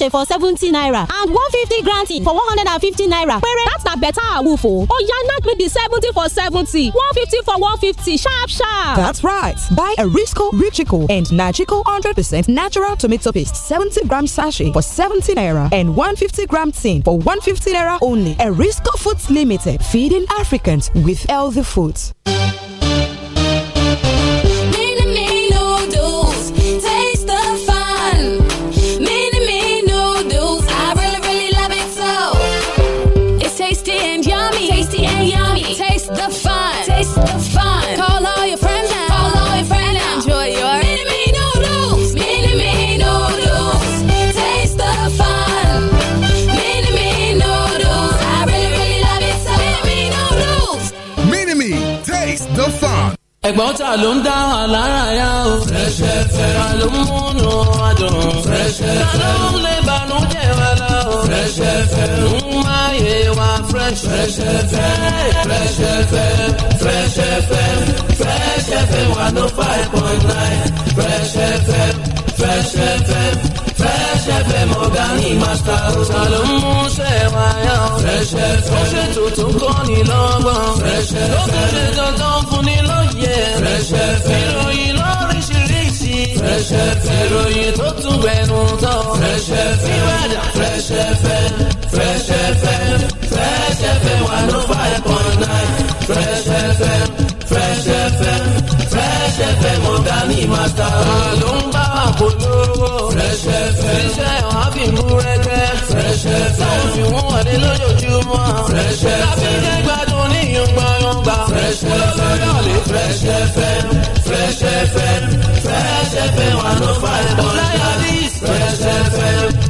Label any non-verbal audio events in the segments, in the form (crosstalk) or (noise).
ṣe for seventy naira and one fifty granting for one hundred and fifty naira péré that's na better awoof o oya knack me the seventy for seventy one fifty for one fifty sharp sharp. that's right buy erisco richico and nachico hundred percent natural tomato paste seventy gram sachet for seventy naira and one fifty gram tin for one fifty naira only erisco foods limited feeding africans with healthy foods. It's fun. Call all your friends now. Enjoy mini me noodles. Mini me noodles. Taste the fun. Mini me noodles. I really really love it so. Mini me taste the fun. ẹ̀gbọ́n ta ló ń dá wa lára yá o. ló ń múnú wa dùn. ló ń lé wa lọ. ń Fresh, fresh FM, Fresh FM, Fresh FM, Fresh FM five point nine. Fresh FM, Fresh FM, Fresh FM ọ̀gá Master. màtà òsàlọ̀ ń Fresh, wáyà. Fresh FM, ó ṣe Fresh FM, lókè ṣe lóye. Fresh FM, ìròyìn lóríṣiríṣi. Fresh FM, ìròyìn tó tún gbẹnu tán. Fresh FM, ìwádà Fresh FM, Fresh FM. fresh fm one oh five point nine fresh fm fresh fm fresh fm ọ̀gá ní màtá. ló ń bá wa polówó. fresh fm iṣẹ́ wọn fi mú rẹ́gbẹ́. fresh fm fi wọ́n wọlé lójoojúmọ́. fresh fm lábẹ́jẹ́ gbádùn ní yọ̀ngbọ̀nyọ̀ngbà. fresh fm lọ́lẹ̀ fresh fm fresh fm fresh fm one oh five point nine fresh fm.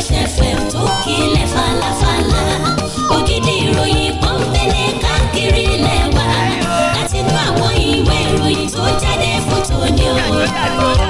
Fresh FM tó kílẹ̀ falafala ògidì ìròyìn kan fẹlẹ̀ káàkiri lẹ́wà látinú àwọn ìwé ìròyìn tó jáde fún tòní o.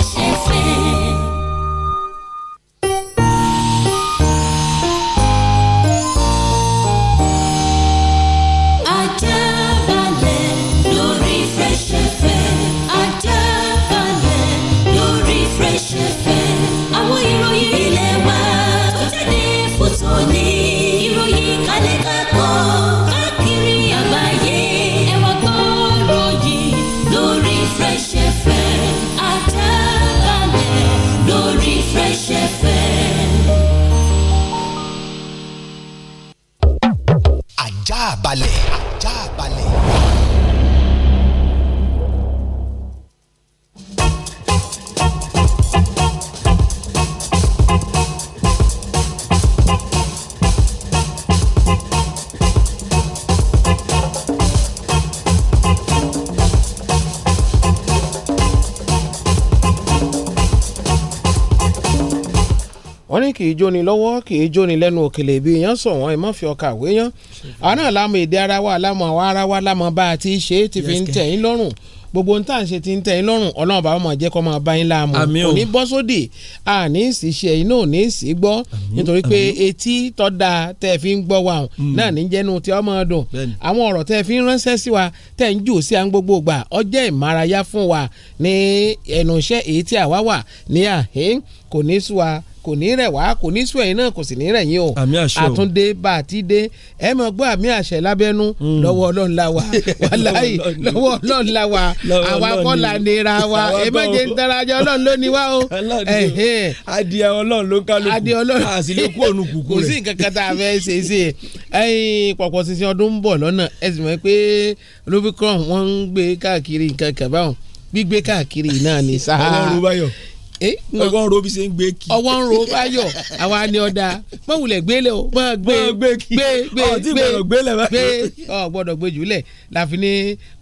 kì í jóni lẹ́nu òkèlè bí yẹn sọ wọ́n ẹ má fi ọkà wé yẹn àná lámọ èdè ara wa lámọ àwọn ara wa lámọ bá a ti ṣe é ti fi ń tẹ̀ lọ́rùn gbogbo ń tà ń ṣe ti ń tẹ̀ yín lọ́rùn ọlọ́run bàbá máa jẹ́ kó máa bá yín láàmú òní bọ́ sódì àní sì ṣe ẹ̀yin náà sì gbọ́ nítorí pé etí tọ́da tẹ́ fi ń gbọ́ wa mm. náà ní jẹ́nu tí ọmọ dùn àwọn ọ̀rọ̀ tẹ́ fi ń ránṣẹ́ sí wa tẹ́ ń jù sí à ń gbogbo gbà ọjẹ́ ìmárayá fún wa ní ẹnu iṣẹ́ èyí tí àwa wà ní àhín kò ní sú wa kò ní rẹ̀ wá kò ní sùn ẹ̀yìn náà kò sì ní rẹ̀ yín o àtúndé bá a ti dé ẹ mọ̀ gbọ́ àmì àṣẹ lábẹ́nú hmm. lọ́wọ́ ọlọ́run la wa (laughs) wàláyé lọ́wọ́ ọlọ́run la (laughs) wa àwa kọ́ la nira wa ẹ má jẹ́ ntarajà ọlọ́run ló ní wa o. adìẹ ọlọ́run ló kálukú adìẹ ọlọ́run àsìlẹ̀ kú òun kúkú rẹ̀. kò sí nǹkan kan tá a fẹ́ ṣe sí ẹ pọ̀pọ̀ sísìn ọdún ń bọ̀ lọ́nà ẹ sì mọ̀ pé lóbìkọ́ wọn ń gbé káàkiri nǹkan kàbáwọn gbígbé káàkiri náà ní sáà. ọlọ́run báyọ̀ ọwọ́ ń ro bí ṣe ń gbé kì. ọwọ́ ń ro báyọ̀ àwa ni ọ̀dà mọ̀ wulẹ̀ gbélé o mọ̀ gbé gbé gbé gbé gbé ọ̀ gbọ́dọ̀ gbé jùlẹ̀ láfi ní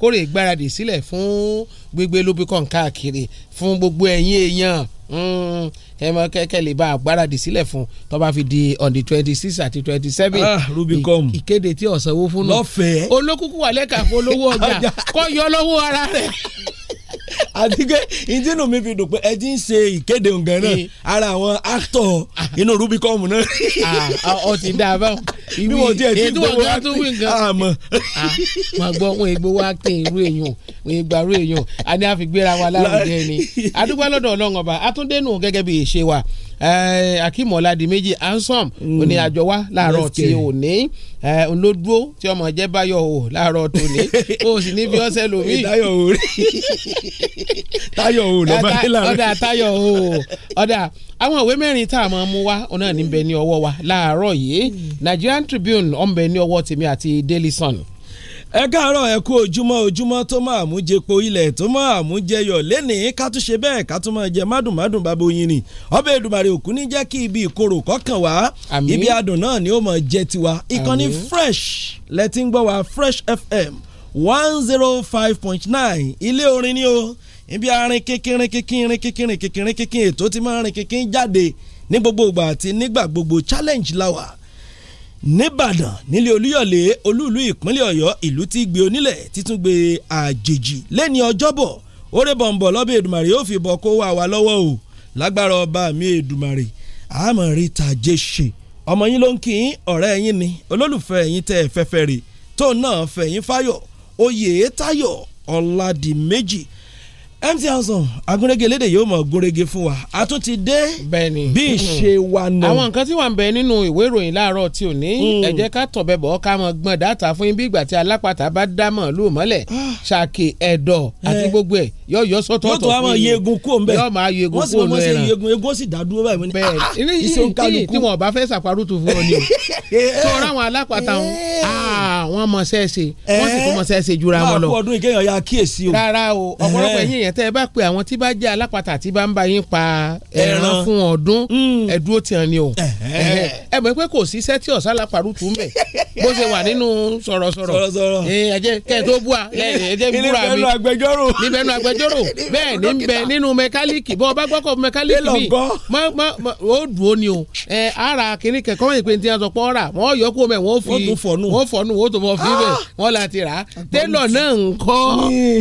kórè gbáradì sílẹ̀ fún gbígbé lóbìkàn káàkiri fún gbogbo ẹ̀yin èèyàn hmm, ẹ mọ kẹkẹ lè bá àgbáradì sílẹ̀ fún tó bá fi di on the twenty six àti twenty seven. Ah, rubicon ìkéde tí ọ̀sánwó fún un. lọ́fẹ̀ẹ́ olókùkù wà lẹ́ka fún olówó ọjà kọ́ yọ lọ́wọ́ ara rẹ̀ àti pé ìdínú mi fi dùn pé ẹ ti ń ṣe ìkéde nǹkan náà ara àwọn actor inú Rubicon náà. ọ ah, ti dá a báwọn ibi ètò ọ̀gá tó wí nǹkan àmọ́. Ah, mà gbọ́ wọn ègbó wa tẹ irú èèyàn wọn ìgbàrú èèyàn a ní àfigbéra wa lárugẹ ni adúgbò lọ́dọ̀ ọlọ́run ọba atúndénú gẹ́gẹ́ bí ìṣe wa akim ọ̀làdì méjì ansom mm. òní àjọ wa láàárọ̀ tí òní ńlọdúró tí ọmọ jẹ́ báyọ̀ o láàárọ̀ tòní o (laughs) sì ní bí ọ̀sẹ̀ lómi. táyọ̀ o rí (laughs) táyọ̀ o lọ́ba nílà rẹ̀. ọ̀dà táyọ̀ o ọ̀dà àwọn ìwé mẹ́rin tá a máa mú wa ọ̀nà níbẹ̀ ní ọwọ́ wa láàárọ̀ yìí mm. nàìjíríà Nigerian Tribune ọmọ ẹni ọwọ́ tèmi àti Daily Sun. ẹ káàárọ̀ ẹ kú ojúmọ́ ojúmọ́ tó máa mú jepo ilẹ̀ tó máa mú jẹyọ̀ lẹ́nìí ká tún ṣe bẹ́ẹ̀ ká tún máa jẹ mádùnmádùn bàbá oyin ni ọbẹ̀ Èdùmàrè òkú ní jẹ́ kí ibi ìkorò kọ́kàn wá ibi adùn náà ni ó máa jẹ tiwa ìkànnì fresh lẹ́tí ń gbọ́ wa fresh FM one zero oh five point nine ilé orin ni o ibi arin kékeré kékeré kékeré kékeré kékeré ètò ti máa rin kékeré jáde ní gbogbo ìgbà àti nígbà gbogbo challenge la wà nìbàdàn nílé olúyọ̀lé olúùlú ìpínlẹ̀ ọ̀yọ́ ìlú tí gbé onílẹ̀ títún gbé àjèjì lẹ́ni ọjọ́bọ̀ oore bọ̀ǹbọ̀ lọ́bẹ̀ èdùmàrè ó fi bọ̀ kó wà wá lọ́wọ́ o lágbára ọba mi èdùmàrè àmọ̀ rí tàjẹ́ ṣe ọmọ yín ló ń kí yín ọ̀rẹ́ yín ni olólùfẹ́ yín tẹ́ fẹ́fẹ́ rè tóun náà fẹ̀yìn fáyọ̀ oyè táyọ̀ ọ̀làdìmẹ́jì mt hanson agúnrégé elédè yóò mọ gúnrégé fún wa a tún ti dé bí ìṣe mm-hmm. wa nà. àwọn nǹkan tí wà ń bẹ nínú ìwé ìròyìn láàárọ̀ tí ò ní mm. ẹ jẹ́ ká tọ̀bẹ̀ bọ̀ ká mọ gbọ́n dáta fún yín bí ìgbà tí alápàtà bá dá mọ̀ lù mọ́lẹ̀ ah. ṣàkè ẹ̀dọ̀ àti eh. gbogbo ẹ̀ yọ yọ sọ́tọ̀ tó fún yín yọ máa yegun kó lọ ẹ̀ràn egun sì dá dúró báyìí. bẹ́ẹ̀ ní ah, (laughs) eh. ah, wọ́n sì eh. mọ̀ sẹ́ẹ̀sì jura wọn lọ. máa kú ọdún ya kíyèsí o. rárá o yẹn tẹ́ ẹ bá pe àwọn tí bá jẹ́ alápatà tí bá ń bá yín pa ẹran fún ọdún mm. ẹ̀dúró tiẹ̀ ni o ẹ mọ̀ pé kò sí sẹ́tì ọ̀sán lápàrú tù mẹ́ bó ṣe wà nínú sọ̀rọ̀sọ̀rọ̀ ẹ̀jẹ̀ kẹ́ẹ̀ tó bú a ẹ̀jẹ̀ búra mi níbẹ̀ nù agbẹjọ́rò níbẹ̀ nù agbẹjọ́rò bẹ́ẹ̀ ní bẹ nínú mẹkálíìkì bọ́ ọba gbọ́kọ̀ mẹkálíìkì mi ó dùn ó ni o ara kìnnì kẹ̀kọ́ wọ́n yìí pé ní ti yàn sọ pọ́ ra wọ́n yọ kó mẹ́ wọ́n fi wọ́n fọ̀nù wọ́n tó mọ̀ fi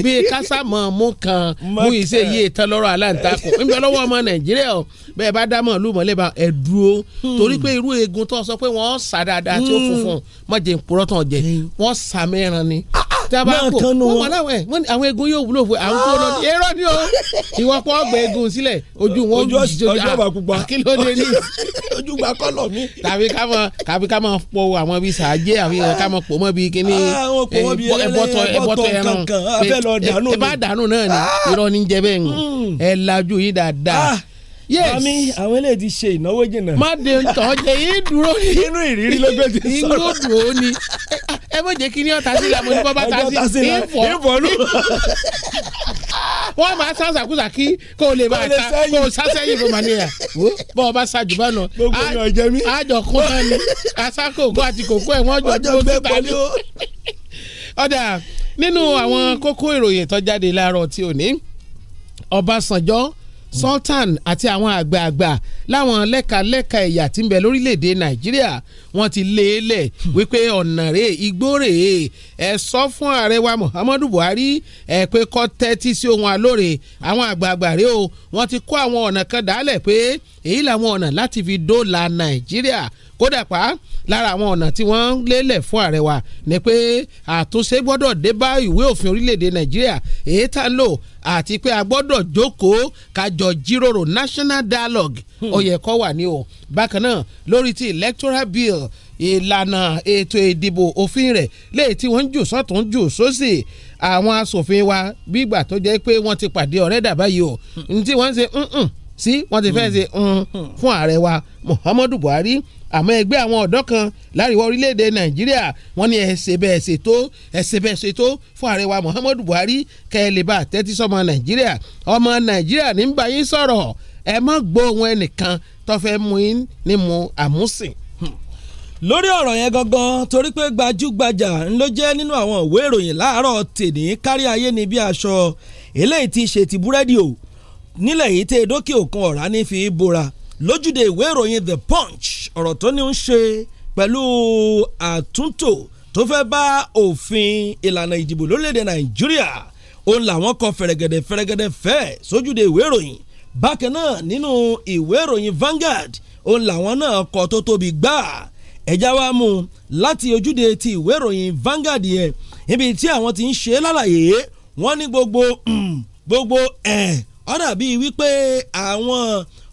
bẹ́ẹ̀ mú ìṣe yìí tán lọ́rọ̀ aláǹtakùn ń bẹ lọ́wọ́ ọmọ nàìjíríà o bẹ́ẹ̀ bá dá màálù mọ́lẹ́ bá ẹ dúró hmm. torí pé irú eegun tó sọ pé wọ́n sá dáadáa tí ó hmm. funfun mọ̀jẹ̀ ń purọ́ tán jẹ hmm. wọ́n sá mẹ́ran ni. Ah! tábà kò wọ́n wà láwọn ẹ̀ wọ́n ní àwọn egun yóò wúlò fún àwọn kó lọ èrò ni o ìwọ pọ̀ ọgbẹ́ egun sílẹ̀ ojú wọn ojú ọjọ́ bá pupa kíló dé ní ojú gba kọ́lọ̀ mi. tàbí ká mọ tàbí ká mọ pọ àwọn bíi sàájé àbí ká mọ pò mọ́ bíi kíní ah, eh, ẹbọtọ ẹbọtọ eh, ẹran eh, ẹ bá dànù náà ni ah! irọ́ ni ń jẹ bẹ́ẹ̀ ń hmm. ẹ lajú yìí dáadáa ah! yes mami àwọn eléyìí ti ṣe ìnáwó jìnnà. má de ntọ́ jẹ yín dúró ní. inú ìrírí ló gbé ti sọ̀rọ̀ inú dúró ní. ẹ mọ̀ jẹ́ kí ní ọ̀tá sí ìlà mo ní bọ́ bá ta sí ìfọ̀ wọ́n máa sá sàkúsà kí kó o lè bá ta kó o sá sẹ́yìn fún mania bọ́ ọ bá sa jù bá nà àjọ kún náà ni asákòókò àti kòkó ẹ̀ wọ́n jọ gbé pẹ̀lú. ọ̀dà nínú àwọn kókó ìròyìn tó jáde láàárọ̀ tí ò ní Ọbásanjọ́ sultan àti àwọn àgbààgbà láwọn lẹ́ka-lẹ́ka ẹ̀yà tí ń bẹ lórílẹ̀‐èdè nàìjíríà wọ́n ti lé e lẹ̀ hmm. wípé ọ̀nà rèé igbó rèé ẹ sọ fún ààrẹ wa muhammadu buhari ẹ pé kó tẹ́tí sí ohun àlóore àwọn àgbààgbà rèé o wọ́n ti kó àwọn ọ̀nà kan dálẹ̀ pé èyí làwọn ọ̀nà láti fi dóòlà nàìjíríà kódà pa lára àwọn ọ̀nà tí wọ́n lélẹ̀ fún ààrẹ wa ni pé àtúnṣe gbọ́dọ̀ dé bá ìwé òfin orílẹ̀-èdè nàìjíríà èyí tá ń lò àti pé a gbọ́dọ̀ jókòó kájọ jíròrò national dialogue hmm. ó yẹ kó wà ní o bákan náà lórí ti electoral bill ìlànà ètò ìdìbò òfin rẹ̀ léyìí tí wọ́n ń jù sọ́tún jù sósì àwọn asòfin wa bí tó jẹ́ pé wọ́n ti pàdé ọ̀rẹ́dà báyìí o hmm. ní tí wọ́n ń ṣe sí wọ́n ti fẹ́ẹ́ hmm. ṣe hmm, hmm. fún ààrẹ wa Muhammadu Buhari àmọ́ ẹgbẹ́ àwọn ọ̀dọ́ kan láríwá orílẹ̀-èdè Nàìjíríà wọ́n ní ẹ̀ṣẹ̀ bẹ́ẹ̀ ṣètò ẹ̀ṣẹ̀ bẹ́ẹ̀ ṣètò fún ààrẹ wa Muhammadu Buhari kẹ́lẹ́bà tẹ́tí sọmọ Nàìjíríà ọmọ Nàìjíríà ní bá yín sọ̀rọ̀ ẹ má gbóhùn ẹnìkan tó fẹ́ mú yín ní mu àmúsìn lórí ọ̀rọ̀ yẹn gangan torí pé gbajúgbajà ló jẹ́ nínú àwọn ìwé ìròyìn láàárọ̀ tèní kárí ni bí aṣọ eléyìí ti ṣe ti búrẹ́dì o nílẹ̀ yìí tẹ́ dókè òkun ọ̀rá ní fi bora lójúde ìwé ìròyìn the punch ọ̀rọ̀ tó ní ń ṣe pẹ̀lú àtúntò tó fẹ́ bá òfin ìlànà ìdìbò lórílẹ̀‐èdè nàìjíríà òun làwọn kọ fẹ̀rẹ̀gẹ̀dẹ̀ fẹ̀rẹ̀gẹ̀dẹ̀ fẹ́ sójúde ìwé ìròyìn bákan náà nínú ìwé ìròyìn Vanguard òun làwọn náà kọ tó tóbi gbà ẹ̀já wa mú láti ojúde ti ìwé ìròyìn Vanguard yẹn níbi tí àwọn ti ń ṣe lálàyé wọ́n ní gbogbo (clears throat) gbogbo eh, ọ̀nà bíi wípé àwọn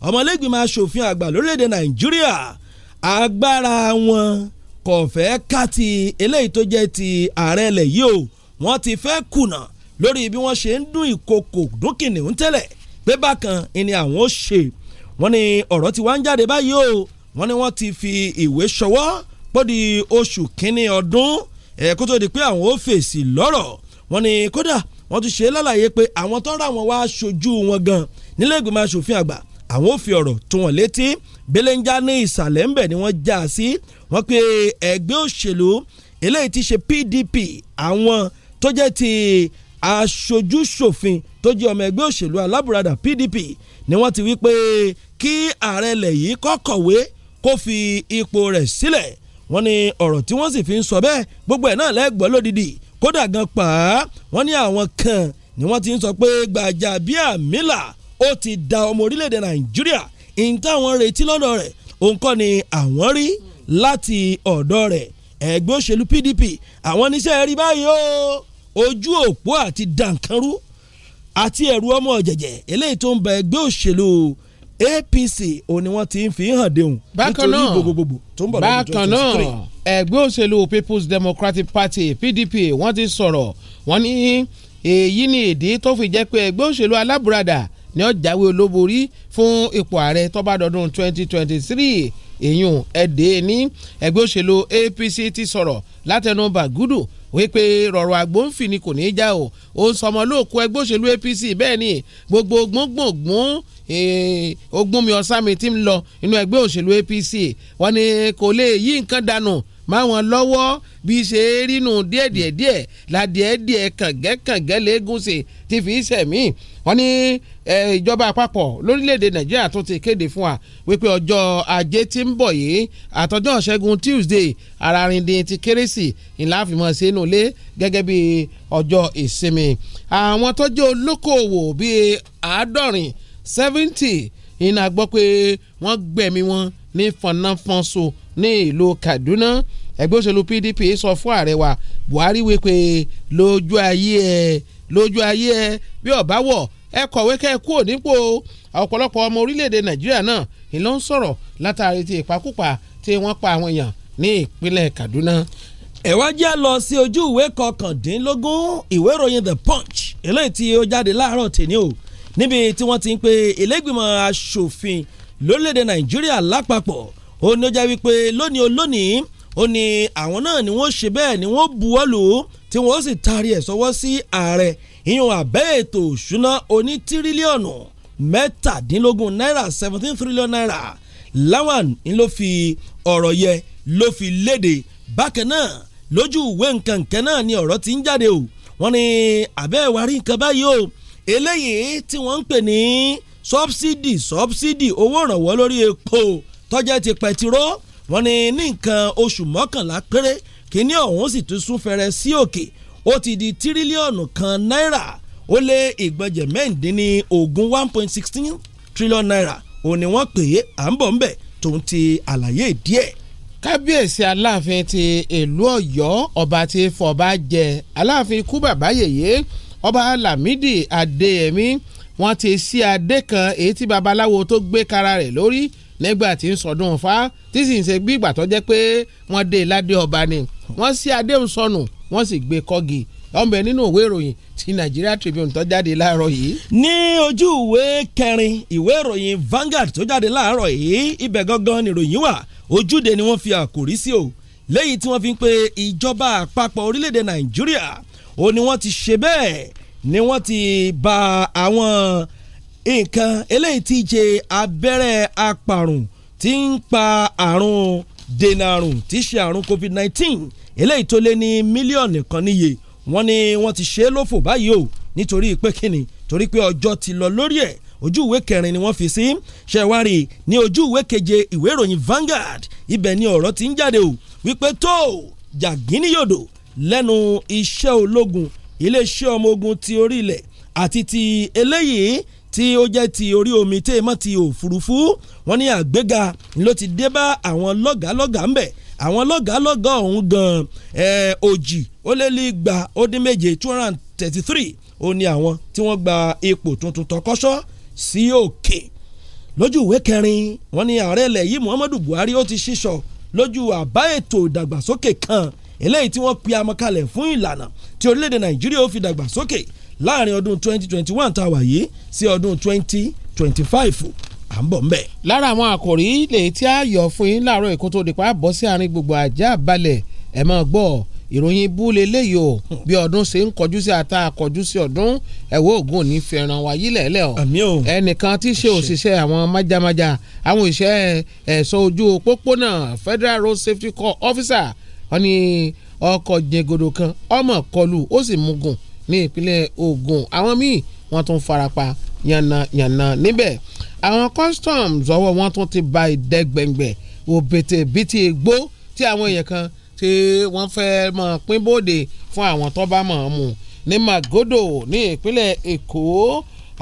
ọmọlẹ́gbìmọ̀ asòfin àgbà lórílẹ̀‐èdè nàìjíríà agbára wọn kò fẹ́ ká ti eléyìí tó jẹ́ ti ààrẹ ilẹ̀ yìí o wọ́n ti fẹ́ kùnà lórí bí wọ́n ṣe ń dún ìkòkò dún kìnìún tẹ́lẹ̀ pé bákan ni àwọn ó ṣe wọ́n ní ọ̀rọ̀ ti wá ń jáde báyìí o wọ́n ní wọ́n ti fi ìwé ṣọwọ́ pọ́di oṣù kínní ọdún ẹ̀ẹ́kú tó di pé àwọn ó fèsì lọ́rọ̀ wọ́n ní kódà wọ́n tún ṣe lálàyé pé àwọn tó ra wọn wá aṣojú wọn gan nílé ìgbìmọ̀ asòfin àgbà àwọn ò fi ọ̀rọ̀ tó wọn létí belenja ní ìsàlẹ̀ ńbẹ̀ ni wọ́n já a sí wọ́n pe ẹgbẹ́ òṣèlú eléyìí ti ṣe PDP àwọn tó jẹ́ ti aṣojú ṣòfin tó jẹ́ ọmọ ẹgbẹ́ òṣèlú alábùradà PDP ni wọ́n ti wí pé kí ààrẹ ilẹ̀ yìí kọ́kọ̀wé kó fi ipò rẹ̀ sílẹ̀ wọ́n ní ọ̀rọ̀ tí wọ́n sì fi ń sọ bẹ́ẹ̀ gbogbo ẹ̀ náà lẹ́gbọ́ lódìdí kódà gan pa wọ́n ní àwọn kan ni wọ́n ti ń sọ pé Gbajabiamila ó ti da ọmọ orílẹ̀-èdè Nàìjíríà ní táwọn retí lọ́dọ̀ rẹ̀ òun ni àwọn rí láti ọ̀dọ̀ rẹ̀ ẹgbẹ́ òṣèlú PDP àwọn oníṣẹ́ rí báyìí o ojú òpó àti dànkanrú àti ẹ̀rù ọmọ jẹ̀jẹ̀ eléyìí tó ń ba ẹgbẹ́ òṣèlú APC òun ni wọ́n ti ń fi hàn déhùn nítorí ìbò gbogbogbò tó ń bọ̀ lọ́dún twenty three. ẹgbẹ́ òṣèlú People's Democratic Party PDP wọ́n ti sọ̀rọ̀ wọ́n ní èyí ni ìdí tó fi jẹ́ pé ẹgbẹ́ òṣèlú alábùradà ni ó jáwé olóborí fún ipò ààrẹ tó bá twenty twenty three èyún ẹ̀dẹ́ ní ẹgbẹ́ òṣèlú APC ti sọ̀rọ̀ látẹnu Bàgúdù wípé rọ̀rọ̀ àgbóǹfì ni kò ní í já o ó ń sọmọ lóòkù ẹgbẹ́ òṣèlú APC bẹ́ẹ̀ ni gbogbo gbóngbòngbòn ogbómi ọ̀sán mi ti ń lọ inú ẹgbẹ́ òṣèlú APC wọ́n ní kò lè yí nǹkan dànù má wọn lọ́wọ́ bí ṣe é rínú díẹ̀díẹ̀ díẹ̀ ládìẹ̀ díẹ̀ kàngẹ́kàngẹ́ lẹ́gùnsè ti fi sẹ̀mí wọ́n ní ìjọba àpapọ̀ lórílẹ̀‐èdè nàìjíríà tó ti kéde fún wa wípé ọjọ́ ajé tí ń bọ̀ yìí àtọjọ́ ṣẹ́gun tuesday ararindin ti kérésì ńláfimọ̀ sínú ilé gẹ́gẹ́ bí ọjọ́ ìsinmi àwọn tọ́jú olókoòwò bíi àádọ́rin seventy iná gbọ́ pé wọ́n gbẹ̀mí wọn ní fọnáfọ́nso ní ìlú Kaduna ẹgbẹ́ òṣèlú PDP sọ fún ààrẹ wa Buhari wípé lójú ayé ẹ lójú ayé ẹ bí ọ̀bá wọ̀ ẹ kọ̀wé kẹ́ ẹ kúrò nípò ọ̀pọ̀lọpọ̀ ọmọ orílẹ̀-èdè Nàìjíríà náà ni ló ń sọ̀rọ̀ látàrí ti ìpakúpa tí wọ́n pa àwọn èèyàn ní ìpínlẹ̀ Kaduna. ẹ wá jẹ́ lọ sí ojú ìwé kọkàndínlógún ìwé ìròyìn The Punch eléyìí tí ó jáde láàárọ̀ tèmi o níbi tí wọ́n ti ń pe ilégbìmọ̀ asòfin lórílẹ̀‐èdè Nàìjíríà lápapọ̀ ó ní ó jẹ́ wípé lónìí olónìí ó ní àwọn náà ni wọ́n ṣe bẹ́ẹ̀ ni wọ́n buwọ́lù tí wọ́n sì taari ẹ̀ sọ́wọ́ sí ààrẹ ìyún abẹ́ ètò òṣùná oní tírílíọ̀nù mẹ́tàdínlógún náírà seventeen trillion naira Lawan ni ló fi ọ̀rọ̀ yẹ ló fi léde bákan náà lójú ìwé nǹkan nǹkan náà ni ọ̀rọ̀ ti ń jáde o wọ́n ní abẹ́ ìwárí nǹkan báyìí o eléyìí tí wọ́n ń pè ní sọ́bsidì sọ́bsidì owó ìrànwọ́ lórí epo tọ́jẹ́ ti pẹ̀tíró wọ́n ní ní nǹkan oṣù mọ́kànlá péré kíní ọ̀hún sì tún sún fẹrẹ sí òkè ó ti di tírílíọ̀nù kan náírà ó lé ìgbọ̀jẹ̀ mẹ́ǹdínní ogún one point sixteen trillion naira òun ni wọ́n pè é à ń bọ̀ ń bẹ̀ tòun ti àlàyé díẹ̀ kábíyèsí aláàfin ti ìlú Ọ̀yọ́ ọba ti fọba jẹ aláàfin ikú bàbá yèyé ọba Lámìdí Adéyẹmí wọ́n ti ṣí adé kan èyí tí babaláwo tó gbé kara rẹ̀ lórí nígbà tí ń sọdún fa tí sì ń ṣe bí ìgbà tó jẹ́ pé wọ́n dé ládé ọba ni wọ́n sí adéhùn sọnù wọ́n sì gbé kọ́gi ọmọbẹ nínú òwe ìròyìn ti Nigeria Tribune tó jáde láàárọ̀ yìí. ní ojú ìwé kẹrin ìwé ìròyìn Vanguard tó jáde láàárọ̀ yìí ibẹ̀ gangan ni ìròyìn wà ojúde ni wọ́n fi àkòrí sí o lẹ́yìn tí wọ́n fi ń pe ìjọba àpapọ̀ orílẹ̀-èdè Nàìjíríà ó wọ́n ti ṣe bẹ́ẹ̀ ni wọ́n ti ba àwọn nǹkan eléyìí ti ṣe abẹ́rẹ́ apàrùn tí ń pa àrùn dènà àrùn tí ṣe àrùn covid-19 eléyìí tó lé ní mílíọ̀nù kan níye wọ́n ní wọ́n ti ṣe é lófò báyìí o nítorí pé kíni torí pé ọjọ́ ti lọ lórí ẹ̀ ojú ìwé kẹrin ni wọ́n fi sí ṣẹ̀wárì ní ojú ìwé keje ìwé ìròyìn Vanguard ibẹ̀ ni ọ̀rọ̀ ti ń jáde o wípé tó jàgínníyòdò lẹ́nu iṣẹ́ ológun iléeṣẹ́ ọmọ ogun ti orí àti ti eléyìí tí ó jẹ́ ti orí omi tẹ́ mọ́ ti òfurufú wọ́n ní àgbéga ló ti dé bá àwọn lọ́gàálọ́gà ń bẹ̀ àwọn lọ́gàálọ́gà ọ̀hún gan-an òjì ó lé ní igba ó dín méje two hundred and thirty three ó ní àwọn tí wọ́n gba ipò tuntun tọkọ́ṣọ́ sí òkè lójú ìwé kẹrin wọ́n ní ààrẹ ilẹ̀ yìí Muhammadu Buhari ó ti ṣíṣọ lójú àbá ètò ìdàgbàsókè kan eléyìí tí wọ́n pe amọ̀kalẹ̀ fún ìlànà tí orílẹ̀-èdè Nàìjíríà ó fi dàgbàsókè láàrin ọdún 2021 tá a wà yìí sí ọdún 2025 à ń bọ̀ ń bẹ̀. lára àwọn àkòrí lè tí a yọ fún yín láàárọ̀ èkó tó dìpá bọ́ sí àárín gbogbo àjà balẹ̀ ẹ̀ máa gbọ́ ìròyìn búlé léyìí o hmm. bí ọdún ṣe ń kọjú sí ata kọjú sí ọdún ẹ̀wọ́ ògùn ní fẹ́ràn wa yílẹ̀ o ẹnìkan tí í ṣe òṣìṣẹ́ àwọn májámájá àwọn òṣìṣẹ́ ẹ̀ṣọ́ ojú òpópónà Federal Road Safety Corps officer wọn ni ọkọ̀ jẹgọdọ kan ọmọ kọlù ó sì mú ní ìpínlẹ̀ ogun. àwọn míì wọ́n tún farapa yànnàyànnà níbẹ̀ àwọn customs ọwọ́ wọn tún ti ba ìdẹ́gbẹ̀ngbẹ̀ òbètè bìtì ègbó tí àwọn èèyàn kan tí wọ́n fẹ́ mọ̀ pín bóde fún àwọn tó bá mọ̀ ọ́n mu ní Magodo ní ìpínlẹ̀ Èkó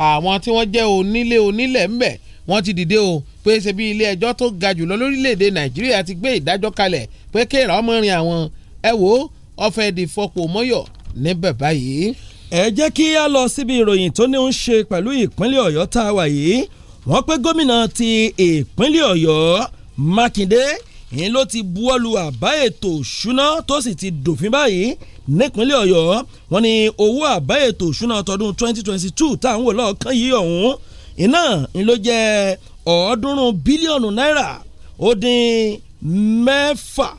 àwọn tí wọ́n jẹ́ onílé onílẹ̀ ńbẹ̀ wọ́n ti dìde o pé ṣe bí ilé ẹjọ́ tó ga jùlọ lórílẹ̀‐èdè Nàìjíríà ti gbé ìdájọ́ kalẹ̀ pé kéèrà ọmọ rin àwọn ẹ wò ó ọ̀fẹ́ dìfọ̀pọ̀ mọ́yọ̀ níbẹ̀ báyìí. ẹ jẹ́ kí a lọ síbi ìròyìn tó ní ń ṣe pẹ̀lú ìpínlẹ̀ ọ̀yọ́ tá a wà yìí wọ́n pé gómìnà ti ìpínlẹ̀ ọ̀yọ́ mákindé yìí ló ti buwọ́lu àbá ètò òṣùná tó sì ti dòfin báyìí nípínlẹ̀ ọ̀yọ́ wọ́n ní owó àbá ètò òṣùná tọdún 2022 tá à ń wò lọ́ọ̀kan yìí ọ̀hún iná ló jẹ́ ọ̀ọ́dúnrún bílíọ̀nù náírà ó dín mẹ́fà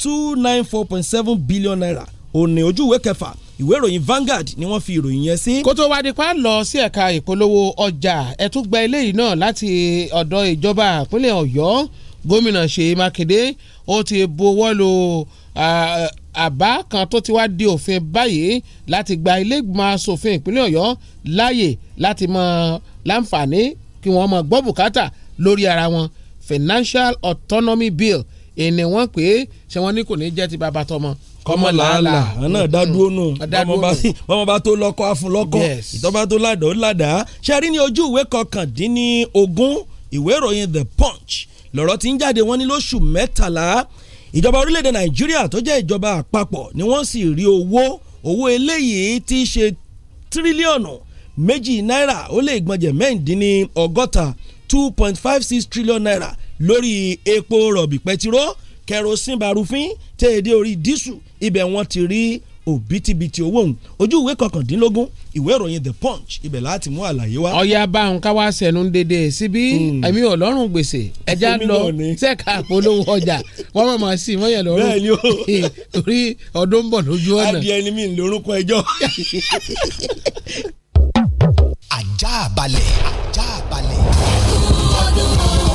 two nine four point seven billion naira òní ojú ìwé kẹfà ìwé ìròyìn Vanguard ni wọ́n fi ìròyìn yẹn sí. kó tó wá di pa lọ sí ẹ̀ka ìpolówó ọjà ẹ̀túgba eléyìí náà láti ọ̀dọ̀ ìjọba ìpínlẹ̀ Ọ̀yọ́ gómìnà Ṣèyí Mákindé ó ti buwọ́ lù àbá kan tó ti wá di òfin báyìí láti gba ilégbìmọ̀ asòfin ìpínlẹ̀ Ọ̀yọ́ láàyè láti mọ láǹfààní kí wọ́n mọ gbọ́ bùkátà lórí ara wọn Financial Autonomy Bill èèyàn wọ́n pè é ṣé wọ́n ní kò ní jẹ́ ti bàbá tọmọ kọ́mọ làálà náà dádúró nù hmm. (laughs) bọ́mọ bá tó lọ́kọ́ àfúnlọ́kọ́ ìtọ́ba tó ládàá ó ládàá ṣe rí ní ojú ìwé kọkàndínní ogún ìwé ìròyìn The Punch lọ́rọ̀ tí ń jáde wọ́n ní lóṣù mẹ́tàlá ìjọba orílẹ̀-èdè Nàìjíríà tó jẹ́ ìjọba àpapọ̀ ni wọ́n sì rí owó owó eléyìí tí í ṣe tírílíọ̀nù méjì náírà ó lé ìgbọ̀njẹ̀ mẹ́ǹdínní ọgọ́ta two point five six trillion naira lórí epo rọ̀bì pẹtiró kerosene barufin tẹ́ èdè orí dísù ibẹ̀ wọ́n ti rí òbítíbitì owó òun ojú ìwé kọkàndínlógún ìwé ìròyìn the punch ibẹ̀ láti mú àlàyé wá. ọ̀yà báwọn ká wá sẹ̀nu dédé síbí hmm. ẹ̀mí ọlọ́run gbèsè ẹja lọ sẹ́ka polówó ọjà wọ́n mọ̀ máa sí mọ́yẹ̀ lọ́rùn bẹ́ẹ̀ ni ó (laughs) torí ọdún bọ̀ lójú ọ̀nà. adìẹ ni mí lórúkọ ẹjọ́. (laughs) ajá balẹ̀ ajá balẹ̀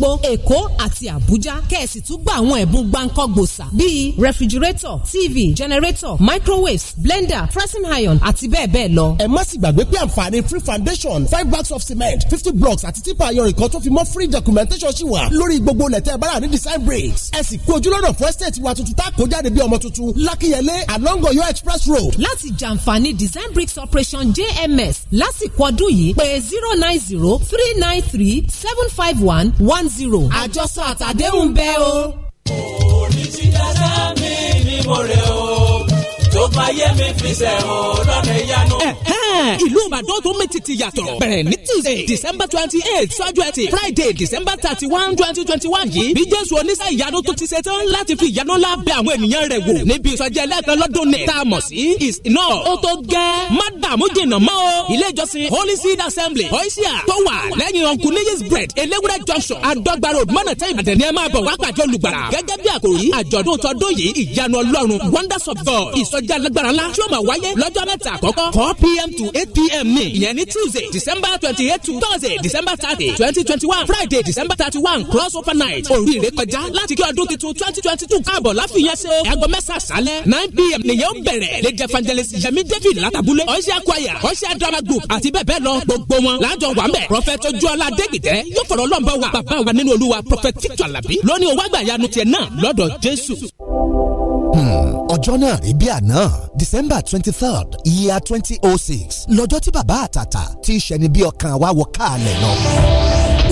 Òṣogbo Èkó àti Àbújá kẹ̀sì tún gba àwọn ẹ̀bùn gbàǹkọ́gbòsà bíi rẹfrigirétọ̀ TV jẹnẹrétọ̀ microwaves blender pressing iron àti bẹ́ẹ̀ bẹ́ẹ̀ lọ. ẹ má sì gbàgbé pé àǹfààní free foundation five bags of cement fifty blocks àti tipa ayọ̀rìn kan tó fi mọ́ free documentation sí wa lórí gbogbo lẹ́tẹ̀ bára ní design bricks ẹ sì kú ojúlọ́nà fún estate wa tuntun tá a kó jáde bí ọmọ tuntun lákìyẹlé along Ọ̀yọ́ express road. láti jàǹfààní design bricks operation JMS lásìkò ọdún yìí pé zero nine zero three nine three seven five one one one zero àjọsọ àtàdéhùn bẹ́ẹ̀ o. orí ti dáadáa mi ni mo rẹ̀ o tó bá yé mi fi ṣe o lọ́nà ìyanu. ìlú ìbàdàn tó mi ti ti yàtọ̀ bẹ̀rẹ̀ ní tuesday december twenty eight sọ́jọ́ ẹtì friday december thirty one twenty twenty one yìí bí jésù oníṣẹ́ ìyanu tó ti ṣe tán láti fi ìyanu ńlá bẹ àwọn ènìyàn rẹ̀ wò níbi ìsọjí ẹlẹ́kan lọ́dún nẹ̀ tá a mọ̀ sí ìsìnà ó tó gẹ́ má dààmú jìnnà mọ́ o ilé ìjọsìn holy seed assembly oisia tó wà lẹ́yìn uncle niyis bread elewure junction adọ́gba road mọ́nà tẹ́ ìbàdàn ni ẹ máa bọ̀ wá pàdé olùgbàlà gẹ́gẹ́ bí àkòrí àjọ̀dún tọdún yìí ìyanu ọlọ́run wonders of god ìsọjí ìpèjà lágbára ńlá tí ó máa wáyé lọ́jọ́ mẹ́ta àkọ́kọ́ four pm to eight pm ni ìyẹn ní tuesday december twenty eight to thursday december thirty twenty twenty one friday december thirty one cross over night oríire kọjá láti kí ọdún tuntun twenty twenty two káàbọ̀ láfihàn ṣe aago mẹ́sà sálẹ̀ nine pm nìyẹn ó bẹ̀rẹ̀ lady evangelist yemi david látàbúlé ọ̀ṣẹ́ akwaya ọ̀ṣẹ́ drama group àti bẹ́ẹ̀ bẹ́ẹ̀ lọ gbogbo wọn láàjọ wà mẹ́ prophet ojúọlá adégbìtẹ́ yóò fọ̀rọ̀ lọ́nbọ̀ wa bàbá wa nínú olúwa prophet títù àlàbí lónìí owó àgbà yanu tiẹ̀ náà lọ́dọ̀ jésù. Hmm, ọjọ́ náà rí bí àná december twenty third year twenty oh six lọ́jọ́ tí bàbá àtàtà ti ṣẹni bí ọkàn wa wọ káàlẹ̀ náà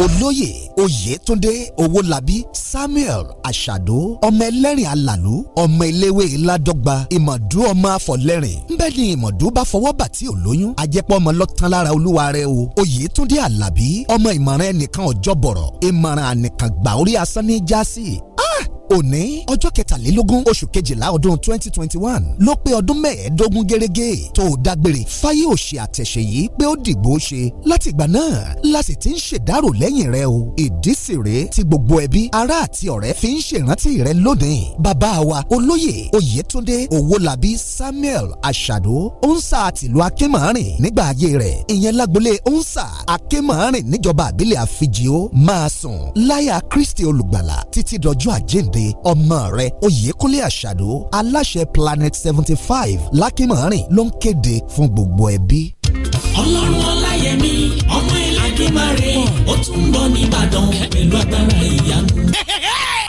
olóyè oyètúndé owólabí samuel àṣàdó ọmọ ẹlẹ́rìn alàlú ọmọ eléwé ládọ́gba ìmọ̀dú ọmọ afọlẹ́rìn ńbẹ́ ni ìmọ̀dú bá fọwọ́ bà tí ò lóyún ajẹ́pọ̀ ọmọ lọ́tàn lára olúwa rẹ o oyètúndé alábí ọmọ ìmọ̀ràn ẹnìkan ọjọ́ ìmọ̀ràn ànìkàn orí asán ní jásí òní ọjọ́ kẹtàlélógún oṣù kejìlá ọdún twenty twenty one ló pé ọdún mẹ́ẹ̀ẹ́dógún gẹ́gẹ́ tó o dágbére fáyé òṣè àtẹ̀ṣe yìí pé ó dìgbò ṣe láti ìgbà náà láti ti ń ṣèdárò lẹ́yìn rẹ o ìdí sì rèé tí gbogbo ẹbí ará àti ọ̀rẹ́ fi ń ṣèrántí rẹ lónìí bàbá wa olóyè oyètúndé owólabí samuel àṣàdó onsa tìlú akínmọ́rin nígbà ayé rẹ̀ ìyẹn lágbolé onsa akínmọ́rin níjọba àbílẹ̀ àfijì ó máa sùn láyà kristi olùgbàlà títí dọjọ́ àjíǹde jáde ọmọ rẹ Oyèkúnlé Àṣàdó aláṣẹ Planet seventy five lákìmọ̀ọ́rìn ló ń kéde fún gbogbo ẹbí. Ọlọ́run Ọláyẹmí ọmọ ìlàkímọ̀ rẹ̀ ó tún ń bọ̀ ní pẹ̀lú agbára ìyanu.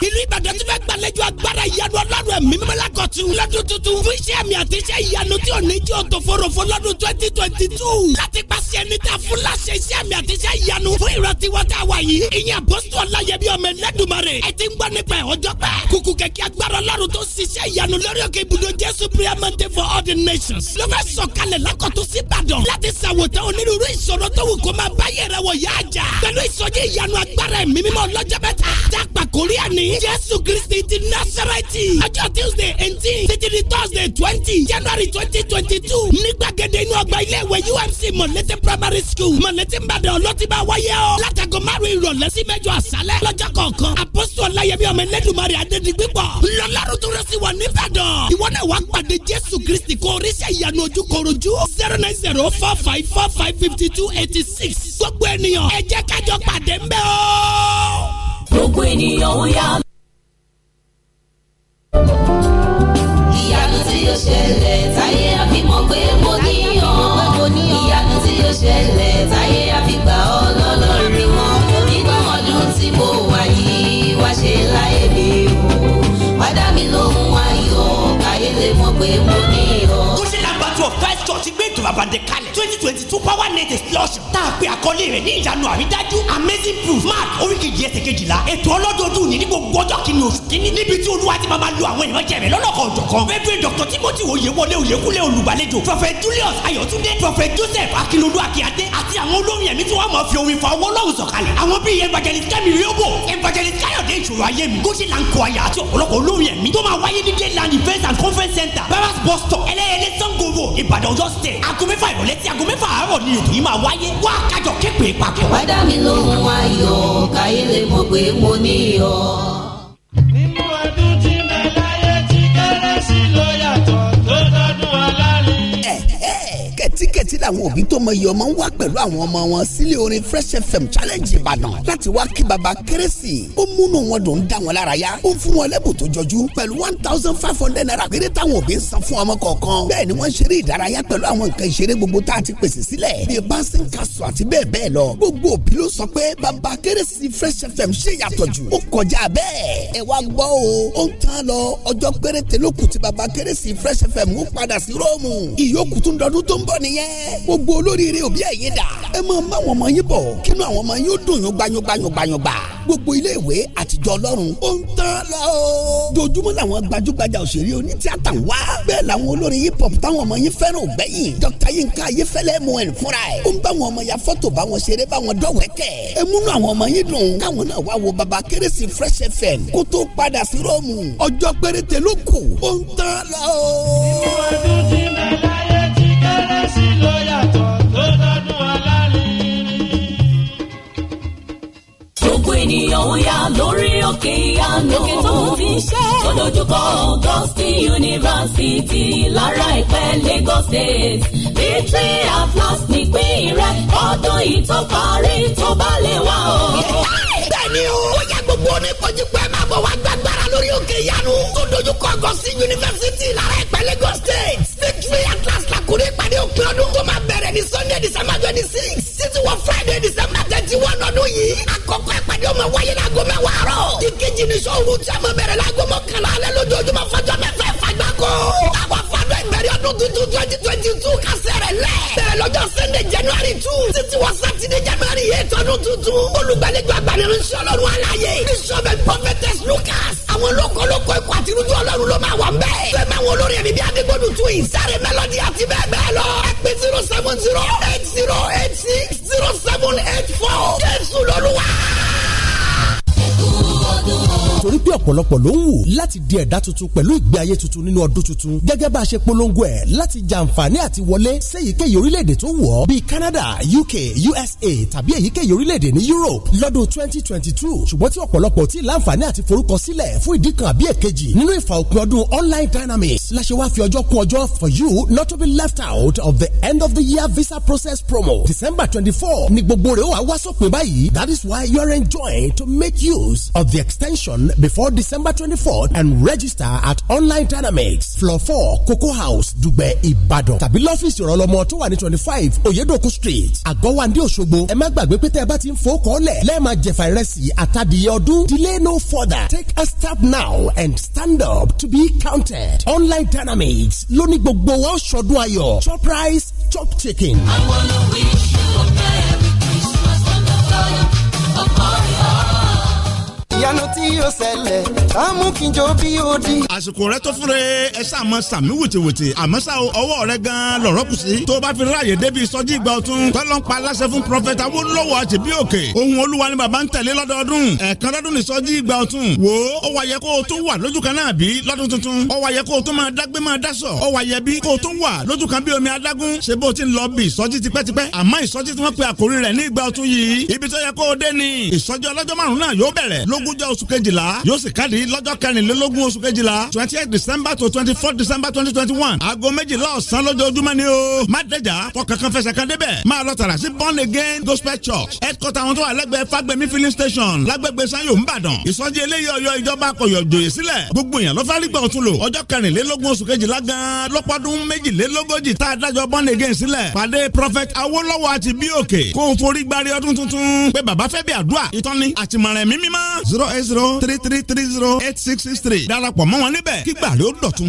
ìlú Ìbàdàn ti fẹ́ lọ́dún agbára ìyanu ọlọ́run ẹ̀mí mímọ́ lákọ̀tún lọ́dún tuntun fún iṣẹ́ mi àti iṣẹ́ ìyanu tí ò ní jẹ́ òtòforofo lọ́dún twenty twenty two láti pàṣẹ ẹni tá a fún láṣẹ iṣẹ́ mi àti iṣẹ́ ìyanu fún ìrántí wọn tá a wà yìí ìyẹn àpọ́sítù ọláyẹbí ọmọ ẹlẹ́dùnmarè ẹ ti ń gbọ́ nípa ẹ̀ ọjọ́ pẹ́ kùkù kẹ̀kẹ́ agbára ọlọ́run tó ṣiṣẹ́ ìyanu lórí òkè ibùdó jésù priamante for all the nations ló fẹ́ sọ̀kalẹ̀ lákọ̀tún síbàdàn láti ṣàwòtán onírúurú ìṣòro tó wù kó máa báyẹ̀ rẹ̀ wọ̀ yá àjà pẹ̀lú ìsọjí ìyanu agbára ẹ̀mí mímọ́ ọlọ́jọ́ mẹ́ta tá a pàkórí ẹ̀ ní jésù kristi ti n nasaraiti ọjọ́ tuesday eighteen títí di thursday twenty january twenty twenty two nígbàgede inú ọgbà ilé ìwé umc mọ̀lẹ́tẹ̀ primary school mọ̀lẹ́tẹ̀ mbàdàn ọlọ́tìbá wáyé ọ látàgọ́ márùn ìrọ̀lẹ́ sí mẹ́jọ àṣálẹ́ lọ́jọ́ kọ̀ọ̀kan apọ́sítọ̀ ọláyẹmí ọmọ ẹlẹ́dùnmarè adédìgbípọ̀ ńlọlárútúrọ́sí wà nìbàdàn ìwọ náà wàá pàdé jésù kristi kó oríṣẹ́ ìyanu ojú korojú zero nine zero four five four five fifty two eighty six gbogbo ènìyàn ẹ jẹ́ kájọ pàdé ńbẹ̀ o. gbogbo ènìyàn ó yá ìyanu tí yóò ṣẹlẹ̀ tí. bàbàdé kalẹ̀ twenty twenty two power net explosion tá a pe àkọlé rẹ̀ ní ìyanu àrídájú amazing proof mark oríkì yìí ẹsẹ̀ kejìlá ètò ọlọ́dọọdún ní ní gbogbo ọjọ́ kìíní oṣù kìíní níbi tí olúwa ti máa ma lo àwọn èèyàn jẹ̀rẹ̀ lọ́lọ́kan ọ̀jọ̀kan reverend dr timothy oyewole oyekule olùgbàlejò prophet julius ayọ̀túndé prophet joseph akilolu akíade àti àwọn olórin ẹ̀mí tí wọ́n máa fi orin fa ọwọ́ lọ́hùn sọ̀kalẹ̀ àwọn bíi evangelist kẹ́mi riobo evangelist káyọ̀dé ìṣòro ayé mi gòsì lanko àyà àti ọ̀pọ̀lọpọ̀ olórin ẹ̀mí tó máa wáyé ní dayland event and conference center barras bus stop ẹlẹ́yẹlé sango road ìbàdàn ọjọ́ state aago mẹ́fà ìrọ̀lẹ́ tí aago mẹ́fà àárọ̀ ni ètò yìí máa wáyé wá kájọ képe papọ̀. wá dá mi lóhùn ayọ̀ káyé lè mọ̀ pé mo ní iyọ̀. retí làwọn òbí tó mọ iye ọmọ ń wá pẹ̀lú àwọn ọmọ wọn sílé orin fresh fm challenge ìbàdàn láti wá kí baba kérésì ó múnú wọn dùn ń dá wọn lára yá ó ń fún wọn lẹ́bùn tó jọjú pẹ̀lú one thousand five hundred naira péré táwọn òbí ń san fún ọmọ kọ̀ọ̀kan bẹ́ẹ̀ ni wọ́n ń ṣeré ìdárayá pẹ̀lú àwọn nǹkan ìṣeré gbogbo tá a ti pèsè sílẹ̀ bíi bouncing castle àti bẹ́ẹ̀ bẹ́ẹ̀ lọ gbogbo òbí ló sọ pé baba kérésì fresh fm ṣe yàtọ̀ jù ó kọjá bẹ́ẹ̀ ẹ wá gbọ́ o ó ń tán lọ ọjọ́ péréte ló baba kérésì fresh fm ó padà sí róòmù ìyókù tún dọdún tó ń bọ̀ nìyẹn gbogbo olóríire òbí ẹ̀yin dà ẹ máa bá àwọn ọmọ yín bọ̀ kínú àwọn ọmọ yín ó dùn yín gbanyugbanyugbanyugba gbogbo iléèwé àtijọ́ ọlọ́run ó ń tán lọ. dojúmọ́ làwọn gbajúgbajà òṣèré onítìátà ń wá bẹ́ẹ̀ làwọn olórin hip hop táwọn ọmọ yín fẹ́ràn ògbẹ́yìn Dr Yinka Ayéfẹ́lẹ́ mú ẹni fúnra ẹ̀ ó ń bá wọn ọmọ ya fọ́tò bá wọn ṣeré bá wọn dọ̀wẹ́kẹ̀ ẹ múnú àwọn ọmọ yín dùn káwọn náà wá wo baba kérésì Fresh FM kó tó padà sí róòmù ọjọ́ péréte ló kù ó ń tán lọ. nínú ènìyàn ó yá lórí òkè ìyanu. òkè tó ń ti ṣe. tó Augustin University lára ìpẹ́ Lagos State. victory at last nípìn rẹ̀ ọdún yìí tó parí tó bá lè wá o. bẹ́ẹ̀ni o ó yẹ gbogbo oníkojú pé máa bọ̀ wá gbàgbára lórí òkè ìyanu. tó Augustin University lára ìpẹ́ Lagos State. victory at last làkúrẹ́ ìpàdé òpin ọdún tó máa bẹ̀rẹ̀ ní Sunday December twenty six títí Friday December twenty one ọdún yìí àkọ́kọ́ ìpàdé ọmọ wáyé láago mẹ́wàá àárọ̀ ìkejì ní sọ́ọ̀rù tí a máa bẹ̀rẹ̀ láago mọ́kànlá alẹ́ lójoojúmọ́ fọjọ́ mẹ́fẹ́ fagbá kọ́. àwọn lọ́jọ́ ìbẹ̀rẹ̀ ọdún tuntun twenty twenty two kásẹ̀ rẹ̀ lẹ̀. bẹ̀rẹ̀ lọ́jọ́ sunday january two títí wọ sátidé january eight ọdún tuntun. olùgbàlejò agbaniránṣẹ́ ọlọ́run aláyé bishop and prophetess lucas. àwọn lókolóko ikọ̀ àti irújú ọlọ́run ló máa wà ń bẹ́ẹ̀. fẹ́ẹ́ máa wọ olórí ẹ̀mí bí adégbòdù tún ìsáré mélòdì àti bẹ́ẹ̀ bẹ́ẹ̀ lọ. ẹ pè zero seven zero eight zero eight six zero seven eight four. jésù lọ́lúwa. ẹ̀kú ọdún torí pé ọ̀pọ̀lọpọ̀ ló ń wù láti di ẹ̀dá tuntun pẹ̀lú ìgbé ayé tuntun nínú ọdún tuntun gẹ́gẹ́ bá a ṣe polongo ẹ̀ láti jàǹfààní àti wọlé séyìíkéyìí orílẹ̀-èdè tó wù ọ́ bíi Canada UK USA tàbí èyíkéyìí orílẹ̀-èdè ní Europe lọ́dún twenty twenty two ṣùgbọ́n tí ọ̀pọ̀lọpọ̀ tí láǹfààní àti forúkọ sílẹ̀ fún ìdí kan àbí èkejì nínú ìfà ọdún online dynamics láṣẹ wá fi ọjọ́ kún ọjọ́ for you not to be left out of the end of the year visa process promo December twenty four ni gbogbo rẹ̀ wá wá sópin báyìí that is why you are enjoined to make use of the extension before December 24th and register at online dynamics floor 4 Cocoa House Dùgbẹ̀ Ìbàdàn tàbí Office ìrànlọ́mọ tó wà ní Oyedoko street Àgọ́wandé Òṣogbo ẹ má gbàgbé pé tẹ́ ẹ bá ti ń fowó kọ́lẹ̀ lẹ́ẹ̀ma jẹ̀fà ìrẹsì delay no further take a step now and stand up to be counted online dynamics lóní gbogbo wa ó ayọ̀ chop rice chop chicken. I wanna wish you a merry Christmas and a fire, a fire. yóò ṣẹlẹ̀ ká mú kí n jó bí ó di. àsìkò rẹ tó fúnre ẹ ṣáà mọ sàmí wìtìwìtì àmọ́ ṣá ọwọ́ rẹ gan-an lọ̀rọ̀ kù sí. tó o bá fi ráàyè débi ìsọjí ìgbà ọ̀tun tọ́lọ́npa aláṣẹ fún prọfẹ̀tà Awólọ́wọ̀ àti bí òkè ohun olúwa ni bàbá ń tẹ̀lé lọ́dọọdún ẹ̀ẹ̀kan lọ́dún ìsọjí ìgbà ọ̀tun wò ó wà yẹ kó o tún wà lójú kan náà bí lọ́dún tuntun ó wà yẹ kó o tún máa dágbé máa dásọ̀ ó wà bí kó o tún wà lójú kan bí omi adágún ṣe bó o ti ń lọ bí ìsọjí tipẹ́tipẹ́ àmọ́ ìsọjí tí wọ́n pe ni ìsọjí ọlọ́jọ́ márùn-ún náà yóò bẹ̀rẹ̀ lógúnjọ́ oṣù kej kejìlá yóò sì káàdì lọ́jọ́ kẹrìnlélógún oṣù kejìlá twenty eight december to twenty four december twenty twenty one aago méjìlá ọ̀sán lójoojúmọ́ ni o má dẹjà fọkàn kan fẹsẹ̀ kan débẹ̀ máa lọ tààrà sí born again gospel church headquarter àwọn tó wà lẹ́gbẹ̀ẹ́ fagbemi filling station lágbègbè sanyo nìbàdàn ìsọjí eléyìí ọyọ ìjọba akọyọ joyè sílẹ̀ gbogbo èèyàn ló fẹ́ rí gbà ọ̀tún lò ọjọ́ kẹrìnlélógún oṣù kejìlá gan lọ́pọ̀dún méjìlélógójì tá a dájọ́ born again sílẹ̀ pàdé prophet awolowo àti bíòkè kó o forí gbárí ọdún tuntun pé bàbá fẹ́ bí àdúrà ìtọ́ni àtìmọ̀ràn mímímọ́ zero eight zero zero three three three zero eight six six three darapọ̀ mọ́ wọn níbẹ̀ kí gbàlẹ́ dọ̀tun.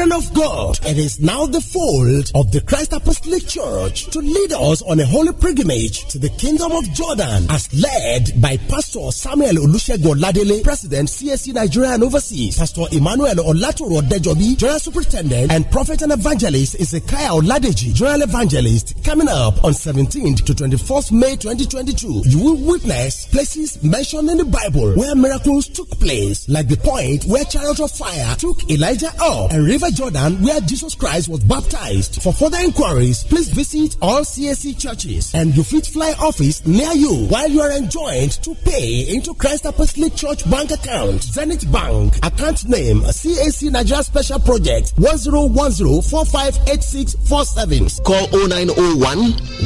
children of God, it is now the fold of the Christ Apostolic Church to lead us on a holy pilgrimage to the Kingdom of Jordan as led by Pastor Samuel Olusegun Ladele, President CSC Nigeria and Overseas, Pastor Emmanuel Olatoro Dejobi, General Superintendent and Prophet and Evangelist Ezekiah Oladeji, General Evangelist, coming up on 17th to 24th May 2022. You will witness places mentioned in the Bible where miracles took place, like the point where chariot of fire took Elijah up and river river Jordan where Jesus Christ was baptized. For further inquiries, please visit all CSC churches and your fit fly office near you while you are enjoined to pay into Christ Apostolic Church bank account, Zenith Bank, account name CAC Nigeria Special Project 1010458647. Call 0901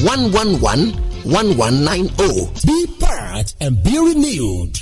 111 1190. Be part and be renewed.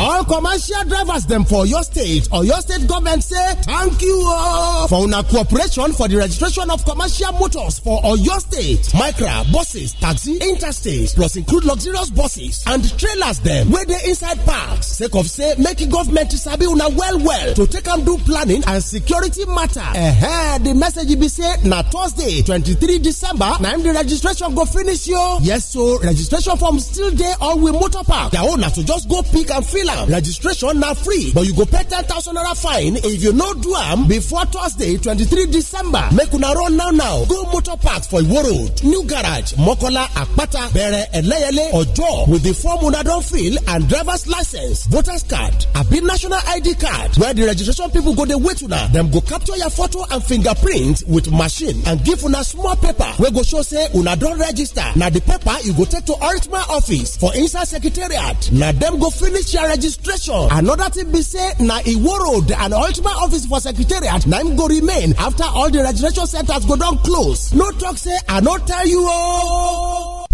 all commercial drivers dem for your state or your state government say thank you ooo oh. for una cooperation for the registration of commercial motors for oyo state micro buses taxi interstate plus include luxurious buses and trailers dem wey dey inside parks sake of say make government sabi una well well to take am do planning and security matter eh The message be say na thursday twenty-three december na im the registration go finish yo yes so registration form still dey all we motor park own na to just go pick and fill am registration na free but you go pay ten thousand naira fine if you no do am before thursday twenty-three december make una run now now go motor park for iwo road new garage mokola akpata Bere Eleyele Ojo. with the form una don fill and drivers license voters card abi national id card where the registration people go dey wait una dem go capture your photo and fingerprint with machine and give una small paper wey go show say una don register na the paper you go take to oritma office for inside secretariat na dem go finish your registration registration another thing be say na iwo road and ultimate office for secretariat na go remain after all the registration centers go down close no talk say i not tell you all.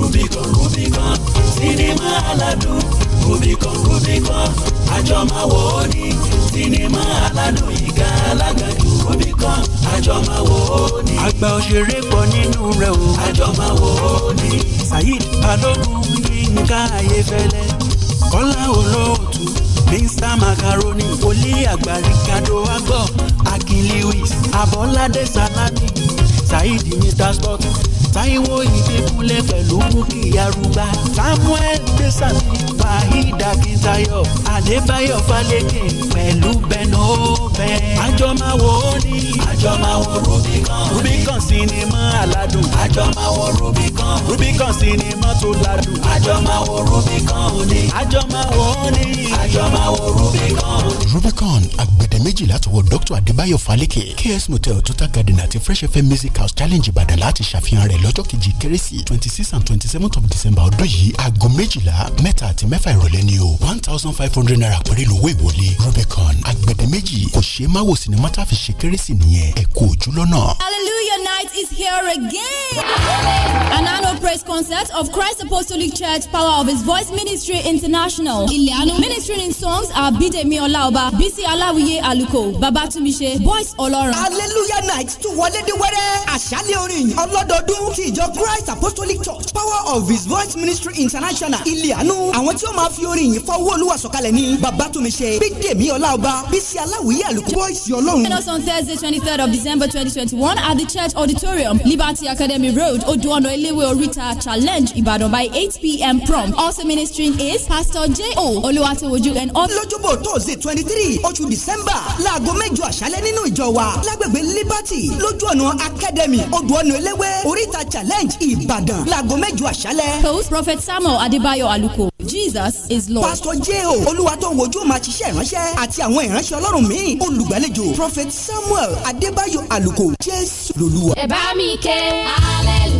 Rubicon, Rubicon, cinema aládùn. Rubicon, Rubicon, àjọmáwo ni Cinema aládùn ìka alágbàdo kan àjọ máa wò ó ní. àgbà òṣèré pọ̀ nínú rẹ̀ o. àjọ máa wò ó ní. Saheed Balogun Yinka Ayefẹlẹ Kọ́lá Olóòtú Mr Macaroni Wòlíì àgbà Ricardo Agbo Akin Lewis Abọ́ládé Salami Saheed Mr Sports. Táíwò Ìdẹ́kunlé pẹ̀lú Búkì Yarúbá Samuel Gbèsàmí Fahid Akíntayọ̀ Adébáyọ̀ Fálékè pẹ̀lú Beno Ben. Àjọmáwo ni àjọmáwo Rubicon Rubicon sinimá aládùn àjọmáwo Rubicon Rubicon sinimá tó ládùn àjọmáwo Rubicon ni àjọmáwo ni àjọmáwo Rubicon. Rubicon agbèdémèjì láti wọ Dr. Adébáyọ̀ Fálékè KS Motel Total Garden àti Fresh FM Music House Challenge Ìbàdàn láti ṣàfihàn rẹ̀ lọ́jọ́ kejì kérésì twenty six and twenty seven of december ọdún yìí aago méjìlá mẹ́ta àti mẹ́fà ìrọ̀lẹ́ ni o one thousand five hundred naira pẹ̀lú ìlú ìwọlé rubicon agbẹ̀dẹ méjì kò ṣe má wò sinimá tá a fi ṣe kérésì nìyẹn ẹ kú ojú lọ́nà. hallelujah night is here again. an annual praise concert of Christ Apostolic Church Power of His Voice Ministry International. Ileanu ministering in songs are Bidemi Olaoba, Bisi Alawiye Aluko, Babatunmise, Boys Ọlọ́run. hallelujah night tún wọlé dé wẹ́rẹ́ àṣálẹ̀ orin ọlọ́dọọdún ti ìjọ Christ Apostolic Church Power of His Voice Ministry International ilé àánú àwọn tí ó máa fi orin yìí fọwọ́ olúwa sọ̀kalẹ̀ ní Babatumise Bídèmí Ọláọba Bísí Aláwìyé Àlùkò Bọ́ìsì Ọlọ́run. Join us on Thursday twenty third of December twenty twenty one at the church auditorium Liberty Academy Road Odoano Elewe Orita Challenge Ibadan by eight pm prompt. Also ministering is Pastor J.O. Oluwatowoju and all. Lọ́jọ́bọ̀ Thursday twenty three oṣù December láago mẹ́jọ àṣálẹ́ nínú ìjọ wa lágbègbè Liberty lójú ọ̀nà Academy Odoano Elewe Orita Easter challenge Ìbàdàn láago mẹ́jọ àṣálẹ́. Host Prophet Samuel Adebayo Aluko Jesus is Lord. Pastor J.O. Olúwatóńwojú máa ṣiṣẹ́ ìránṣẹ́ àti àwọn ìránṣẹ́ Ọlọ́run míì olùgbàlejò Prophet Samuel Adebayo Aluko Jésù lolúwa. Ẹ mi ké hallelujah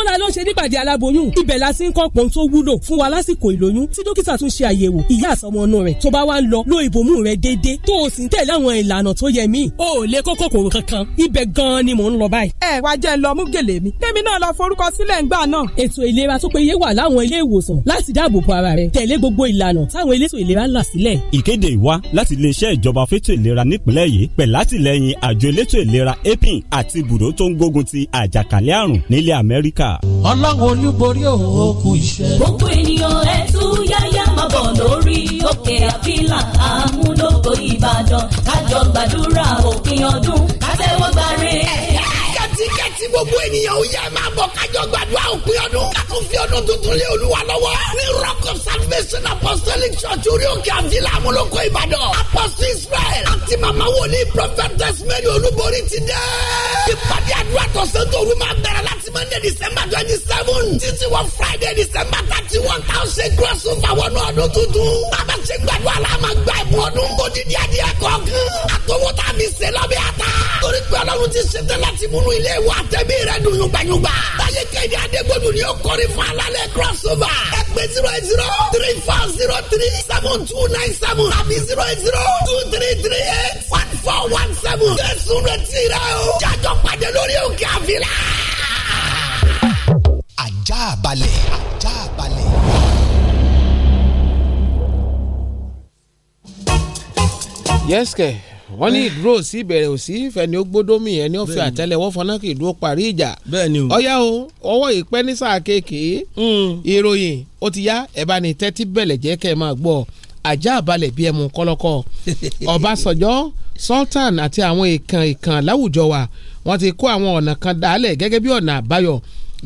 Mọ́kànlá ló ń ṣe nípàdé aláboyún. Ibẹ̀ la sì ń kọ́ pọ́n tó wúlò fún wa lásìkò ìlóyún tí dókítà tún ṣe àyẹ̀wò ìyá àsọmọnú rẹ̀ tó bá wá ń lọ lo ìbomú rẹ̀ déédéé tó o sì ń tẹ̀lé àwọn ìlànà tó yẹ mí. O ò lè kó kòkòrò kankan. Ibẹ̀ gan-an ni mò ń lọ báyìí. Ẹ wá jẹ́ lọ mú gèlè mi. Kémi náà lọ forúkọ sílẹ̀ ńgbà náà. Ètò ìlera tó péye wà láwọn ilé ìwòsàn láti dáàbò bo ara rẹ̀. Tẹ̀lé gbogbo ìlànà táwọn elétò ìlera là sílẹ̀. Ìkéde ìwá láti iléeṣẹ́ ìjọba fétò ìlera nípìnlẹ̀ yìí pẹ̀lú àtìlẹ́yìn àjọ elétò ìlera APIN àti ibùdó tó ń gbógun ti àjàkálẹ̀ àrùn nílẹ̀ Amẹ́ríkà yáyà. ọlọ́run olúborí òkú iṣẹ́. gbogbo ènìyàn ẹ tú yáyà máa bọ̀ lórí òkè àfílà àmúlòkọ ìbàdàn kájọ gbàdúrà òpin ọdún kátẹ́wọ́ gbàre. Kẹ́tíkẹ́tí gbogbo ènìyàn ó yẹ máa bọ̀ kájọ gbàdúrà òpin ọdún. Kátó fi ọdún tuntun lé olúwa lọ́wọ́. Ní Rock of Salvation Apostolic Church orí òkè àfílà àmúlòkọ Ìbàdàn. Apostle Israel àti màmá wòlíì Prophetess Mary olúborí ti dẹ́. Ìpàdé àdúrà tọ̀sán tòru máa bẹ̀rẹ̀ láti láti monday december twenty seven títí wọ friday december thirty one thousand cross over wọnú ọdún tuntun. bàbá ṣe gbàdúrà la máa gba ẹ̀bùn ọdún odidi adìẹ kọ̀ọ̀kan. àtọwọ́ tá a fi ṣe lọ́bẹ̀ àtà. torí pé ọlọ́run ti ṣetán láti múnú ilé wa tẹ̀bí rẹ̀ dùn yúgbàyúgbà. báyé kẹ́hìn adégbòdù ni ó kọrin fún alálẹ̀ cross over. ẹ pè zero zero three four zero three seven two nine seven àbí zero zero two three three eight one four one seven. jésù retí rẹ o. jájọ pàdé lórí òkè àfilà ajá balẹ̀ ajá balẹ̀. yẹ́sìkẹ̀ wọ́n ní ìdúró sí ìbẹ̀rẹ̀ òsì ìfẹ̀ni ó gbódómì ẹni ó fi àtẹ́lẹwọ́ fọná kì í dúró parí ìjà ọ̀yá o ọwọ́ ìpẹ́ ní sáà kéèkéé hmm. ìròyìn ó ti yá ẹ̀ bá ní tẹ́tí bẹ̀lẹ̀ jẹ́ kẹ́ ẹ máa gbọ́ ajá àbálẹ̀ bíi ẹmu kọ́lọ́kọ́ (laughs) ọ̀básọ̀jọ́ sultan àti àwọn ìkàn ìkàn láwùjọ wa wọ́n ti kó àwọn ọ̀nà kan dálẹ̀ gẹ́gẹ́ bí ọ̀nà àbáyọ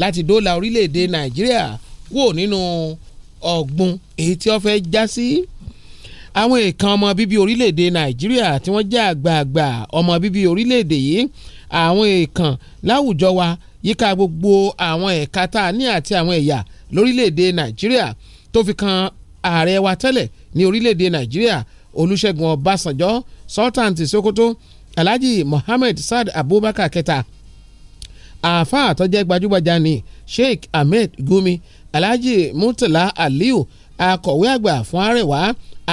láti dóòlà orílẹ̀-èdè nàìjíríà wò nínú ọ̀gbun èyí tí wọ́n fẹ́ já sí àwọn èèkàn ọmọ bíbí orílẹ̀-èdè nàìjíríà tí wọ́n jẹ́ àgbààgbà ọmọ bíbí orílẹ̀-èdè yìí àwọn èèkàn láwùjọ wa yíká gbogbo àwọn ẹ̀ka tá a ní àti àwọn ẹ̀yà lórílẹ̀-èdè nàìjíríà tó fi kan ààrẹ wa tẹ́lẹ̀ ní orílẹ̀-èdè nàìjíríà olúṣẹ́gun ọbásanjọ́ sultan ti sokoto alhaji mohammed saad abubakar kẹta àáfàá àtọ́jẹ́ gbajúgbajà ni Sheikh Ahmed Gumi Alhaji Murtala Aliyu akọ̀wé àgbà fún Arẹwà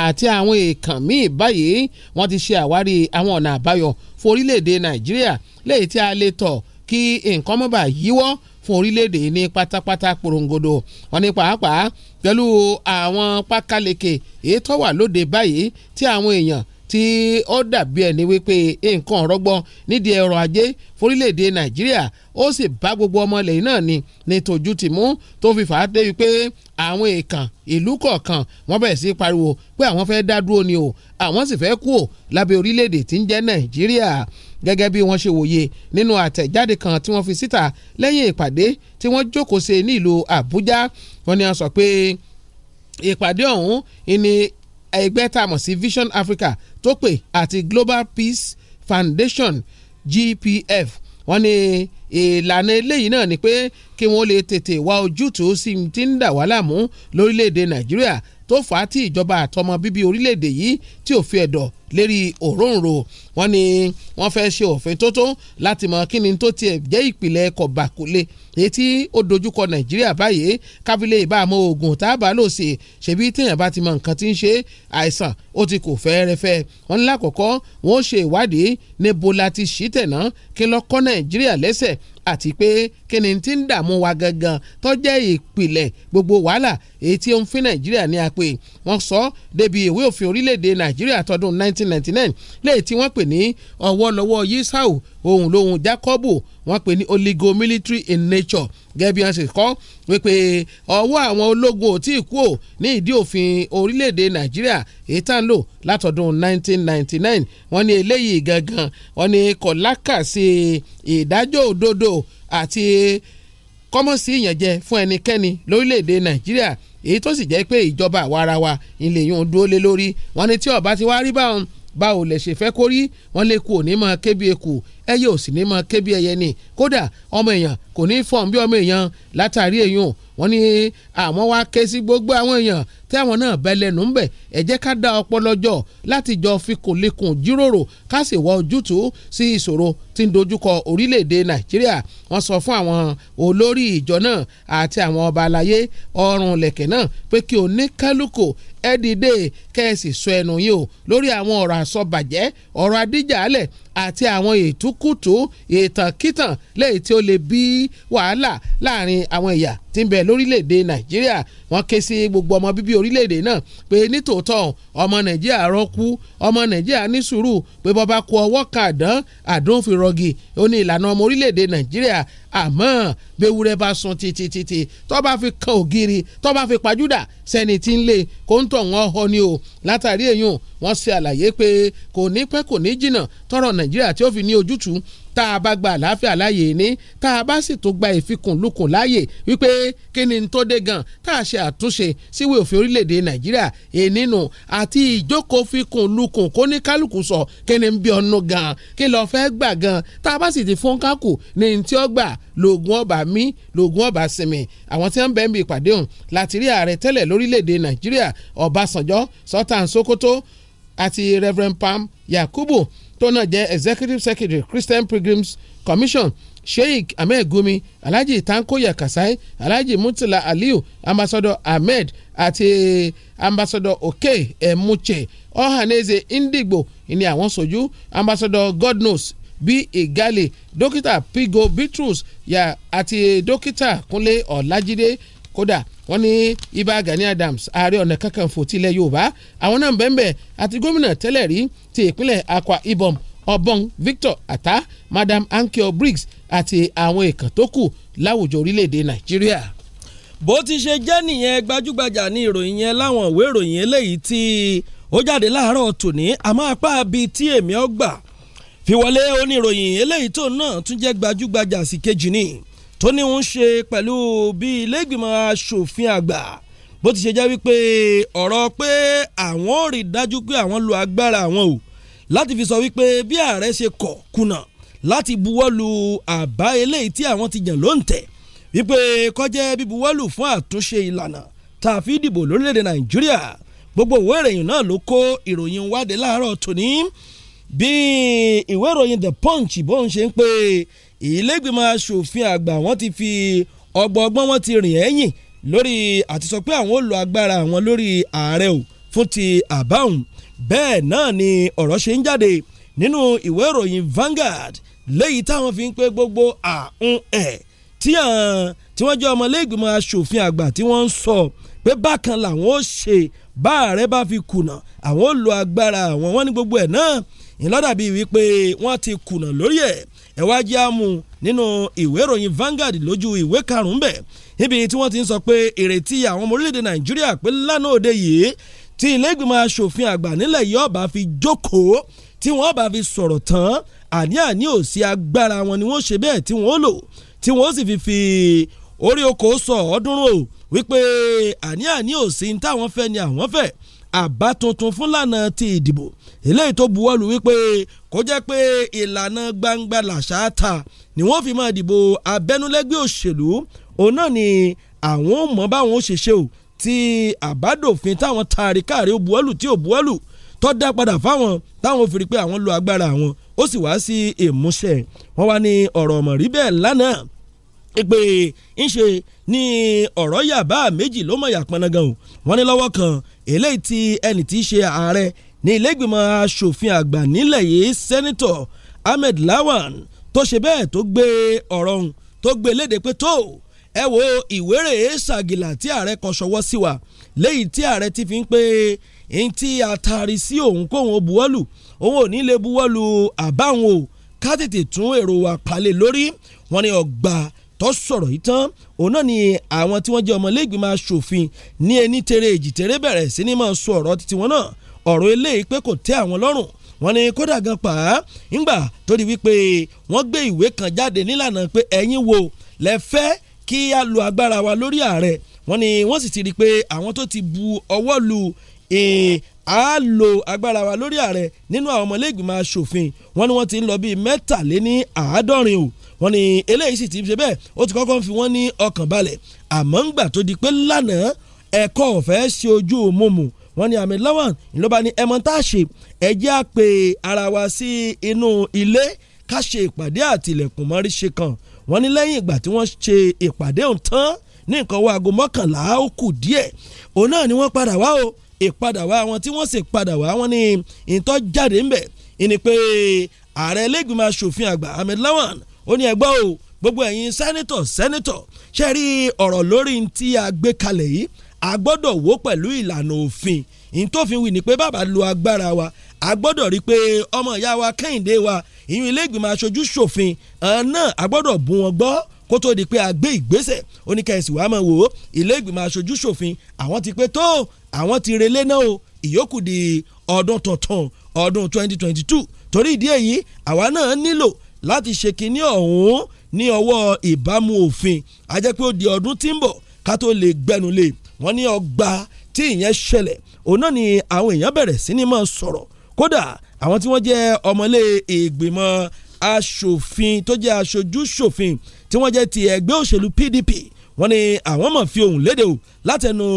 àti àwọn èèkàn míì báyìí wọ́n ti ṣe àwárí àwọn ọ̀nà àbáyọ fún orílẹ̀-èdè Nàìjíríà léyìí tí a lè tọ̀ kí nǹkan mọ́ bá yíwọ́ fún orílẹ̀-èdè ní pátápátá porongodo wọn ní pàápàá pẹ̀lú àwọn pákáleke èyí tó wà lóde báyìí tí àwọn èèyàn tí ó dàbí ẹni wípé nǹkan ọ̀rọ̀gbọ́n nídìí ọrọ̀ ajé forílẹ̀-èdè nàìjíríà ó sì bá gbogbo ọmọ ilẹ̀ yìí náà ni ní tòjú tìmú tó fi fà á dé wípé àwọn èèkàn ìlú kọ̀ọ̀kan wọ́n bẹ̀rẹ̀ sí pariwo pé àwọn fẹ́ dá dúró ni o àwọn sì fẹ́ kú o lábẹ́ orílẹ̀-èdè tí ń jẹ́ nàìjíríà gẹ́gẹ́ bí wọ́n ṣe wòye nínú àtẹ̀jáde kan tí wọ́n fi síta lẹ́yìn ìpàdé tí wọ́n jókòó ṣe ní àbújá wọ́n ní a sọ pé ìpàdé ọ̀hún ni ẹgbẹ́ tá a mọ̀ sí Vision Africa tó pè àti Global Peace Foundation GPF wọ́n ní ìlànà eléyìí náà ni pé kí wọ́n lè tètè wá ojútùú sí ti ń dà wá láàmú lórílẹ̀‐èdè Nàìjíríà tó fà á tí ìjọba àtọmọ bíbí orílẹ̀‐èdè yìí tí ò fi ẹ̀dọ̀ lérí òróǹro wọ́n ní wọ́n fẹ́ ṣe òfin tó tó láti mọ kí ni tó tiẹ̀ jẹ́ ìpìlẹ̀ kọ̀bàkúlé etí ó dojúkọ nàìjíríà báyìí kábílẹ̀ ìbámu oògùn tábà lò sí ṣebí téèyàn bá ti mọ nǹkan tí ń ṣe àìsàn ó ti kò fẹ́ẹ́rẹ́fẹ́ wọ́n ní lákọ̀ọ́kọ́ wọ́n ó ṣe ìwádìí níbo la ti ṣí tẹ̀ ná kí lọ́kọ́ nàìjíríà lẹ́sẹ̀ àti pé kí ni ti ń dààmú wa gangan tó jẹ́ ìpìlẹ̀ gbogbo wàhálà èyí tí ó ń fín nàìjíríà ní apè wọ́n sọ débi ìwé òfin orílẹ̀-èdè nàìjíríà tọdún 1999 léyìí tí wọ́n pè ní ọwọ́ lọ́wọ́ yísáù ohun lóhun Jákọ́bù wọ́n pè ní oligo military in nature gẹ́gẹ́ bí wọ́n ṣe kọ́ wípé ọwọ́ àwọn ológun ò tí ì kú ò ní ìdí òfin orílẹ̀-èdè Nàìjíríà èyí tá ń lò látọ̀dún 1999 wọ́n ní eléyìí gangan wọ́n ní kọ̀lákà sí ìdájọ́ òdodo àti kọ́mọ̀sí ìyànjẹ fún ẹnikẹ́ni lórílẹ̀‐èdè nàìjíríà èyí tó sì jẹ́ pé ìjọba àwarawa ilé yóò dúró lé lórí wọn ni tí ọba ti wá rí báwọn báwo lè ṣe fẹ́ kó wọn lè kú òní mọ́ kébí ekù ẹyẹ ò sì ní mọ ké bí ẹyẹ ni kódà ọmọ èèyàn kò ní fọ̀n bí ọmọ èèyàn látàrí èèyàn wọ́n ní àwọn wá ké sí gbogbo àwọn èèyàn tí àwọn náà bẹ lẹ́nu ńbẹ̀ ẹ jẹ́ ká dá ọpọlọ jọ láti jọ fi kòlekùn jíròrò ká sì wá ojútùú sí ìṣòro tí ń dojúkọ orílẹ̀-èdè nàìjíríà wọ́n sọ fún àwọn olórí ìjọ náà àti àwọn ọba aláyé ọrùn lẹ̀kẹ̀ náà pé kí oníkálukú ẹ dìde kẹ́ẹ̀sì sọ ẹnu yìí o lórí àwọn ọ̀rọ̀ àsọbàjẹ́ ọ̀rọ̀ adíjàálẹ̀ àti àwọn ètùkù kùtù ìtànkìtàn lẹ́yìn tí ó lè bí wàhálà láàrin àwọn ẹ̀yà tí ń bẹ lórílẹ̀‐èdè nàìjíríà wọ́n ké sí gbogbo ọmọ bíbí orílẹ̀‐èdè náà pé nítòótọ́ ọmọ nàìjíríà rọ́kú ọmọ nàìjíríà ní sùúrù pé bọ́ba kú ọwọ́ kàdán àdófin rọgì ó ní ìlànà ọmọ orílẹ̀‐èdè nàìjíríà àmọ́ bewúrẹ́ bá sun títítítí tó bá fi kan ògiri tó bá fi pàjúdà sẹ́ni tí ń lé kó ń tọ̀ wọ́n họ ni o látàrí èyàn wọ́n ṣe àlàyé pé kò ní pẹ́ kò ní jìnnà tọrọ Nàìjíríà tí ó fi ní ojútùú tá a bá gba àlàáfíà láàyè ní tá a bá sì tún gba ìfikùnlukùn láàyè wípé kí ni tó dé gan tá a ṣe àtúnṣe síwèé òfin orílẹ̀-èdè nàìjíríà ènìnú àti ìjókòó fikùnlukùn kó ní kálukú sọ kí ni ń bí ọnu gan kí lọ́ọ́ fẹ́ gbà gan tá a bá sì ti fún kákù ní tí ó gbà lóògùn ọba mi lóògùn ọba sinmi àwọn tí wọ́n bẹ̀ ń bi ìpàdé ọ̀hún láti rí ààrẹ tẹ́lẹ̀ lórílẹ̀‐èdè nàìjíríà ọbásanjọ́ sọ́tàn sokoto àti reverend pam yakubu tó náà jẹ́ executive secretary Christian Pilgrims Commission Sheikh Ahmed Gumi Alhaji Tankoya Kasai Alhaji Murtala Aliyu Ambassador Ahmed àti Ambassador Oke Emuche Ohanaeze Ndigbo ni àwọn sojú Ambassador Godnos bí Igale dókítà Pigo Bitrus yà àti dókítà Kúnlé Ọ̀làjídé kódà wọ́n ní ibà Gani Adams ààrẹ ọ̀nà kakanfò tilẹ̀ Yorùbá àwọn náà bẹ́ẹ̀nbẹ́ àti gómìnà tẹ́lẹ̀ rí ti ìpínlẹ̀ Akwa Ibom Obong Victor Ata Madam Ankyo Briggs àti àwọn èèkàn tó kù láwùjọ orílẹ̀-èdè Nàìjíríà bó ti ṣe jẹ́ nìyẹn gbajúgbajà ní ìròyìn yẹn láwọn ìwé ìròyìn eléyìí tí ó jáde láàárọ̀ tòní àmọ́ apá bíi tí èmi ọgbà fi wọlé oníròyìn eléyìí tó náà tún jẹ́ gbajúgbajà sí kejì nìyí tó ní ń ṣe pẹ̀lú bí ilé ìgbìmọ̀ asòfin àgbà bó ti ṣe jẹ́ wípé ọ̀rọ̀ pé àwọn ò rí dájú pé àwọn lo agbára àwọn o láti fi sọ wípé bí ààrẹ ṣe kọ̀ kùnà láti buwọ́lu àbá eléyìí tí àwọn ti yàn ló ń tẹ̀ wípé kọjẹ́ bíbuwọ́lu fún àtúnṣe ìlànà tá a fi dìbò lórílẹ̀‐èdè Nàìjíríà gbogbo òwe ìròyìn náà ló kó ìròyìn wádìí láàárọ̀ tòní bí ìwé ìròyìn the punch bó ń ṣe ń pé ìlẹ́gbìmọ̀ asòfin àgbà wọ́n ti fi ọgbọ́ngbọ́n wọn ti rìn ẹ̀yìn lórí àti sọ pé àwọn ò lo agbára àwọn lórí ààrẹ o fún ti àbáhùn bẹ́ẹ̀ náà ni ọ̀rọ̀ ṣe ń jáde nínú ìwé ìròyìn Vanguard léyìí táwọn fi ń pé gbogbo àhún ẹ̀ tí àwọn tí wọ́n jẹ́ ọmọlẹ́gbìmọ̀ asòfin àgbà tí wọ́n ń sọ pé bákan làwọn ó ṣe bá ààrẹ bá fi kùnà àwọn ò lo agbára àwọn wọn ní gbogbo ẹ̀ náà ńlọ́dàbí wípé wọ́n ti kùnà lórí ẹ̀ ẹ̀ wá jẹ́ àmú nínú ìwé ìròyìn Vanguard lójú ìwé karùn-ún bẹ̀ níbi tí wọ́n ti ń sọ pé ìrètí àwọn ọmọ orílẹ̀-èdè Nàìjíríà pé lánàá òde yìí tí ilé ìgbìmọ̀ asòfin àgbà nílẹ̀ yìí ọba fi jókòó tí wọ́n bá fi sọ̀rọ̀ tán àní àní ò sí agbára wọn ni wọ́n ṣe bẹ́ẹ̀ tí wọ́n lò tí wọ́n sì fi fi orí oko sọ ọ̀ọ́dúnrún o wípé àní àní ò sí ní táwọn fẹ́ ni àwọn fẹ́ àbá tuntun fúnlànà ti ìdìbò eléyìí tó buwọ́lù wípé kó jẹ́ pé ìlànà gbangba làṣà ta ni wọ́n fi máa dìbò abẹ́nulẹ́gbẹ́ òṣèlú òun náà ni àwọn ò mọ̀ báwọn ó ṣe ṣe o ti àbádòfin táwọn taari káàrí òbuwọ́lù tí òbuwọ́lù tó dá padà fáwọn táwọn fi rí pé àwọn lo agbára àwọn ó sì wá sí ìmúṣẹ wọn wá ní ọ̀rọ̀ ọ̀mọ̀ rí bẹ́ẹ̀ lánàá pé ń ṣe ní ọ̀rọ̀ yàbá méjì ló mọ̀ yàpọ̀nagan o wọ́n ní lọ́wọ́ kan eléyìí tí ẹni tí í ṣe ààrẹ ní ilé asòfin àgbà nílẹ̀ yìí sẹ́nitọ̀ Ahmed Lawan tó ṣe bẹ́ẹ̀ tó gbé ọ̀rọ̀ ọ̀hún tó gbé e léde pé tó ẹ wo ìwérè ṣàgìlà tí ààrẹ kan ṣọwọ́ sí wa léyìí tí ààrẹ ti fi ń pé ń tí atari sí òun kóun buwọ́lù òun ò ní lè buwọ́lù àbáwọn o ká tètè tún èrò wa palẹ̀ lórí wọn ni ọgbà tó sọ̀rọ̀ yìí tán òun náà ni àwọn tí wọ́n jẹ́ ọmọlẹ́gbìmọ̀ aṣòfin ní ẹni tèrè èjì tèrè bẹ̀rẹ̀ sí ni máa sọ ọ̀rọ̀ títí wọn náà ọ̀rọ̀ eléyìí pé kò tẹ́ àwọn lọ́rùn wọ́n ní kódà gan pa á ńgbà tó di wípé wọ́n gbé ìwé kan jáde nílànà pé ẹ̀yin wo lẹ fẹ́ kí a lo agbára wa lórí ààrẹ wọ́n ní wọ́n sì ti rí pé àwọn tó ti bu ọwọ́ lu a lo agbára wa lórí ààrẹ nínú àwọn ọmọlẹ́gbìmọ̀ asòfin wọn ni wọ́n ti ń lọ bíi mẹ́tàléní àádọ́rin o wọ́n ní eléyìí sì ti ṣe bẹ́ẹ̀ ó ti kọ́kọ́ fi wọ́n ní ọkàn balẹ̀ àmọ́ ńgbà tó di pé lánàá ẹ̀kọ́ ọ̀fẹ́ sí ojú òmùmù wọ́n ní àmì lawan ló bá ní ẹmọ tá a ṣe ẹjẹ́ á pe ara wa sí inú ilé ká ṣe ìpàdé àtìlẹ̀kùn mọ́rí ṣe kan wọ́n ní lẹ́yìn ìgbà tí wọ́n ṣe ìpàdé ọ̀hún tán ní nǹkan wo aago mọ́kànlá ó kù díẹ̀ òun náà ni wọ́n padà wá o ìpadà wá wọn tí wọ́n sì padà wá wọn ní ìtọ́jáde ńbẹ̀ ìní pé ààrẹ ilé asòfin àgbà Ahmed Lawan ó ní ẹgbẹ́ o gbogbo ẹ̀yin sẹ́nitọ̀ sẹ́nitọ̀ ṣe rí ọ̀rọ̀ lórí tí a gbé yìí a gbọ́dọ̀ wò pẹ̀lú ìlànà òfin ìtòfin wí ni pé bàbá lo agbára wa a gbọ́dọ̀ rí i pé ọmọ ìyá wa kẹ́hìndé wa ìyún ilé ìgbìmọ̀ aṣojú ṣòfin náà a gbọ́dọ̀ bù wọn gbọ́ kó tó di pé a gbé ìgbésẹ̀ oníkẹ́sì wa máa wò ó ilé ìgbìmọ̀ aṣojú ṣòfin àwọn ti pé tó àwọn ti relé náà o ìyókù di ọdún tuntun ọdún 2022 torí ìdí èyí àwa náà nílò láti ṣe kínní ọ̀hún ní ọwọ́ ìbámu òfin a jẹ́ pé ó di ọdún tí ń bọ̀ ká tó lè gbẹnulé wọ́n ní ọgbà tí ìyẹn ṣẹlẹ̀ òun náà ni àwọn èèyàn bẹ̀rẹ̀ sí ni máa sọ̀rọ̀ kódà àwọn tí wọ́n jẹ́ ọmọlé ìgbìmọ̀ aṣòfin tó jẹ́ aṣojú ṣòfin tí wọ́n jẹ́ ti ẹgbẹ́ òṣèlú PDP wọ́n ní àwọn mọ̀ fi ohùn léde o látẹnu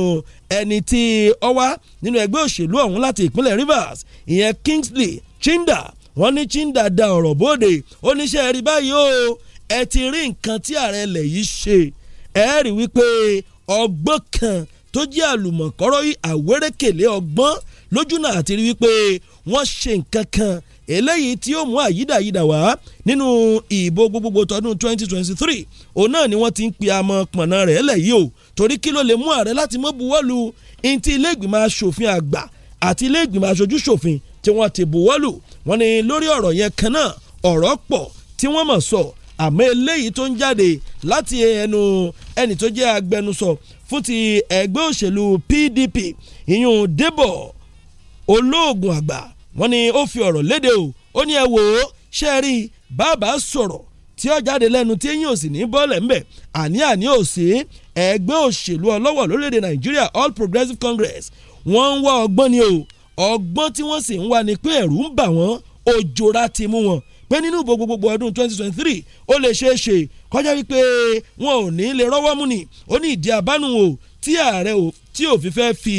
ẹni tí ó wá nínú ẹgbẹ́ òṣèlú ọ̀hún láti ìpínlẹ̀ Rivers ìyẹn Kingsley Chinda wọ́n ní Chindada ọ̀rọ̀ bóde oníṣẹ́ rí báyìí o ẹ ti rí nǹkan tí ààrẹ ilẹ̀ yìí ṣe ẹ rí wípé ọgbọ́n kan tó jẹ́ àlùmọ̀kọ́rọ́ yìí àwérékèlé ọgbọ́n lójúnà àti rí wípé wọ́n ṣe nǹkan kan eléyìí tí ó mú àyídàyídà wá nínú ìbò gbogbogbò tọdún 2023 òun náà ni wọ́n ti ń pe amọ̀ pọ̀nà rẹ̀ lẹ̀ yìí o torí kí ló lè mú ààrẹ láti mọ́ buwọ́lu ní ti ilé ìgbìmọ̀ asòfin àgbà àti ilé ìgbìmọ̀ aṣojú ṣòfin tí wọ́n ti buwọ́lu wọ́n ní lórí ọ̀rọ̀ yẹn kan náà ọ̀rọ̀ pọ̀ tí wọ́n mọ̀ sọ àmọ́ eléyìí tó ń jáde láti ẹnu ẹni tó jẹ́ agbẹnusọ fún ti ẹgbẹ́ òṣèlú PDP ìyún Débọ̀ olóògùn àgbà wọ́n ní ó fi ọ̀rọ̀ léde o ó ní ẹ wò ó ṣe rí bàbá sọ̀rọ̀ tí ó jáde lẹ́nu tí eyín ò sì ní bọ́ọ̀lẹ̀ ńbẹ̀ àní àní ò sí ẹgbẹ́ òṣèlú ọlọ́wọ̀ lórílẹ̀‐èdè Nàìjíríà All Progressives Congress wọ́n ń wá ọgbọ́n ni o ọgbọ́n tí wọ́n sì ń wá ni pé ẹ̀rù ń bà wọ́n òjòra ti mú wọn pé nínú gbogbogbò ọdún 2023 ó lè ṣeé ṣe kọjá wípé wọn ò ní lè rọ́wọ́ mú ni ó ní ìdí àbánu o tí ààrẹ o tí òfin fẹ́ fi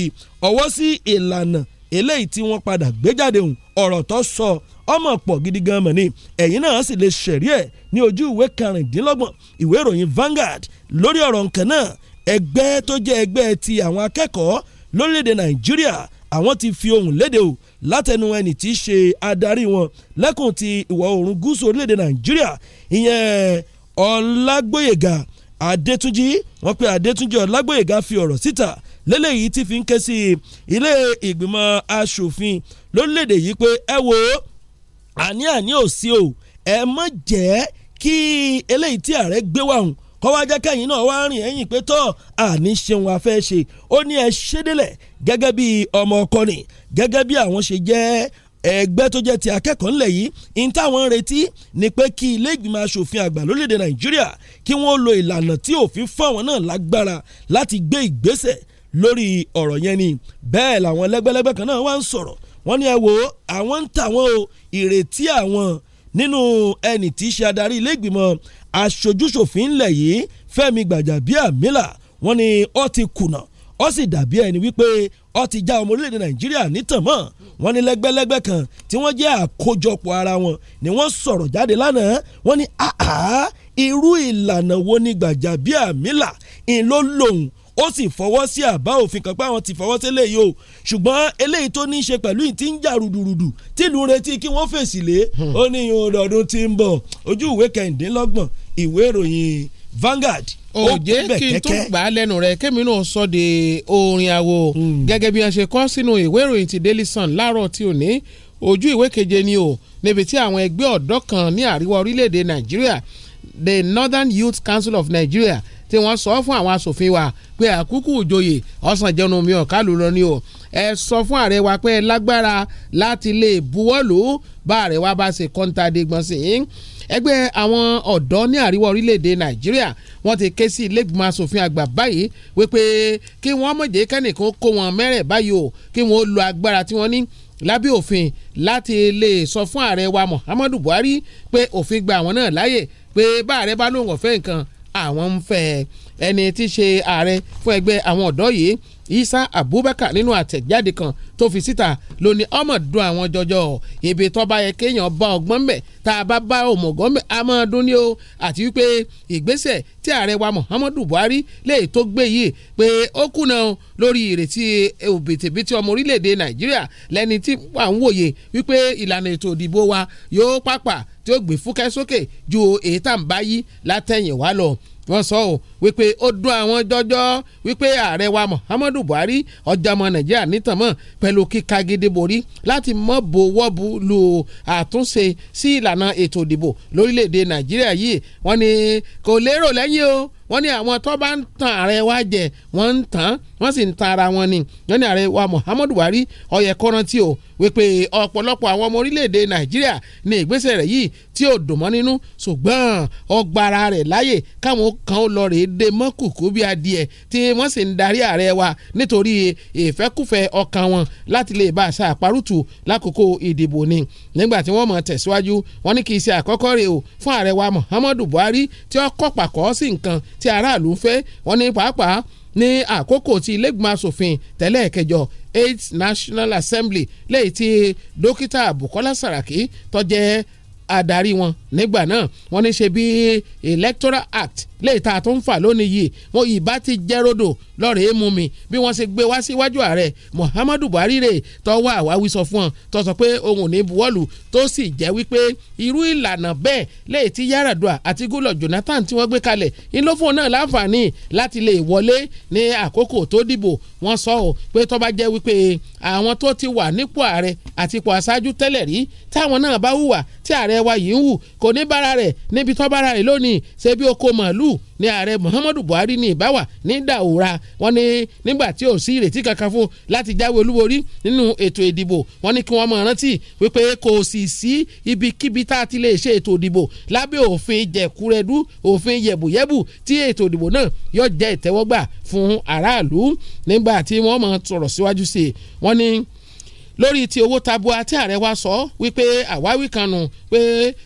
ọwọ́ sí ìlànà eléyìí tí wọ́n padà gbé jáde hùn ọ̀rọ̀ tó sọ ọmọ pọ̀ gidi gan mọ̀ ni ẹ̀yìn náà sì lè ṣẹ̀rí ẹ̀ ní ojú ìwé karìndínlọ́gbọ̀n ìwé ìròyìn Vanguard lórí ọ̀rọ̀ nǹkan náà ẹgbẹ́ tó jẹ́ ẹgbẹ́ ti àwọn akẹ́kọ̀ọ́ lórílẹ̀‐èdè Nàìjíríà àwọn ti fi ohùn léde o látẹnu ẹni tí í ṣe adarí wọn lẹ́kùn ti ìwọ̀ oòrùn gúúsù orílẹ̀-èdè nàìjíríà ìyẹn ọlágbóyèga adétúnjì wọ́n pe adétúnjì ọlágbóyèga fi ọ̀rọ̀ síta lélẹ́yìí tí fi ń ké sí ilé ìgbìmọ̀ asòfin lórílẹ̀-èdè yìí pé ẹ wo àní àní ò sí o ẹ mọ̀ jẹ́ kí eléyìí tí ààrẹ gbé wàhùn kọ́ wá jẹ́ kẹ́yìn náà wá rìn ẹ̀yìn pé tọ́ àní ṣeun afẹ́ ṣe ó ní ẹ ṣédélẹ̀ gẹ́gẹ́ bí ọmọ ọkọrin gẹ́gẹ́ bí àwọn ṣe jẹ́ ẹgbẹ́ tó jẹ́ ti akẹ́kọ̀ọ́ ńlẹ̀ yìí ní táwọn ń retí ni pé kí ilé ìgbìmọ̀ asòfin àgbà lórílẹ̀‐èdè nàìjíríà kí wọ́n lo ìlànà tí òfin fáwọn náà lágbára láti gbé ìgbésẹ̀ lórí ọ̀rọ̀ yẹn ni bẹ́ẹ̀ làwọn lẹ́gbẹ́lẹ́gbẹ́ kan náà wá ń sọ̀rọ̀ wọ́n ní ẹ wo àwọn ń tàwọn o ìrètí àwọn nínú ẹni tí í ṣe adarí ilé ìgbìmọ̀ aṣojúṣòfin ńlẹ̀ yìí Fẹ́mi Gbàjàbíàmílà wọ́n ní ó ti kùnà ó sì dàbí ẹni wípé ó ti já ọmọ orílẹ̀-èdè Nàìjíríà nítànmọ́ wọ́n ní lẹ́gbẹ́lẹ́gbẹ́ kan tí wọ́n jẹ́ àkójọpọ̀ ara wọn ni wọ́n sọ̀rọ̀ jáde lánàá wọ́n ní àhá irú ìlànà wo ni Gbàjàbíàmílà ìlò lòun ó sì fọwọ́ sí àbá òfin kan pé àwọn ti fọwọ́ sí eléyìí o ṣùgbọ́n eléyìí tó ní í ṣe pẹ̀lú ìtí ń jà rùdùrùdù tìlú retí kí wọ́n fèsì lé hmm. ó ní ìhun ọdọọdún tí ń bọ̀ ojú ìwé kẹ̀ǹdínlọ́gbọ̀n ìwé ìròyìn Vanguard ó jẹ́ kí n tún gbà á lẹ́nu rẹ̀ kémi náà sọ de orin awo hmm. gẹ́gẹ́ bí wọ́n ṣe kọ sínú ìwé ìròyìn ti Daily Sun láàárọ̀ tí ò ní ojú ìwé keje ni o níbi tí àwọn ẹgbẹ́ ọ̀dọ́ kan ní àríwá orílẹ̀-èdè Nàìjíríà the Northern Youth Council of Nigeria tí wọ́n sọ fún àwọn asòfin wa pé àkúkú òjòyè ọ̀sán jẹun mi ọ̀ká ló lọ ni o ẹ sọ fún ààrẹ wa pé lágbára láti lè buwọ́lù bá ààrẹ wa bá ṣe kọ́ńtà dé gbọ́n sí i ẹgbẹ́ àwọn ọ̀dọ́ ní àríwá orílẹ̀-èdè nàìjíríà wọ́n ti ké sí ilégbìmọ̀ asòfin àgbà báyìí wípé kí wọ́n mọ̀jẹ̀ kẹ́nìkan kó wọn mẹ́rẹ̀ báyìí o kí wọ́n lo agbára tí wọ́n ní lábẹ́ òfin láti lè sọ fún ààrẹ wa muhammadu buhari pé òfin gba àwọn náà láàyè pé bá ààrẹ bá lóun ọ̀fẹ́ nǹkan àwọn ń fẹ́ ẹni tí ṣe ààrẹ fún ẹgbẹ́ àwọn ọ̀dọ́ yìí isa abubakar nínú àtẹ̀jáde kan tó fi síta ló ní ọmọ dùn àwọn jọjọ ibi tó bá yẹ kéèyàn bá ọgbọ́n mbẹ̀ tá a bá bá òmùgọ́ mbẹ̀ a máa dún ní o àti wípé ìgbésẹ̀ tí ààrẹ wa muhammadu buhari lè tó gbé yìí pé ó kùnà lórí ìrètí òbítíbitì ọmọ orílẹ̀-èdè nàìjíríà lẹ́ni tí wà ń wòye wípé ìlànà ètò ìdìbò wa yóò pàpà tí ó gbé fúkẹ́ sókè ju èyí tá à ń bá yí látẹ̀yìn wá lọ wọ́n sọ ọ́ wípé ó dún àwọn jọjọ́ wípé ààrẹ wa Muhammadu Buhari ọjàmọ́ Nàìjíríà nítànmọ́ pẹ̀lú kíka gidi borí láti mọ́ bọ́wọ́ bu lu àtúnṣe sí ìlànà ètò ìdìbò lórílẹ̀‐èdè Nàìjíríà yìí wọ́n ní kò lérò lẹ́yìn o wọ́n ní àwọn tó bá ń tan ààrẹ wa jẹ wọ́n ń tàn wọ́n sì ń tan ara wọn ni wọ́n ní ààrẹ wa Muhammadu Buhari ó yẹ o wípé ọ̀pọ̀lọpọ̀ àwọn ọmọ orílẹ̀-èdè nàìjíríà ní ìgbésẹ̀ rẹ̀ yìí tí ò dùn mọ́ nínú ṣùgbọ́n ọgbàrá rẹ̀ láyè káwọn kan lọ rèé de mọ́ kùkú bí adìẹ tí wọ́n sì ń darí ààrẹ wa nítorí ìfẹ́kùfẹ́ ọkàn wọn láti lè bá àṣà àparùtù lákòókò ìdìbò ni nígbà tí wọ́n mọ̀ tẹ̀síwájú wọn ní kì í ṣe àkọ́kọ́ rèé o fún ààrẹ wa Muhammadu Buhari tí ó kọ́ pàkọ́ sí nǹkan tí aráàlú fẹ́ wọn ní pàápàá ní àkókò tí ilégbèmọ̀ asòfin tẹ́lẹ̀ kẹjọ eight National Assembly lẹ́yìn tí dókítà Bukola Saraki tó jẹ́ adarí wọn nígbà náà wọ́n ní ṣe bí Electoral Act léèta tó ń fà lónìí yìí wọn ìbá ti jẹ́ rodò lọ́rẹ̀ é mú mi bí wọ́n ṣe gbé wá síwájú ààrẹ Muhammadu Buhari rè tọ́wọ́ àwáwí sọ fún ọ tó sọ pé òun ò ní buwọ́lù tó sì jẹ́ wípé irú ìlànà bẹ́ẹ̀ léètí Yar'Adua àti Goodluck Jonathan tí wọ́n gbé kalẹ̀ ńlọ́fọ̀ náà láǹfààní láti lè wọlé ní àkókò tó dìbò wọ́n sọ ọ́ pé tó bá jẹ́ wípé àwọn tó ti wà nípò ààrẹ àti ipò aṣáájú tẹ́lẹ̀ rí táwọn náà bá hùwà tí ààrẹ wa yìí ń hù kò ní bára rẹ̀ níbi tó bára rẹ̀ lónìí ṣebí oko màálù ní ààrẹ Muhammadu Buhari ní ìbáwà ní dàwúrà wọ́n ní nígbà tí ò sí ìrètí kankan fún láti jáwé olúborí nínú ètò ìdìbò wọ́n ní kí wọ́n mọ̀ rántí wípé kò sì sí ibikíbi tá a ti lè ṣe ètò ìdìbò lábẹ́ òfin jẹ̀kúrẹ́dú òfin yẹ̀bùyẹ̀bù tí ètò ìdìbò náà yóò jẹ́ ìtẹ́wọ́gbà fún aráàlú nígbà tí wọ́n mọ̀ sọ̀rọ̀ síwájú sí i wọ́n ní lórí ti owó tabua tí ààrẹ wa sọ wípé àwáwí kanu nù pé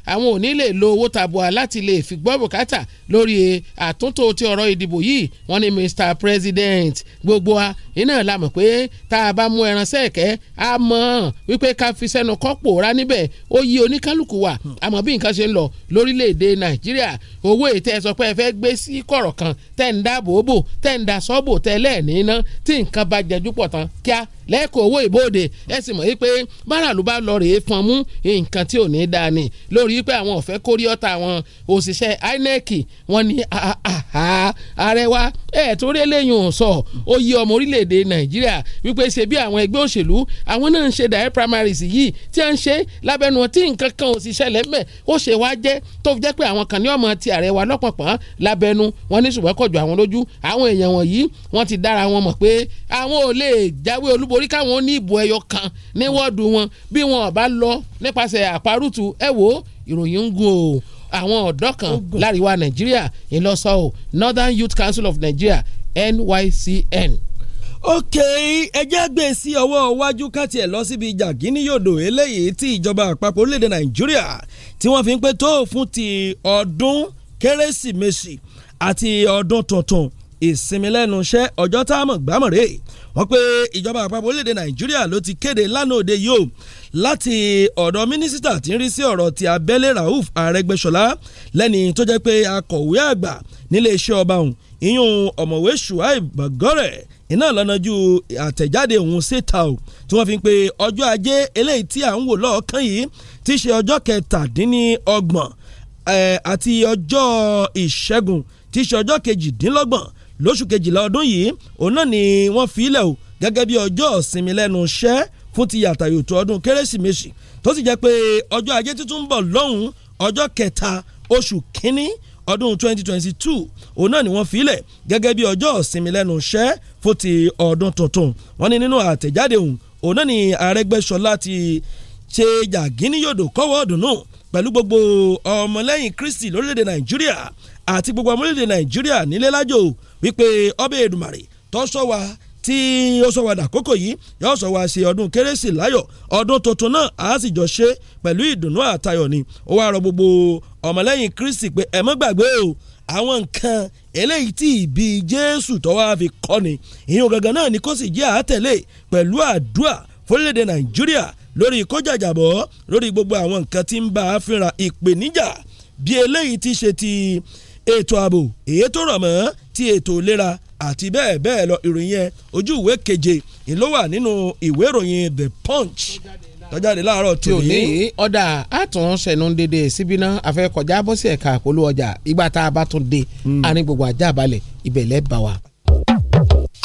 àwọn ò ní lè lo owó tabua láti lè fi gbọ́ bùkátà lórí àtúntò ti ọ̀rọ̀ ìdìbò yìí wọ́n ní Mr President gbogbo wa iná la mọ̀ pé tá a bá mú ẹran sẹ́ẹ̀kẹ́ a mọ̀ wípé ká fi sẹ́nu kọ́ pòórá níbẹ̀ ó yí oníkálukú wa àmọ́ bí nǹkan ṣe ń lọ lórílẹ̀‐èdè Nàìjíríà owó ètò ẹ̀sọ́ pé ẹ fẹ́ gbé sí kọ̀rọ̀ kan tẹ̀ ń dáàbò bò tẹ̀ ń da sọ́ọ̀bù tẹ́lẹ̀ ní ẹ̀sìn mọ̀ pé báràlú bá lọ rèé fọn mú nǹkan tí ò ní dáa ni lórí pé àwọn ọ̀fẹ́ kórí ọ̀tá àwọn òṣìṣẹ́ INEC wọ́n ní ààrẹ ẹ̀ tó rí eléyìí sọ oyè ọmọ orílẹ̀-èdè Nàìjíríà wípé ṣe bí àwọn ẹgbẹ́ òṣèlú àwọn náà ń ṣe dàẹ́ primaries yìí tí a ń ṣe lábẹ́nu tí nǹkan kan ò sì ó ṣe wá jẹ́ tó jẹ́ pé àwọn kan ní ọmọ ti ààrẹ lọ́pọ̀pọ̀n lábẹ́nu wọn ní ṣùgbọ́n kọjú àwọn lójú àwọn èèyàn wọ̀nyí wọ́n ti dára wọn mọ̀ pé àwọn ò lè jáwé olúborí káwọn ó ní ìbò ẹyọ kan wọn ní wọ́ọ̀dù wọn bí wọn ò bá lọ nípasẹ̀ àparùtù ẹ wò ìròyìn ń gùn o àwọn ọ̀dọ́ kan láríwá nàìjíríà ìlọsọ o Northern Youth Council of Nigeria NYCN ok ẹjẹ́ gbé e sí ọwọ́ iwájú káti ẹ̀ lọ síbi jàgínní yòdò eléyìí tí ìjọba àpapọ̀ orílẹ̀-èdè nàìjíríà tí wọ́n fi ń pé tó fún ti ọdún kérésìmesì àti ọdún tuntun ìsinmi lẹ́nu iṣẹ́ ọjọ́ tá a mọ̀ gbámọ̀rẹ́ wọ́n pé ìjọba àpapọ̀ orílẹ̀-èdè nàìjíríà ló ti kéde lánàá òde yìí o láti ọ̀dọ̀ mínísítà tí ń rí sí ọ̀rọ̀ ti abẹ́lé rauf arẹ́gbẹ́ṣọlá lẹ́ni tó jẹ́ pé akọ̀wé àgbà nílé iṣẹ́ ọba òun ìyún ọ̀mọ̀wé shuaib bagore iná lọ́nàjú àtẹ̀jáde òun síta o tí wọ́n fi ń pe ọjọ́ ajé eléyìí tí à ń wò lọ́ọ̀kan yìí ti ṣe ọjọ́ kẹtàdínlọ́gbọ̀n àti ọjọ́ ìṣẹ́gun ti ṣe ọjọ́ kejìdínlọ́gbọ̀n lóṣù kejìlá ọdún yìí òun náà ni wọ́n fi ilẹ̀ o gẹ́gẹ́ bí ọjọ́ ìsinmi lẹ́nu iṣẹ́ fún ti yàtàyòtò ọdún kérésìmesì tó sì jẹ́ pé ọjọ́ ajé tuntun ń bọ̀ lọ́hùn ọjọ́ kẹta oṣù kínní ọdún 2022 òun náà ni wọ́n filẹ̀ gẹ́gẹ́ bí ọjọ́ ìsinmi lẹ́nu iṣẹ́ fún ti ọdún tuntun wọ́n ní nínú àtẹ̀jáde òun òun náà ni Arẹ́gbẹ́ṣọlá ti ṣe jàgínníyòdò kọ́wọ́ ọ̀dùn pẹ̀lú gbogbo ọmọlẹ́yìn Kristi lórílẹ̀‐èdè Nàìjíríà àti gbogbo ọmọlẹ́yìn Nàìjíríà nílé lájò wípé ọbẹ̀ edumari tó sọ wa tí ó sọ wa dàkókò yìí yóò sọ wa ṣe ọdún kérésì láyọ̀ ọdún tuntun náà a sì jọ ṣe pẹ̀lú ìdùnnú àtayọ̀ ni ó wá rọ gbogbo ọmọlẹ́yìn Kristi pé ẹ gbàgbé o àwọn nǹkan eléyìí tí ìbí Jésù fi ni. ìyẹn náà ni kò sì jẹ́ àátẹ̀lé pẹ̀lú Nàìjíríà lórí lórí gbogbo àwọn nǹkan tí ń àti ètò ìlera àti bẹ́ẹ̀ bẹ́ẹ̀ lọ ìròyìn yẹn ojú ìwé keje ló wà nínú ìwé ìròyìn the punch tọ́jáde láàárọ̀ tí ò ní. ọ̀dà àtún ṣẹ̀nu dédé síbi náà àfẹ́kọ̀já bọ́ sí ẹ̀ka àpolú ọjà ìgbà tá a bá tún dé àárín hmm. gbogbo ajá balẹ̀ ìbẹ̀lẹ̀ bá wa.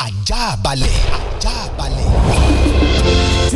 ajá balẹ̀ ajá balẹ̀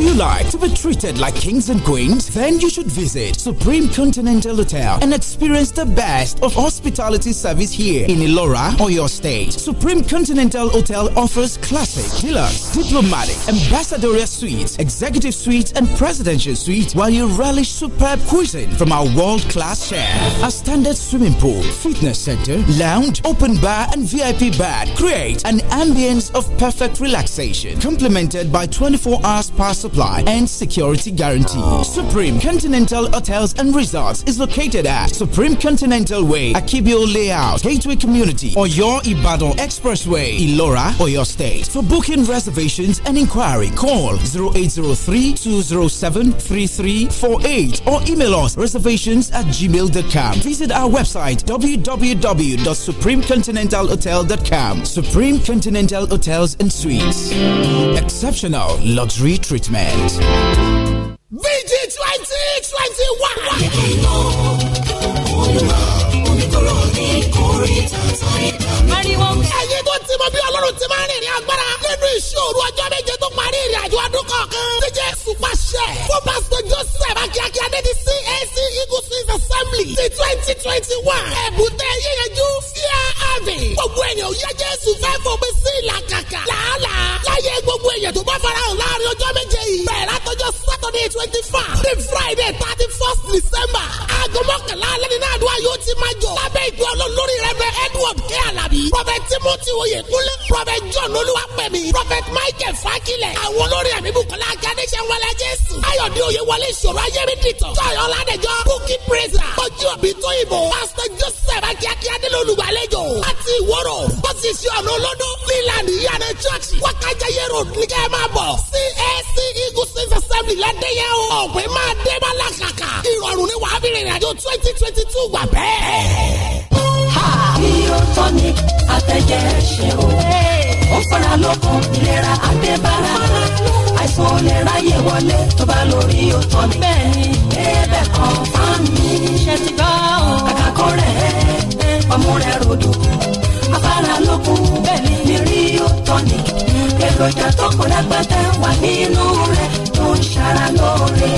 you like to be treated like kings and queens? Then you should visit Supreme Continental Hotel and experience the best of hospitality service here in Elora or your state. Supreme Continental Hotel offers classic, deluxe, diplomatic, ambassadorial suites, executive suites, and presidential suites while you relish superb cuisine from our world class chef. A standard swimming pool, fitness center, lounge, open bar, and VIP bar create an ambience of perfect relaxation, complemented by 24 hours pass. supply supply and security guarantee. Supreme Continental Hotels and Resorts is located at Supreme Continental Way, Akibio Layout, Gateway Community, or your Ibadan Expressway, Ilora, or your state. For booking reservations and inquiry, call 0803-207-3348 or email us reservations at gmail.com. Visit our website www.supremecontinentalhotel.com. Supreme Continental Hotels and Suites. Exceptional luxury treatment. market. VG twenty twenty one. ìdènà olùwà oníkóró ní kórìtà sáyidà mi. ariwo. ẹyin tó ti mọ bí ọlọ́run ti máa ń rìnrìn agbára nínú ìṣòro ọjọ́ méje tó parí ìrìn àjò ọdún kọ̀ọ̀kan. díje supàṣẹ. fún pásítọ̀ joseph akíákí adédi CAC eagle swiss assembly ti twenty twenty one. ẹ̀bùn tẹ yíyanjú fíà àbẹ̀. gbogbo ènìyàn yẹ jésù fẹ́ fò Antifa ní Friday thirty first December aago mọ́kànlá alẹ́ nínú àdúrà yóò ti máa jọ lábẹ́ ìgbé olórí rẹ̀ Edward K. Alabi Prophet Timothy Oyekunle Prophet John Olúwapẹ̀mí Prophet Michael Fakilẹ̀ àwọn olórí ẹ̀mí Bùkọ́lá Akadéṣẹ́ wọlé Jésù Ayọ̀dé Oyewọlé Ìṣòro Ayémídìtàn Tọ́yọ̀ Ọládẹjọ́ Bukki Praiser Ojú òbí tó ìbò Pásítọ̀ Joseph Akíákíá nílò olùgbàlejò àti ìwọ́rọ̀ bọ́sì sí ọ̀nà olódó Finland Yàrá Church Wákàjáyé Road ní kẹ́ ẹ máa bọ̀ CACA Tóbi ládéyẹ o. ọ̀pẹ máa dé bá làkàkà. ìrọ̀rùn ni wàá fi rìnrìn àjò twenty twenty two gbà bẹ́ẹ̀. Rio tonic àtẹ̀jẹ́ ṣe o. ó fara lókun ìlera àdébára. àìsàn ò lè ráyè wọlé tó bá lo Rio tonic. bẹ́ẹ̀ni ẹ̀bẹ̀ kan fún mi. ṣe ti gbọ́ o. kàkà kó rẹ̀ ọmú rẹ̀ rodo. afara lókun bẹ́ẹ̀ni ni Rio tonic. èròjà tó kọ́ lágbàtà wà nínú rẹ̀ ń ṣara lóore.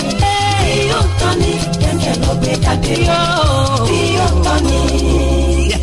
tí yóò tán ni kẹ̀kẹ́ ló gbé jáde. tí ni.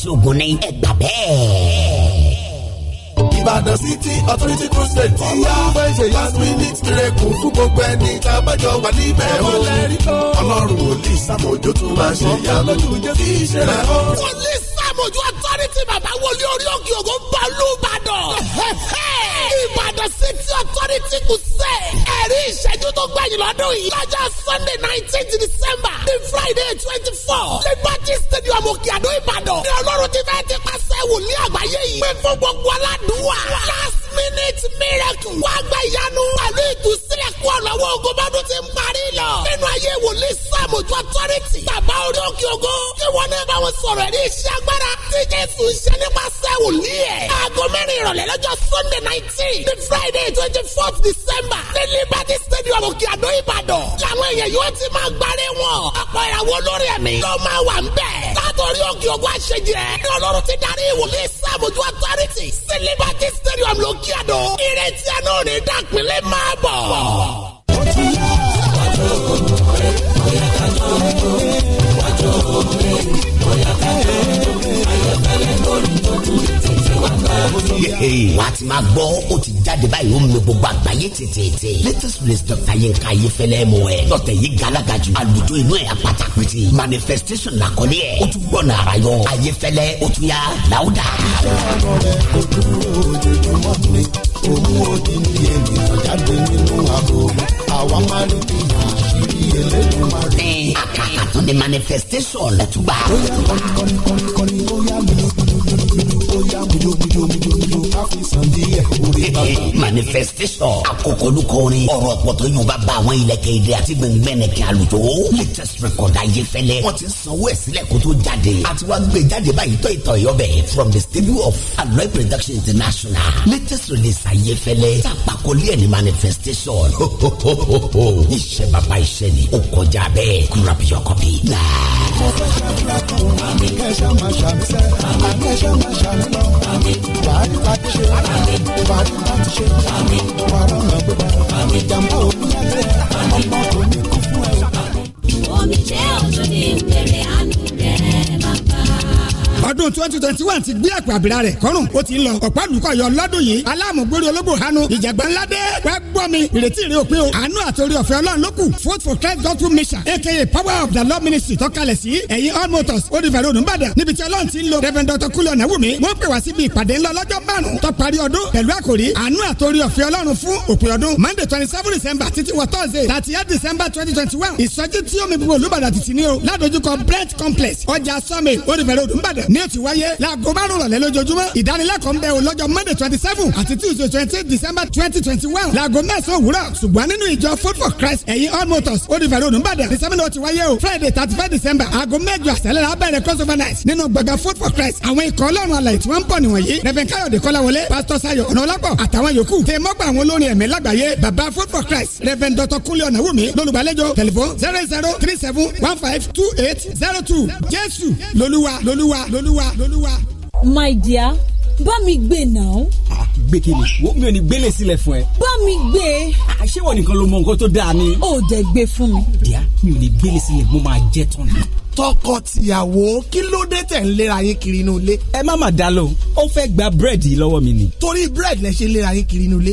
ṣoògùn ni ẹgbà bẹ́ẹ̀. Ìbàdàn City Authority Crusade ti yá. Wọ́n ṣe last minute miracle fún gbogbo ẹni tá a bájọ wà níbẹ̀ o. Ọlọ́run wòlíì Sàmójó tún máa ṣe ìyanu kí ìṣẹ̀lẹ̀ o. Wòlíì Sàmójó Authority bàbá wọlé orí òkè ògùn bọ́ọ̀lù Ìbàdàn. (laughs) city authority to say ẹ̀rí ìṣẹ́jú tó gbẹ̀yìn lọ́dún yìí lọ́jọ́ sunday nineteen december ní friday twenty four liberty stadium òkè àdó ìbàdàn ní ọlọ́run ti fẹ́ ti pàṣẹ wòlíì àgbáyé yìí pé fún gbogbo aládùúwà last minute miracle wá gba ìyanu pẹ̀lú ìtúsílẹ̀ kú ọ̀lọ́wọ́ ogun bọ́dún ti ń parí lọ nínú ayé wòlíì sàmójú authority bàbá orí òkè ogun kí wọ́n náà bá wọn sọ̀rọ̀ ẹ̀rí iṣẹ́ agbára tí jésù ń ṣe nípasẹ̀ wòlíì lọ́jọ́ sunday nineteen ní friday twenty fourth december ní liberty stadium òkè àdó ìbàdàn làwọn èèyàn yóò ti máa gbáré wọn ọ̀pọ̀ ìràwọ̀ olórí ẹ̀mí ló máa wà ń bẹ̀ látọ̀rí òkè ògùn àṣejẹ ní ọlọ́run ti darí ìwòlẹ́ sàmójú authority sí liberty stadium lókè àdó ìrètí àná òní dàpínlẹ̀ máa bọ̀. ó ti yá ọ̀dọ́. wàá ti máa gbọ́ ó ti jáde báyìí ó mi gbogbo àgbáyé tètè. latest release dr yinka ayefẹlẹ mu ẹ dr yìí galagaju àlùjọ inú ẹ apata pété manifestation làkọlé ẹ ó tún gbọ́nà ara yọ ayefẹlẹ ó tún yà láwùdà. Òun ò dín ní ènìyàn Ẹ àkàkà tó Ó yá kọ́ni kọ́ni kọ́ni ó yá mi, ó yá mi. yo, yo, yo, yo. yo sunday ẹ̀kúrẹ́ bàbá. manifestation akọkọlùkọ orin ọ̀rọ̀ ọ̀pọ̀tọ̀ yóò bá bá àwọn ilẹ̀kẹ̀ èdè àti gbẹ̀ngbẹ̀nẹ̀kẹ̀ àlùjọ. latest record ayé fẹ́lẹ́ wọ́n ti sanwó ẹ̀ sílẹ̀ kó tó jáde àti wá gbé jáde báyìí tọ́ ìtọ̀ ẹ̀yọ́ bẹ̀ from the studio of aloe production international latest release ayé fẹ́lẹ́ tàpákọ́lé ẹ̀ manifestation iṣẹ́ bàbá iṣẹ́ ni ó kọjá bẹ́ẹ̀ grab your copy now ìbàdàn láti ṣe ìbàdàn náà omi jẹ́ òjò ní ìpèrè àná ọdún twenty twenty one ti gbé àpò àbílà rẹ̀ kọ́rùn ó ti ń lọ ọ̀pá lùkọ́ yọ lọ́dún yìí aláàmúgbórí ológbò hanu ìjàgbá ńlá dé wá gbọ́ mi ìrètí rẹ òpin o àánú àtòrí ọ̀fẹ́ ọlọ́run ló kù food for christ gospel mission aka power of the lord ministry tọ́kalẹ̀ sí ẹ̀yìn all motors olùfẹ̀rẹ̀ olùbàdàn níbi tí ọlọ́run ti ń lo reverend dr kúlọ̀ nàwùmí wọ́n pè wá síbi ìpàdé ńlọ lọ́jọ́ márùn-ún tó parí ọdún pẹ̀lú àkòrí àánú àtòrí ọ̀fẹ́ ọlọ́run fún òpin ọdún monday twenty seven december títí wọ thursday thirty eight december twenty twenty one ìsọjí tí omi gbogbo olùbàdàn ti ti ní o ládojúkọ brent complex ọjà sọ́mi olùfẹ̀rẹ̀ olùbàdàn ní ètò wáyé láago márùn rọ̀lẹ́ lójoojúmọ́ ìdánilẹ́kọ̀ọ́ ń bẹ o lọ́jọ́ monday twenty seven àti tuesday twenty december twenty twenty one láago mẹ́sàn-án òwúrọ̀ ṣùgbọ́n nínú ìjọ food for christ ẹ̀yìn all motors olùfẹ̀rẹ̀ olùbàdàn ní sẹ́mínà ti wáyé o friday thirty five december aago mẹ́jọ àṣálẹ́ la bẹ̀rẹ̀ crossover night nínú gbọ̀ngàn food for christ àwọn ikọ̀ ọlọ́run alàyè tí wọ́n ń bọ̀ nìwọ̀nyí reverend káyọ̀dé kọ́láwọlé pastor sayo ọ̀nàọ́lápọ̀ àtàwọn yòókù tẹ mọ́gbà àwọn olórin ẹ̀mí lágbàáyé baba food for christ reverend dr kúnlẹ̀ ọ̀nàwùmí lọ́lùgbàlejò telephone zero zero three seven one five two eight zero two jésù lolúwa lolúwa lolúwa lolúwa lolúwa. my dear bá mi gbé náà. a ah, gbé kiri wo mi ò ní gbélé sílẹ̀ fún ẹ. bá mi gbé. àṣé ah, wọn nìkan ló mọ nǹkan tó dáa ni. ó dẹ gbé fún mi. díà mi ò ní gbélé sílẹ̀ mo máa jẹ tán ni. tọkọ-tìyàwó kí ló dé tẹ̀ ń léra yín kiri inú ilé. ẹ má mà dá lóhùn ó fẹ́ gba búrẹ́dì lọ́wọ́ mi ni. torí búrẹ́dì lẹ ṣe léra yín kiri inú ilé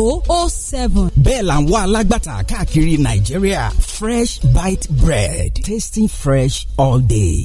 o o seven. bẹ́ẹ̀ là ń wá alágbàtà káàkiri nàìjíríà fresh bite bread tasting fresh all day.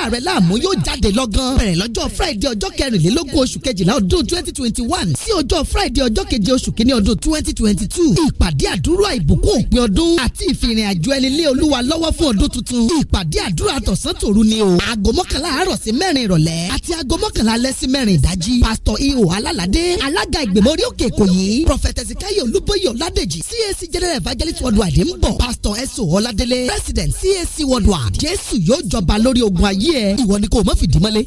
dá rẹ láàmú yóò jáde lọ́gán. bẹ̀rẹ̀ lọ́jọ́ friday ọjọ́ kẹrìnlélógún oṣù kejìlá ọdún twenty twenty one sí ọjọ́ friday ọjọ́ keje oṣù kínní ọdún twenty twenty two. ìpàdé àdúrà ìbùkún òpin ọdún àti ìfìrìn àjò ẹni lé olúwa lọ́wọ́ fún ọdún tuntun. ìpàdé àdúrà tọ̀sán tòru ni o. aago mọ́kànlá àárọ̀ sí mẹ́rin ìrọ̀lẹ́ àti aago mọ́kànlá alẹ́ sí mẹ́rin ìdájí. pásítọ̀ ihò e alálàdé alága ìgbìmọ̀ orí òkè èkó yìí. prọfẹtẹsì káyọ̀ cac general evangelist worldwide ń bọ̀. pásítọ̀ ẹ̀sọ́ ọ̀ládélé president cac worldwide jésù yóò jọba lórí ogun ayé ayé ẹ ìwọ ni kò mọ́ fìdí mọ́lé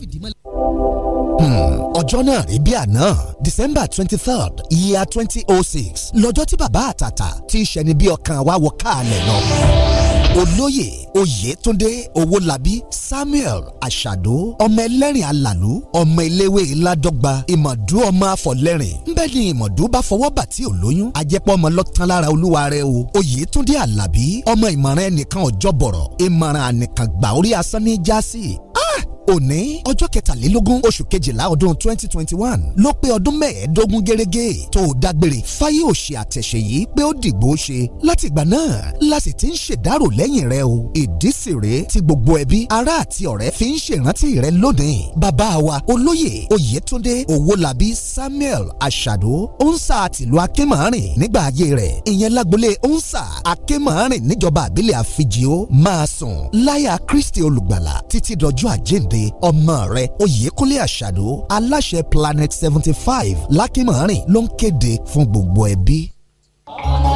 hmm, ọjọ́ náà rí bí àná december twenty third year twenty oh six lọ́jọ́ tí bàbá àtàtà ti ṣẹni bí ọkàn wa wọ káàlẹ̀ lọ olóyè oyètúndé owólabí samuel àṣàdó ọmọ ẹlẹ́rìn alàlú ọmọ eléwé ládọ́gba ìmọ̀dú ọmọ afọlẹ́rìn ńbẹ́ ni ìmọ̀dú bá fọwọ́ bà tí ò lóyún ajẹ́pọ̀ ọmọ lọ́tàn lára olúwa rẹ o oyètúndé alabi ọmọ ìmọ̀ràn ẹnìkan ọjọ́ bọ̀rọ̀ ìmọ̀ràn ànìkàn gbà orí asán ní jásì ah! òní ọjọ́ kẹtàlélógún oṣù kejìlá ọdún twenty twenty one ló pé ọdún mẹ́ẹ̀ẹ́dógún gẹ́gẹ́ tó o dágbére fáyé òṣì àtẹ̀ṣe yìí pé ó dìgbò ṣe láti ìgbà náà láti ti ń ṣèdárò lẹ́yìn rẹ o ìdí sì rèé tí gbogbo ẹbí ará àti ọ̀rẹ́ fi ń ṣèrántí rẹ lónìí bàbá wa olóyè oyètúndé owólabí samuel àṣàdó onsa tìlú akínmọ́rin nígbà ayé rẹ̀ ìyẹn lágbolé onsa akínmọ́rin níjọba àbílẹ̀ àfijì ó máa sùn láyà kristi olùgbàlà títí dọjọ́ àjíǹde jáde ọmọ rẹ Oyèkúnlé Àṣàdó aláṣẹ Planet seventy five lákìmọ̀ọ́rìn ló ń kéde fún gbogbo ẹbí. ọmọ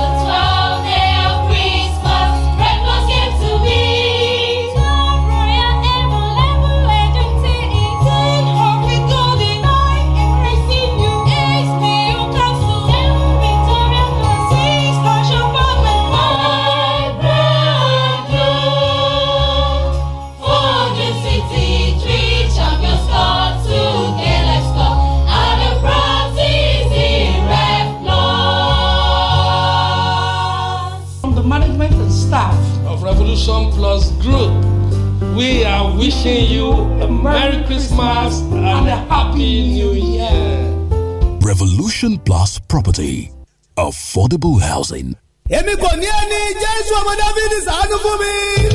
we are wishing you a Merry Christmas and a Happy New Year. Revolution Plus Property Affordable Housing. èmi kò ní ẹni jésù ọmọ dáfídì ṣàánú fún mi.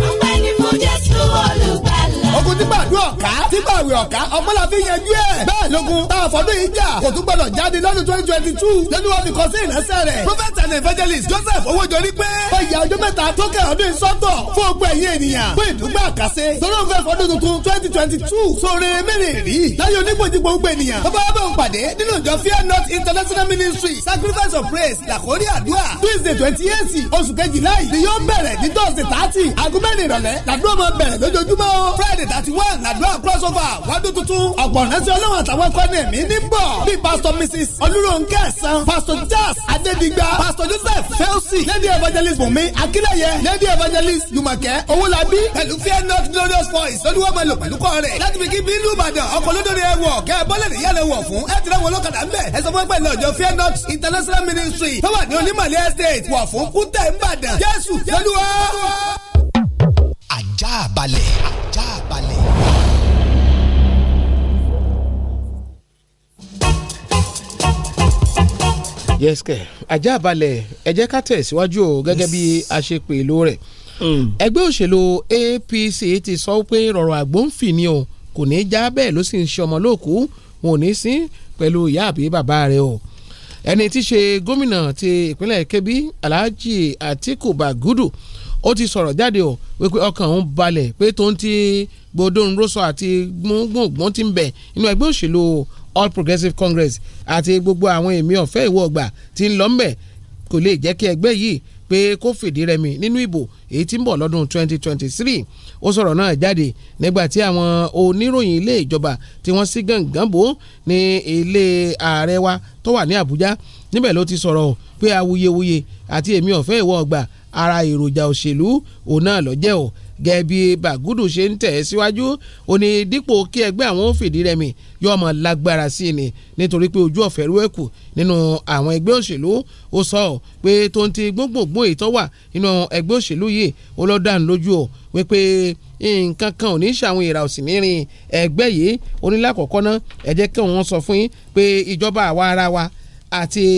ọpẹ́ ni fún jésù ni jesu olugba ogun tí gbàdúrà ọ̀ká tí gbàwé ọ̀ká ọmọlá fi yẹjú ẹ̀. bẹ́ẹ̀ lógun tá a fọdún yìí jà kò tún gbọdọ̀ jáde lọ́dún twenty twenty two lẹ́nu wọn fi kọ́ sí ìrẹsẹ̀ rẹ̀. prophet and evangelist joseph owójọrí pé. ó yà ọjọ́ mẹ́ta tó kẹ́ ọdún sọ́tọ̀ fún ogun ẹ̀yìn ènìyàn fún ìdúgbò àkàṣe torí òun fẹ́ fọdún tuntun twenty twenty two sóore mẹ́rẹ̀ẹ̀rí láyé onígbòjìgbò gbogbo ènìyàn. bàbá bá ń pàdé nínú ìjọ fear not international ministry sacrifice of praise làkórí àdúrà tuesday twenty eight oṣù kejìlá yìí ni yóò bẹ̀rẹ̀ ní thursday thirty àgùnbẹ́ni ìrọ̀lẹ́ làdúrà máa bẹ̀rẹ̀ lójoojúmọ́ friday Friday thirty one nàdúrà crossover wádùn tuntun ọ̀pọ̀nẹ́sí ọlọ́run àtàwọn ẹ̀kọ́ni ẹ̀mí ní bọ̀ bí pásítọ̀ mrs olúronke ẹ̀sán pásítọ̀ jazz adédigba pásítọ̀ joseph felsi lady evangelist bùnmi akínlẹ̀yẹ lady evangelist jùmọ̀kẹ́ owólabí pẹ̀lú fear not glorious voice olúwọ́mọlò pẹ̀lú kọ́ rẹ̀ láti fi kí bí ìlú ìbàdàn ọkọ̀ olódòdó ẹ̀ wọ̀ kẹ́ ẹ bọ́lẹ̀ níyà lẹ̀ wọ̀ fún ẹ̀ tẹ̀lé wọn lọ́kadà ń bẹ̀ ẹ̀ sọ fún pẹ̀lú ọjọ́ fear not international ministry tó wà ní onímọ̀lẹ́ estate wọ̀ fún kútẹ́ ìbàdàn jésù lọ́lúwa. Ajabale, Ajabale. ajá balẹ̀. yẹ́sìkẹ̀ ajá balẹ̀ ẹ jẹ́ ká tẹ̀síwájú o gẹ́gẹ́ bí a ṣe pè ló rẹ̀ mm. ẹgbẹ́ òṣèlú APC ti sọ pé rọ̀rọ̀ àgbọ̀nfì ni o kò ní í já bẹ́ẹ̀ ló sì ń ṣe ọmọ lóòkú wọn ò ní í sín pẹ̀lú ìyá àbí bàbá rẹ̀ o ẹni tí í ṣe gómìnà ti ìpínlẹ̀ Kebbi Alhaji Atiku Bagudu ó ti sọ̀rọ̀ jáde o wípé ọkàn òun balẹ̀ pé tòun ti gbódóhùn rọ́sọ àti gbóngbóngbón ti ń bẹ̀ nínú ẹgbẹ́ òṣèlú All Progressives Congress àti gbogbo àwọn èmi ọ̀fẹ́ ìwọ ọgbà ti ń lọ ńbẹ̀ kò lè jẹ́ kí ẹgbẹ́ yìí pé kó fìdí rẹmi nínú ìbò èyí tí ń bọ̀ lọ́dún 2023 ó sọ̀rọ̀ náà jáde nígbà tí àwọn oníròyìn ilé ìjọba tí wọ́n sí gàngán bò ní ilé ààrẹ wa tó wà ní Àbújá níbẹ̀ ló ti sọ̀rọ̀ o pé awuyewuye àti èmi ọ̀fẹ́ ìwọ ọgbà ara èròjà òṣèlú òun náà lọ́jẹ́ o gẹ́gẹ́ bí Bàgúdù ṣe ń tẹ̀ ẹ́ síwájú ó ní dípò kí ẹgbẹ́ àwọn ó fìdí rẹmi yóò mọ̀ lágbára sí ni nítorí pé ojú ọ̀fẹ́ rú ẹ̀kù nínú àwọn ẹgbẹ́ òṣèlú ó sọ ọ́ pé tó ń ti gbóngbòngbòn èyí tó wà nínú ẹgbẹ́ òṣèlú yìí ó lọ́ọ́ dànù lójú ọ̀ wípé nǹkan kan ò ní ṣàwọn ìrà òsì nírin ẹgbẹ́ yìí onílàkọ̀kọ́ náà ẹ jẹ́ kí wọ́n sọ fún yín pé ìjọba àwa ara wa àti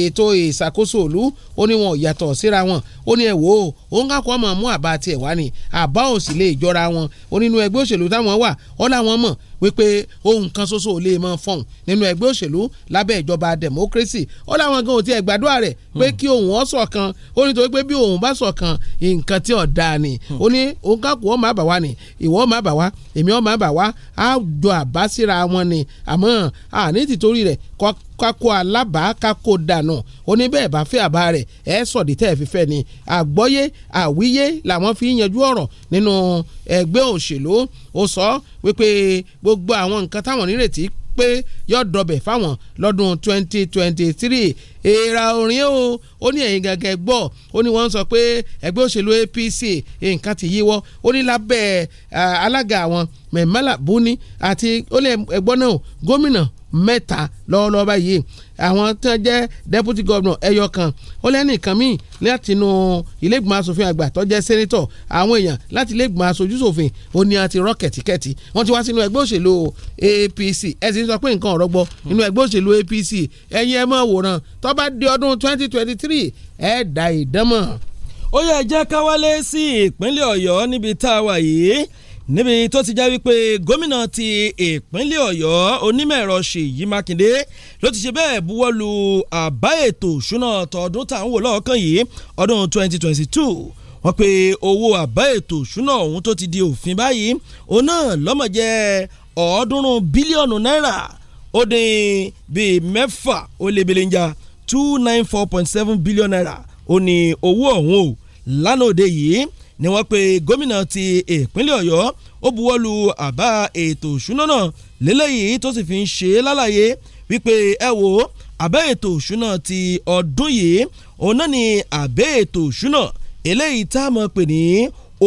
ètò ìṣàkóso òlu ó ní wọn ò yàtọ̀ síra wọn ó ní ẹ wò ó òun kàkọ́ ọmọ mú àbá tiẹ̀ wá ni àbá ò sì lè jọra wọn ó nínú ẹgbẹ́ òṣèlú táwọn wà ọ́ làwọn mọ̀ wípé ohun kan ṣoṣo ò lè mọ fọ̀hún nínú ẹgbẹ́ òṣèlú lábẹ́ ìjọba democracy ó làwọn gan ò tiẹ̀ gbàdúrà rẹ̀ pé hmm. kí òun ọ̀ ṣọ̀kan ó nítorí pé bí òun bá ṣọ̀kan nǹkan tí ò dáa ni hmm. ó ní òun kàkọ́ ọmọ àbá wá ni ìwọ ọmọ àbá wá èmi ọmọ àbá wá á jọ àbá síra wọn ni àmọ́ àní tìtorí rẹ̀ kakọ alábàá kakọ dà dànù ó ní bẹ́ẹ̀ bá fẹ́ àbá rẹ̀ ẹ sọ̀dí tẹ́ ẹ fi fẹ́ ni àgbọ́yé àwíyé làwọn fi ń yanjú ọ̀rọ̀ nínú ẹgbẹ́ òṣèlú ó sọ wípé gbogbo àwọn nǹkan táwọn nírètí pé yóò dọbẹ̀ fáwọn lọ́dún twenty twenty three èèrà òrìn o ó ní ẹ̀yìn gẹ́gẹ́ gbọ́ ó ní wọ́n sọ pé ẹgbẹ́ òṣèlú APC nǹkan ti yíwọ́ ó ní lábẹ́ alága àwọn Mẹ̀mẹ́là Buni àti ó lè ẹgbọ́n náà gómìnà mẹ́ta lọ́wọ́lọ́wọ́ báyìí àwọn tó jẹ́ deputy governor ẹyọ kan ó lẹ́nìkan míì látinú ilé ìgbìmọ̀ asòfin àgbà tó jẹ́ senator àwọn èèyàn láti ilé ìgbìmọ̀ aṣojú ṣòfin ó ní àti rọ́ kẹ̀tíkẹ̀tí wọ́n ti wá sínú ẹgbẹ́ òṣèlú APC ẹ sì ń sọ pé nǹkan ọ̀rọ̀ gbọ́ nínú ẹgbẹ́ òṣèlú APC ẹ̀yin ẹ máa wòran tó bá di ọdún 2023 twenty three ẹ̀ dà ìdánmọ̀. ó yẹ jẹ́ ká wálé sí ìpínlẹ̀ Ọ̀yọ́ níbi tá a wà yìí níbi tó ti já wípé gómìnà ti ìpínlẹ̀ ọ̀yọ́ onímọ̀-ẹ̀rọ ṣèyí mákindé ló ti ṣe bẹ́ẹ̀ buwọ́lu àbá ètò ìṣúná tọdún tá à ń wò lọ́ọ̀kan yìí ọdún 2022 wọ́n pe owó àbá ètò ìṣúná ọ̀hún tó ti di òfin báyìí òun náà lọ́mọ jẹ́ ọ̀ọ́dúnrún bílíọ̀nù náírà ó dín bíi mẹ́fà ó lé belenja two nine four point seven billion naira ó ní owó ọ̀hún o lánàá òde yìí ni wọ́n pe gómìnà ti ìpínlẹ̀ ọ̀yọ́ ó buwọ́lu àbá ètò òṣùná náà lélẹ́yìí tó sì fi ń ṣe lálàyé wípé ẹ wò ó àbá ètò òṣùná ti ọdún yìí òun náà ni àbá ètò òṣùná eléyìí tá a mọ̀ pé ní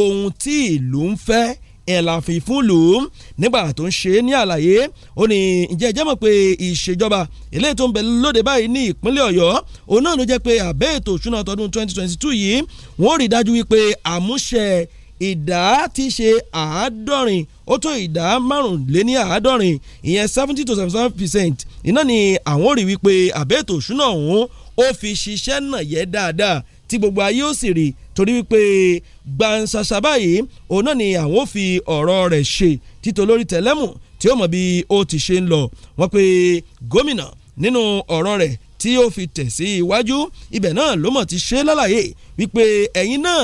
ohun tí ìlú ń fẹ́ ẹ̀làfín fúlù nígbà tó ń ṣe ní àlàyé ó ní ǹjẹ́ ẹjẹ́ mọ̀ pé ìṣèjọba eléyìí tó ń bẹ lóde báyìí ní ìpínlẹ̀ ọ̀yọ́ òun náà ló jẹ́ pé àbẹ́ ètò òṣùnà tọdún 2022 yìí wọ́n rí dájú wípé àmúṣẹ ìdá ti ṣe àádọ́rin ó tó ìdá márùnléní àádọ́rin ìyẹn seventy to seventy five percent iná ni àwọn rí wípé àbẹ́ẹ̀tò òṣùnà ọ̀hún ó fi ṣiṣẹ́ náà yẹ dáadáa tí gbogbo ayé ó sì rí torí wípé gbansasa báyìí òun náà ni àwọn ò fi ọ̀rọ̀ rẹ̀ ṣe títò lórí tẹ̀lẹ́mù tí ó mọ̀ bí ó ti ṣe ń lọ wọ́n pe gómìnà nínú ọ̀rọ̀ rẹ̀ tí ó fi tẹ̀ sí iwájú ibẹ̀ náà ló mọ̀ ti ṣe lálàyé wípé ẹ̀yin náà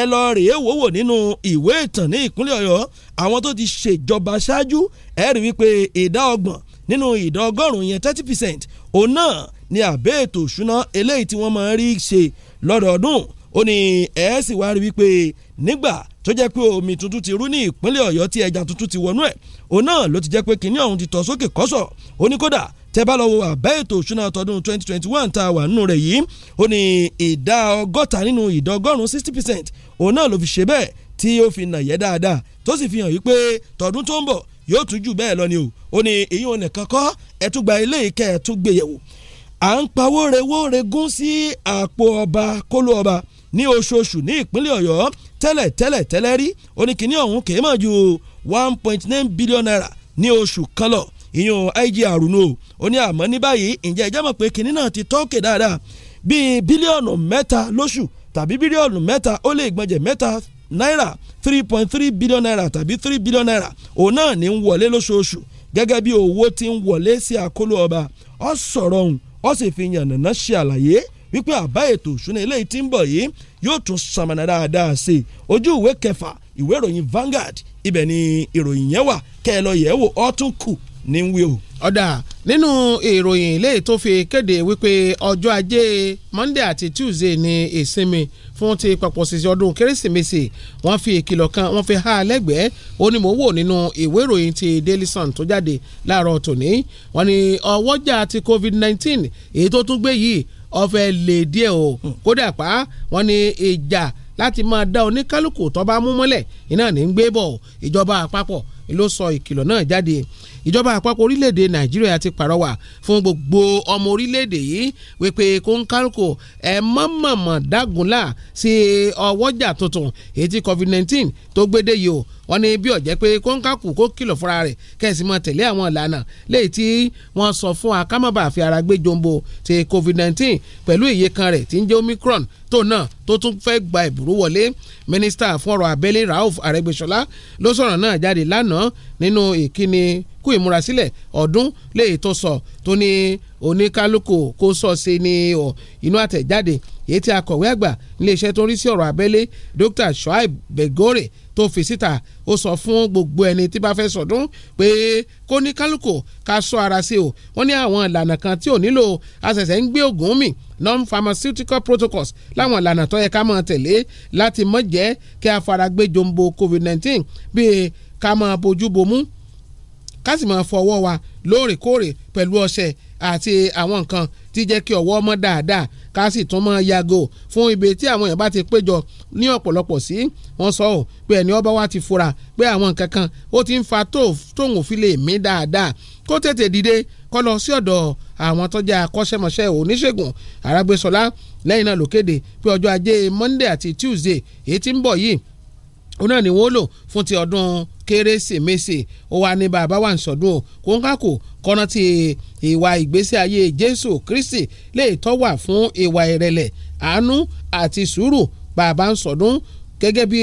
ẹ lọ rèé wòwò nínú ìwé ìtàn ní ìpínlẹ̀ ọ̀yọ́ àwọn tó ti ṣèjọba ṣáájú ẹ rí wípé ìdá ọgbọ̀n nínú ìdá ọgọ́rùn-ún yẹn thirty percent òun náà ni àbẹ́ ètò òṣùná eléyìí tí wọ́n máa ń rí ṣe lọ́dọọdún ó ní ẹ̀ sì wá rí wípé nígbà tó jẹ́ pé omi tuntun ti rú ní ìpínlẹ̀ ọ̀yọ́ tí ẹja tuntun ti wọnú ẹ̀ òun náà ló ti jẹ́ pé kinní ọ̀hún ti tọ̀ sókè kọ́sọ̀ ó ní kódà tẹ́ bá lọ wo àbẹ́ ètò òṣùnà tọdún 2021 tá a wà nínú rẹ̀ yìí ó ní ìdá ọgọ́ta nínú ìdá ọgọ́rùn-ún 60 percent òun náà ló fi ṣe bẹ́ẹ̀ tí ó fi nà yẹ́ dáadáa tó sì fi hàn yìí pé tọdún tó ń bọ̀ yóò tún jù bẹ́ẹ̀ lọ ni o ó ní èyí ò nìkan kọ́ ẹ̀túgba ilé ìkẹ́ ẹ̀túgbéyẹ̀wò à ń pawó rewó regún sí àpò ọba kólú ọba ní oṣooṣù ní ìpínlẹ̀ ọ̀yọ́ tẹ́lẹ̀ tẹ́lẹ̀ tẹ́lẹ̀ rí oníkìní ọ̀hún kì mọ̀ ju one point nine billion naira ní oṣù kan lọ ìyún IGR nù ó ní àmọ́ ní báyìí ǹjẹ́ ìjẹ́ mọ̀ pé kìnní náà ti tọ́kè dáadáa bíi bílíọ̀nù mẹ́ta lóṣù tàbí bílíọ̀nù mẹ́ta ó lé ìgbọ̀njẹ̀ mẹ́ta náírà three point three billion naira tàbí three billion naira òun náà ní ń wọlé lóṣooṣù gẹ́gẹ́ bí owó ti ń wọlé sí àkóló ọba ó sọ̀rọ̀ ọ̀hún ó sì fi yànnàná ṣe àlàyé wípé àbá ètò ìṣúná eléyìí tí ń bọ̀ yìí yóò tún sàmànà dáadáa sí i ojú ìwé kẹfà ìwé ìròyìn Vanguard ibẹ̀ ni ìròyìn yẹn wà kẹ́ ẹ lọ wò ọ́ tún kù ní wí o. ọ̀dà nínú ìròyìn ilé tó fi kéde wípé ọjọ́ ajé Monday àti Tuesday ni ìsinmi fún ti papọ̀ sísè ọdún kérésìmesì wọ́n fi ìkìlọ̀ kan wọ́n fi há lẹ́gbẹ̀ẹ́ ó ní mò ń wò nínú ìwé ìròyìn ti Daily Sun tó jáde láàárọ̀ tòní wọ́n ní ọwọ́jà ti covid nineteen èyí tó tún gbé yìí ọ̀fẹ́ lè díẹ̀ o hmm. kódà pa wọ́n ní ìjà láti máa dá oníkálukú tó bá mú mọ́lẹ̀ iná ní ń gbé bọ̀ ìjọba àpapọ̀ ló sọ ìkìlọ̀ náà jáde ìjọba àpapọ̀ orílẹ̀-èdè nàìjíríà ti pàrọwà fún gbogbo ọmọ orílẹ̀-èdè yìí wípé kóńkálùkù ẹ̀ mọ̀mọ̀mọ̀ dágunlá sí ọwọ́jà tuntun ètí covid-19 tó gbédè yìí o wọ́n ní bí ọ̀jẹ́ pé kóńkàkù kó kìlọ̀ fúnra rẹ̀ kẹ́sì mọ́ tẹ̀lé àwọn ìlànà léyìí tí wọ́n sọ fún akámọ́bà àfi ara gbé jombo ti covid-19 pẹ̀lú ìyè kan rẹ̀ tí ń jẹ́ omicron tó náà tó tún fẹ́ gba ìbúrú wọlé mínísítà fún ọ̀rọ̀ abẹ́lé Rauf Arẹ́gbẹ́ṣọlá ló sọ̀rọ̀ náà jáde lánàá nínú ìkíni kú ìmúrasílẹ̀ ọdún lè tó sọ tó ní oníkálukú kó sọ sí ní ọ inú àtẹ̀jáde èyí tí akọ̀wé àgbà iléeṣẹ́ tó ń rí sí ọ̀rọ̀ abẹ́lé Dr. Shoaib Begore tó fi síta ó sọ fún gbogbo ẹni tí bá fẹ́ sọdún pé kó ní kálukú ká sọ ara sí o wọ́n ní àwọn ìlànà kan tí ò nílò àṣẹ̀ṣẹ̀ ń gbé ògùn mì non-pharmaceutical protocols láwọn ìlànà tó yẹ ká máa tẹ̀lé láti mọ̀ jẹ́ kí a fara gbé jombo COVID-19 bíi ká máa bójú bomú ká sì máa fọwọ́ wa lóòrèkóòrè pẹ̀lú ọṣẹ àti àwọn nǹkan tí jẹ́ kí ọwọ́ mọ́ dáadáa ká sì tún máa yàgò fún ibi tí àwọn èèyàn bá ti péjọ ní ọ̀pọ̀lọpọ̀ sí wọ́n sọ ọ́ pé ẹni ọba wa ti fura pé àwọn nǹkan kan ó ti ń fa tóun ò fi lè mí dáadáa kó tètè dìde kó lọ sí ọ̀dọ̀ àwọn tó jẹ́ akọ́ṣẹ́mọṣẹ́ oníṣègùn Arágbésọlá lẹ́yìn náà ló kéde pé ọjọ́ ajé Monday àti Tuesday èyí tí ń bọ̀ yìí òun náà ni wọ́n lò fún ti ọdún kérésìmesì ó wà ní bàbá wa ń sọdún o kó ń kákò kọ́nà ti ìwà ìgbésí ayé Jésù Kristi lè tọ́ wà fún ìwà ìrẹ̀lẹ̀ àánú àti sùúrù bàbá ń sọdún gẹ́gẹ́ bí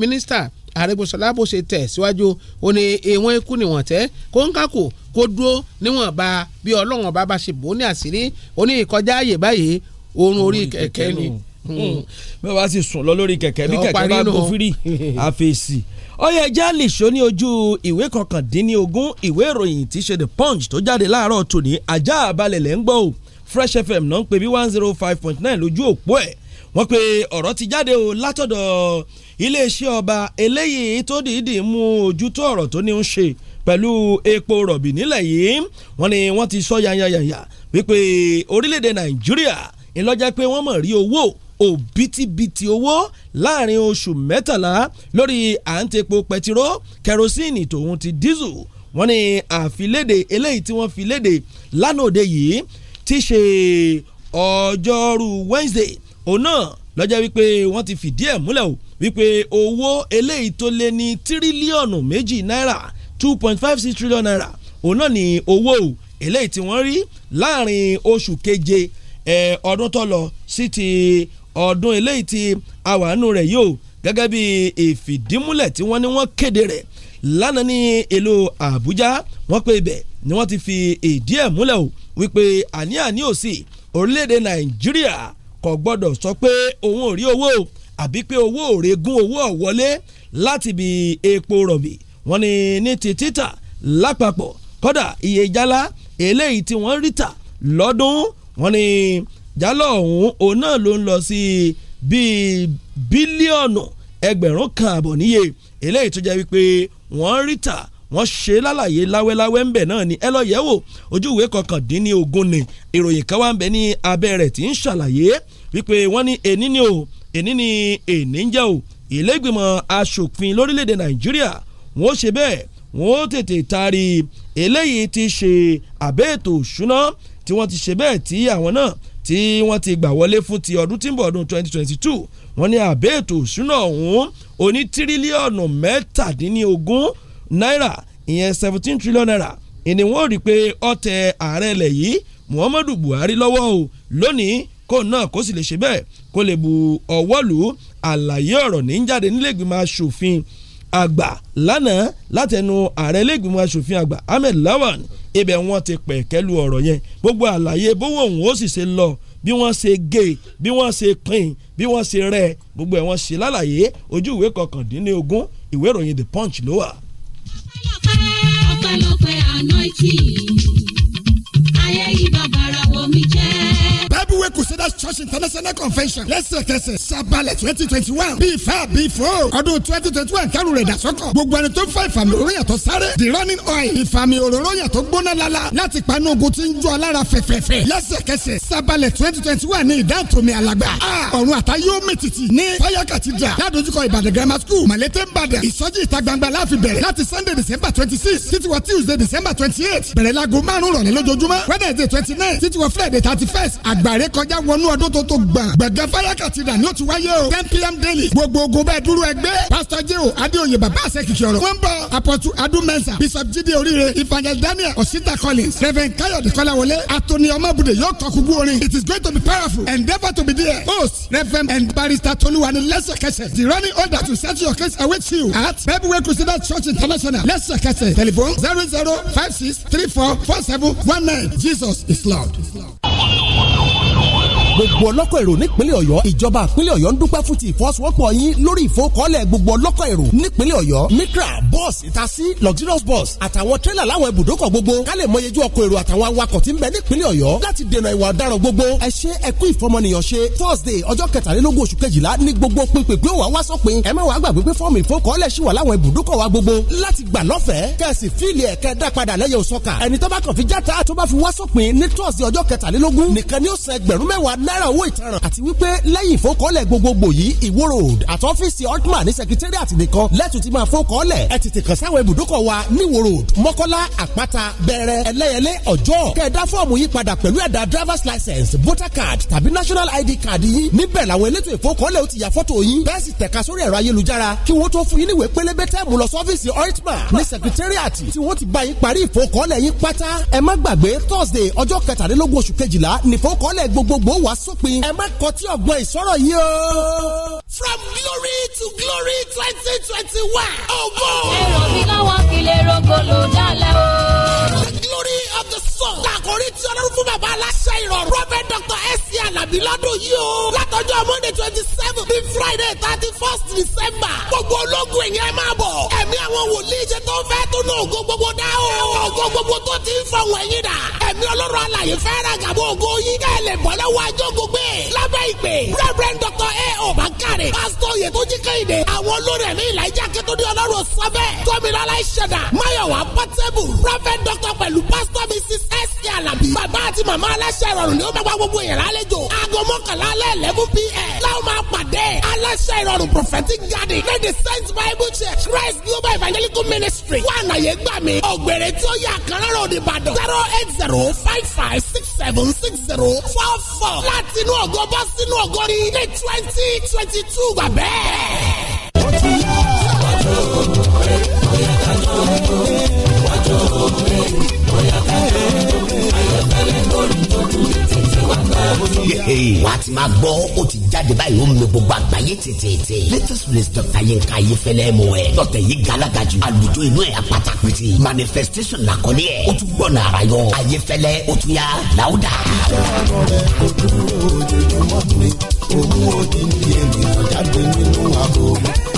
mínísítà àrègbèsọlá bó ṣe tẹ̀ síwájú ó ní ìwọ̀n ikú nìwọ̀n tẹ́ kó ń kákò kó dúró níwọ̀nba bí ọlọ́run bá bá ṣe bò ó ní àṣírí ó ní ìkọjá àyè báyìí oorun orí kẹ̀kẹ́ ni. Hmm. bí wọ́n bá sì sùn lọ lórí kẹ̀kẹ́ bí kẹ̀kẹ́ bá gbófìrí àfẹ̀sì ó yẹ já lè ṣó ní ojú ìwé kọkàndínlógún ìwé ìròyìn tí ṣe the punch tó jáde láàárọ̀ tòní ajá àbálẹ̀ lẹ́ ń gbọ́ o fresh fm náà ń pè bí one zero five point nine lójú òpó ẹ̀ wọ́n pe ọ̀rọ̀ ti jáde o látọ̀dọ̀ iléeṣẹ́ ọba eléyìí tó dìídì mú ojú tó ọ̀rọ̀ tó ní ń ṣe pẹ̀lú epo rọ̀bì nílẹ̀ yìí wọ́n ní wọ́n ti sọ yanyanyanya wípé orílẹ̀-èdè nàìjíríà ńlọ́jà pé wọ́n mọ̀ rí owó òbítíbitì owó láàrin oṣù mẹ́tàlá lórí à ń tepo pẹtiró kẹrosíìnì tòun ti dísù wọ́n ní àfilédè eléyìí tí wọ́n fi léde lánàá òde yìí ti ṣe ọjọ́rú Wednesday òun náà lọ́jọ́ wípé wọ́n ti fìdí ẹ̀ múlẹ̀ o wípé owó eléyìí tó lé ní tírílíọ̀nù méjì náírà two point five six trillion naira òun náà ni owó o eléyìí tí wọ́n rí láàrin oṣù keje ọdún tó lọ sí ti ọdún eléyìí tí àwàánu rẹ̀ yóò gẹ́gẹ́ bí ìfìdímúlẹ̀ tí wọ́n ní wọ́n kéde rẹ̀ lánàá ní ìlú Àbújá wọ́n pé ibẹ̀ ni wọ́n ti fi ìdí ẹ̀ múlẹ̀ o wípé àní-àní ò sí orílẹ̀-èdè Nàìjíríà kò gbọ́dọ̀ sọ pé òun ò rí owó àbí pé owó ò regún owó ò láti bi epo rọ̀bì wọ́n ní ní ti títà lápapọ̀ kódà iye jálá eléyìí tí wọ́n rí tà lọ́dún wọ́n ní jálọ̀ ọ̀hún òun náà ló ń lọ sí bíi bílíọ̀nù ẹgbẹ̀rún kan àbọ̀ níye eléyìí tó jẹ́ wípé wọ́n rí tà wọ́n ṣe lálàyé láwẹ́láwẹ́ ńbẹ̀ náà ni ẹ lọ yẹ̀ wò ojú ìwé kọkàndínní ogún ni ìròyìn kan wà ń bẹ ní abẹ́ rẹ̀ tí ń ṣàlàyé wípé wọ́n ní èní ni o èní ni èní ń jẹ́ o ìlẹ́gbìmọ̀ asòfin lórílẹ̀‐èdè nàìjíríà wọ́n ṣe bẹ́ẹ̀ wọ́n tètè taari eléyìí ti ṣe àbẹ́ ètò òṣùná tí wọ́n ti ṣe bẹ́ẹ̀ tí àwọn náà tí wọ́n ti gbà wọlé fún ti ọdún tí ń bọ̀ ọdún 2022 wọ́n ní àbẹ́ ètò ìṣúná ọ̀hún oní tírílíọ̀nù mẹ́tàdínlógún náírà ìyẹn seventeen trillion naira ìní wọ́n rí i pé ọ̀tẹ̀ ààrẹ ilẹ̀ yìí Muhammadu Buhari lọ́wọ́ o lónìí kó náà kó sì lè ṣe bẹ́ẹ̀ kó lè bu ọwọ́ lù àlàyé ọ̀rọ̀ ní jáde nílẹ̀gbìmọ̀ asòfin àgbà lánàá látẹnu ààrẹ lẹ́gbìmọ̀ asòfin àgbà Ahmed Lawan ibẹ̀ wọ́n ti pẹ̀kẹ́lu ọ̀rọ̀ yẹn gbogbo àlàyé bówó òun ó sì ṣe lọ bí wọ́n ṣe gé bí wọ́n ṣe pín bí wọ́n ṣe rẹ̀ gbogbo ẹ̀ wọ́n ṣe lálàyé ojú ìwé kọkàndínlógún ìwé ìròyìn The Punch ló wà. ọpẹ́lọpẹ́ anointing ayé yìí bàbá ara wọ mi jẹ́. Way Crusaders Church International Convention lẹ́sẹ̀kẹsẹ̀ sábàlẹ̀ twenty twenty one bíi five bíi four ọdún twenty twenty one kẹrù rẹ̀ dàsọ́kọ̀ gbogbo ẹni tó fà ìfàmì òróró yàtọ̀ sáré the running oil ìfàmì òróró yàtọ̀ gbóná lala láti panu ogun tí ń jó alára fẹ̀fẹ̀fẹ̀ lẹ́sẹ̀kẹsẹ̀ sábàlẹ̀ twenty twenty one ní ìdáàtòmí alàgbà ọ̀run àtayọ́ mẹ́tìtì ní fire cathedral ládojúkọ ìbàdàn grammar school màlété ìbàdàn ìsọjí ìta gbangba láàfin bẹ̀rẹ̀ láti sunday december twenty six títí tuesday december twenty eight bẹ̀rẹ̀ láago márùn-ún rọ̀lẹ́ wednesday twenty nine títí wọ friday thirty first àgbàre kọjá wọnú ọdún tó tó gbà gbẹ̀gẹ́ fárákàtì dà ní o ti wáyé o ten pm daily gbogbo ogun bẹ́ẹ̀ dúró ẹgbẹ́ pásítọ̀ jéhò adéoyè bàbá àṣẹ kìkì ọ̀rọ̀ wọ́n ń bọ̀ apọ̀tù adúmẹ́sà bishop jíde oríire ifeanyi daniel osita collins reverend káyọ̀dé kọ́láwọlé atoni ọmọbùdè yóò kọ kúgbú orin it is going to be powerful endeavour to be there host reverend and barrister toluwani lẹ́sẹ̀kẹsẹ̀ the running order to set your case awaits you at bible crusader church international lẹ́sẹ̀kẹsẹ̀ telephone zero zero five six three four four seven one nine jesus Is loud gbogbo ọlọ́kọ̀ èrò nípínlẹ̀ ọ̀yọ́ ìjọba ìpínlẹ̀ ọ̀yọ́ ń dúpẹ́ fún ti ìfọwọ́sowọ́pọ̀ yín lórí ìfowókọ́lẹ̀ gbogbo ọlọ́kọ̀ èrò nípínlẹ̀ ọ̀yọ́ micra bus itasi luxurious bus àtàwọn tírélà láwọn ibùdókọ̀ gbogbo ká lè mọyejú ọkọ̀ èrò àtàwọn awakọ̀ tí ń bẹ nípínlẹ̀ ọ̀yọ́ láti dènà ìwà ọ̀daràn gbogbo ẹ ṣe ẹ kú ìfọmọnìyàn thursday ọjọ́ kẹtàlélógún oṣù kejìlá ní gbogbo pínpín pé wàá wá sópin ẹ má wàá gbàgbé pé fọ́ọ̀mù ìfowókọ́lẹ̀ ṣì wà láwọn ibùdókọ̀ wa gbogbo láti gbà lọ́fẹ̀ẹ́ kẹ̀sì fíìlì ẹ̀kẹ́ dá padà lẹ́yìn òsọ́kà ẹni tó bá kàn fi játa tó bá fi wá sópin ní náírà owó ìtanràn àti wípé lẹ́yìn ìfowókọ́lẹ̀ gbogbogbò yìí ìwó road àti ọ́fíìsì altman ní secretariat nìkan lẹ́tùn ti máa fowókọ́lẹ̀ ẹ̀ tètè kàn sáwọn ibùdókọ̀ wa ní ìwó road mọ́kọ́lá àpáta bẹ̀rẹ̀ ẹlẹ́yẹlé ọjọ́ kẹ̀ẹ́dá fọ́ọ̀mù yìí padà pẹ̀lú ẹ̀dà driver's license voter card tàbí national id card yìí níbẹ̀ làwọn elétò ìfowókọ́lẹ̀ ó ti ya fọ́tò yín bẹ́ẹ̀ sì tẹ̀ka sórí ẹ̀rọ ayélujára kí wọ́n tó fún yín níwèé pélébé tẹ́ẹ̀mù lọ sọ́fíìsì oitman ní secretariat tí wọ́n ti bá yín parí ìfowókọ́lẹ̀ yín pátá ẹ má gbàgbé thursday ọjọ́ kẹtàlélógún oṣù kejìlá nìfowókọ́lẹ̀ gbogbogbò wá sópin ẹ má kọtí ọgbọ́n ìsọ̀rọ̀ yìí o. from glory to glory twenty twenty one. ògo. èrò mi lọ́wọ́ kí lè rògbò o glory of the sun. Kàkórí tí ọlọ́run fún bàbá aláṣẹ ìrọ̀rùn. Prophet Dr. S.C. Alabi lọ́dún yìí o. Látọjọ́ Monday twenty seven bíi Friday thirty first December. Gbogbo ológun ìyẹn máa bọ̀. Ẹ̀mí àwọn wòlíì ṣe tó fẹ́ tó ní ògo gbogbo dá o. Ògo gbogbo tó ti ń fọ̀hún ẹ̀yìn dà. Ẹ̀mí ọlọ́run alàyè fẹ́ ra gàbó ògo yín. Kẹ́lẹ̀ bọ́ lọ́wọ́ ajó gbogbo ẹ̀. Lábẹ́ ìpè. Reverend Dr. A. Obakare. Pásítọ̀ Yètúnjí Kéde. Àwọn olórí ẹ̀mí ìlà ìjà kẹ́tọ́ ní ọlọ́run sọ́bẹ̀. Tómìnira láì ṣẹ̀dá. Máyọ̀wá Dr. pẹ̀lú pẹ̀lú pásítọ̀ mrs s k alabi bàbá àti màmá aláṣẹ ìrọ̀rùn ni ó máa wá gbogbo èèyàn lálejò aago mọ́kànlá alẹ́ eleven pm láwọn máa pàdé aláṣẹ ìrọ̀rùn prophetic garden the saint bible church christ global evangelical ministry wà àlàyé gbà mí ògbèrè tí ó yà kan lọ́rọ̀ òde ìbàdàn zero eight zero five five six seven six zero four four láti inú ògo bọ́ sínú ògo ní ní twenty twenty two gbà bẹ́ẹ̀. ó ti yá ó ti yá ó yẹ ká jọ ó wàá ti máa gbọ́ ó ti jáde báyìí ó mi gbogbo àgbáyé tètè. latest release Dr. Yinka Ayefẹ́lẹ́ mọ̀ ẹ́. dọ́tẹ̀ yìí galaga jù àlùjọ inú ẹ̀ apata pété. manifestation làkọ́lé ẹ̀ ó tún gbọ́ nàrà yọ Ayefẹ́lẹ́ ó tún yà láwùdà. òun ò ní ní ènìyàn jáde nínú àbò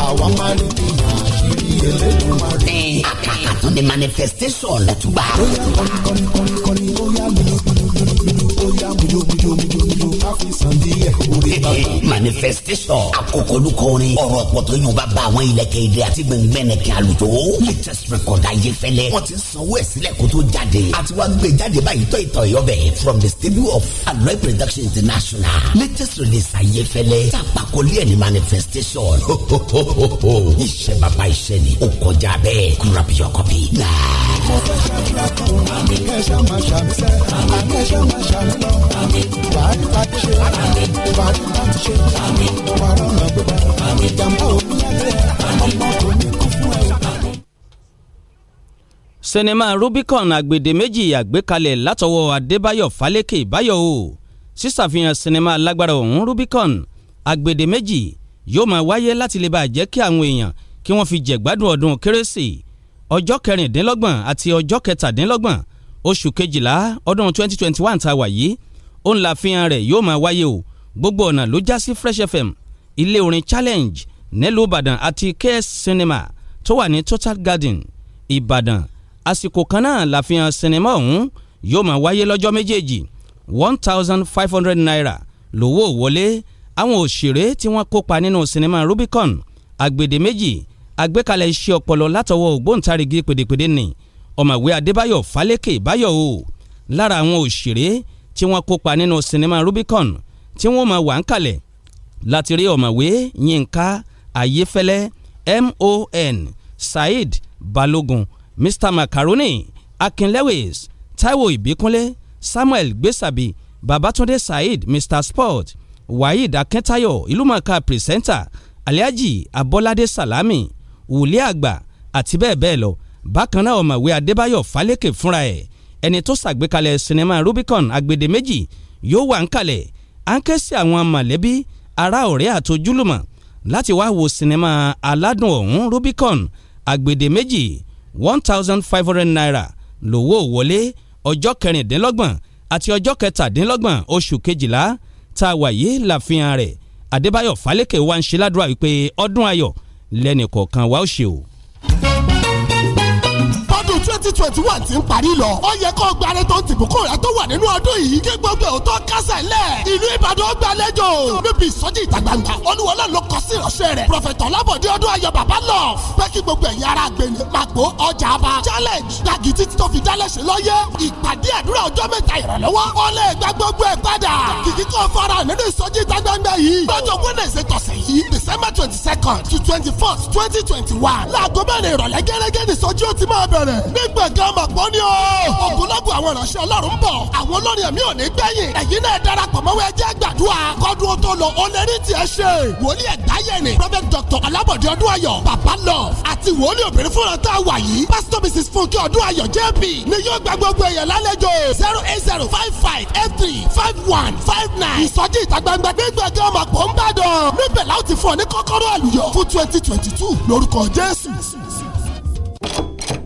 àwa máa ń bí yàrá. Elédùmarè. Kàkà tó di manifestation ọ̀lẹ́tùgbà. Ó kọ́ni kọ́ni kọ́ni kọ́ni gbìyànjú gbìyànjú ó gbìyànjú manifestation àkókò olùkọ́ orin ọ̀rọ̀ ọ̀pọ̀tọ̀ yóò bá bá àwọn ilẹ̀kẹ̀ ilé àti gbẹ̀ngbẹ̀ nìkẹ́ àlùjọ latest record ayé fẹ́lẹ́ wọ́n ti sanwó ẹ̀ sílẹ̀ kó tó jáde àti wá gbé jáde báyìí tọ́ ìtọ̀ ẹ̀yọ́ bẹ̀ from the studio of aloe production international latest release ayé fẹ́lẹ́ tàpákọ́lé ẹ̀ ní manifestation iṣẹ́ bàbá iṣẹ́ ni ó kọjá bẹ́ẹ̀ grab your copy now. mo àmì bá a kúrò ti ṣe àmì bá a kúrò gbé bá àmì ìjàmbá òkú lágbẹ́ ọmọ Rubicon àgbèdè méjì àgbékalẹ̀ látọwọ́ Adébáyọ̀ Fálékè Báyọ̀ o sísàfihàn sinimá alágbára ọ̀hún Rubicon àgbèdè méjì yóò máa wáyé láti lè bàa jẹ́ kí àwọn èèyàn kí wọ́n fi jẹ̀gbádùn ọdún kérésì ọjọ́ kẹrìndínlọ́gbọ̀n àti ọjọ́ kẹtàdínlọ́gbọ̀n oṣù kejìlá ọdún 2021 tá a wà yìí òun làfihàn rẹ̀ yóò máa wáyé o gbogbo ọ̀nà ló já sí Fresh FM ilé orin challenge nílùú Ìbàdàn àti KS cinema tó wà ní Total Garden Ìbàdàn àsìkò kan náà làfihàn cinema ọ̀hún yóò máa wáyé lọ́jọ́ méjèèjì one thousand five hundred naira lówó wọlé àwọn òṣèré tí wọ́n kópa nínú sinimá Rubicon àgbèdémèjì àgbékalẹ̀ iṣẹ́ ọpọlọ látọwọ́ ògbóǹtarìgì pèdèpèdè ni ọ̀mọ̀wé Adébáyọ̀ Fálékè Báyọ̀ o lára àwọn òṣèré tí wọ́n kópa nínú sinimá Rubicon tí wọ́n máa wà ń kalẹ̀ láti rí ọ̀mọ̀wé Yínká Ayéfẹ́lẹ́ MON Saheed Balogun Mr Macaroni Akin Lewis Taiwo Ìbíkúnlé Samuel Gbèsàbí Babatunde Saheed Mr Sport Waheed Akíntáyọ̀ ìlúmọ̀ọ́ká pírẹsẹ́ńtà Alhaji Abọ́ládé Salami wòlíì àgbà àti bẹ́ẹ̀ bẹ́ẹ̀ lọ bákan náà ọ̀mọ̀wé Adébáyọ̀ Fálékè fúnra ẹ̀ ẹni tó ṣàgbékalẹ̀ sinimá Rubicon agbedeméjì yóò wà ń kalẹ̀ à ń ké sí àwọn mọ̀lẹ́bí ará ọ̀rẹ́ àtojúlùmọ̀ láti wá wo sinimá aládùn ọ̀hún Rubicon agbedeméjì one thousand five hundred naira lówó wọlé ọjọ́ kẹrìndínlọ́gbọ̀n àti ọjọ́ kẹtàdínlọ́gbọ̀n oṣù kejìlá tá a wà yìí làfihàn rẹ̀ Adébáyọ̀ Fálékè wá ń ṣe ládùúrà wípé ọdún ayọ̀ lẹ́nìkọ̀ọ̀kan wa ó ṣe o twenty twenty one ti ń parí lọ. ó yẹ kó gbàre tó tìbùkún rẹ tó wà nínú ọdún yìí. kí gbogbo òótọ́ kásẹ̀ lẹ̀. ìlú ìbàdàn gbàlejò. níbi ìsọjí ìta gbangba olúwọlé ló kọ sí ìránṣẹ́ rẹ̀. prọfẹ̀tọ̀ lábọ̀dé ọdún ayọ̀ bàbá lọ. pé kí gbogbo ẹ̀yin ara gbẹ̀yìn màgbó ọjà aba challenge gbàgì títí tó fi dálẹ̀ ṣe lọ́yẹ́. ìpàdé àdúrà ọjọ́ mẹ́ta ìrànlọ́wọ́. ó lè gba gbogbo ẹ̀ padà. kìkì kan fara nínú ìsọjí ìta gbangba yìí. lọ́jọ́ wẹ́nẹ̀sẹ̀ tọ̀sẹ̀ yìí december twenty second to twenty fourth twenty twenty one. láago mẹ́rin ìrọ̀lẹ́ gẹ́gẹ́ ní ìsọjí ó ti máa bẹ̀rẹ̀. níb gbọ̀ngàn màpọ̀ ni o. ogunlọ́gùn àwọn ìránṣẹ́ ọlọ́run ń bọ̀. àwọn olórin ẹ̀mí ò ní gbẹ̀yìn. ẹ̀yin náà darapọ̀ mọ́wọ́ ẹjẹ́ gbàdúrà. kọ́dún ó tó lọ ó lè rí tiẹ̀ ṣe. wòlíì ẹ̀dáyẹ̀ ni. prophet doctor alábọ̀dé ọdún ayọ̀ bàbá love àti wòlíì obìnrin fúnra tá a wà yìí. pastor mrs funke ọdún ayọ̀ jp ni yóò gba gbogbo èèyàn lálejò. zero eight zero five five eight three five one five nine. ìsọjí ìta gbangba ní gbọ̀ngàn màpọ̀ ń bàdàn. níbẹ̀ láti fún ọ ní kọ́kọ́rọ́ àlùyọ fún twenty twenty two lórúkọ jésù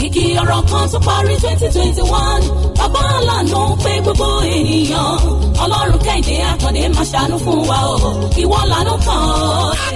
kìkì ọ̀rọ̀ kan tó parí twenty twenty one bàbá àlànà pé gbogbo ènìyàn ọlọ́run kẹ́hìndé àkàndé máa ṣàánú fún wa o ìwọ lànà kan.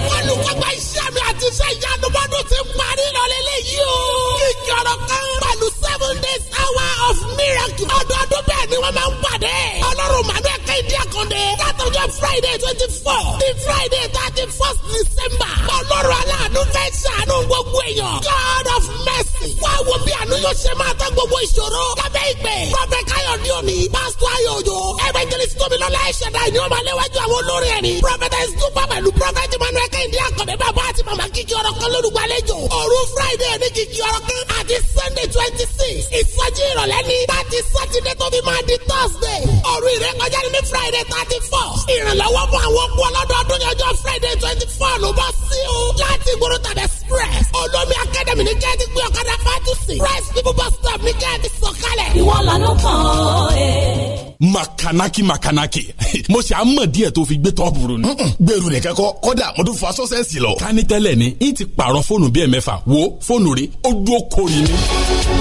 akọlùkọgbà iṣẹ́ mi àti iṣẹ́ ìyanu bọ́dún ti parí ìrọ̀lẹ́ lẹ́yìn o. kìkì ọ̀rọ̀ kan pẹ̀lú seven days hour of miracle ọdọọdún bẹ́ẹ̀ ni wọ́n máa ń pàdé ọlọ́run màdé Kẹ́hìndé Àkàndé. Látọjọ́ Friday twenty four ní Friday thirty first December. Ọlọ́run aláàánú fẹ́ ṣàánú gbogbo èèyàn. God of mercy. Wá wo bí àánú yóò ṣe máa tán gbogbo ìṣòro. Lábẹ́ ìgbẹ́. Prọfẹ̀t Káyọ̀dé òní. Pásítọ̀ Ayọ̀jọ́. Evangelist Tómilọ́lá Ẹ̀ṣẹ̀dá ìní ọmọ aléwájú àwọn olórí ẹ̀rí. Prọfẹ̀tẹ̀sì Dúpọ̀ pẹ̀lú Prọfẹ̀tì Emmanuel Kẹ́hìndé Àkàndé bàbá àti màmá kìkì ọ̀rọ̀ kan lórúkọ Òru Friday ní kìkì ọ̀rọ̀ kan àti Sunday twenty six. Ìsọjí ìrọ̀lẹ́ ní. Láti Sátidé tó fi máa di Thursday. Òru ìrẹ́kọjá ní friday thirty four ìrànlọ́wọ́ fún àwọn okú ọlọ́dọọdún yẹn ọjọ́ friday twenty four ló bá sí o láti gbóró tàbí express olómi akademi ní kẹ́ẹ̀tì gbé ọ̀kadà fatusi rice people bus stop ní kẹ́ẹ̀tì sọ̀kalẹ̀. ìwọ lànà kan ẹ̀ makanaki makanaki mo ṣe àmọ̀ díẹ̀ tó fi gbé tọ́pù rò ni. gbèrú nìkan kọ kọ́dà mo tún fa sọ́sẹ̀sì lọ. kání tẹ́lẹ̀ ni n ti pààrọ̀ fóònù bíi ẹ̀mẹ́fà wo fóònù rí ó dúró kori ni.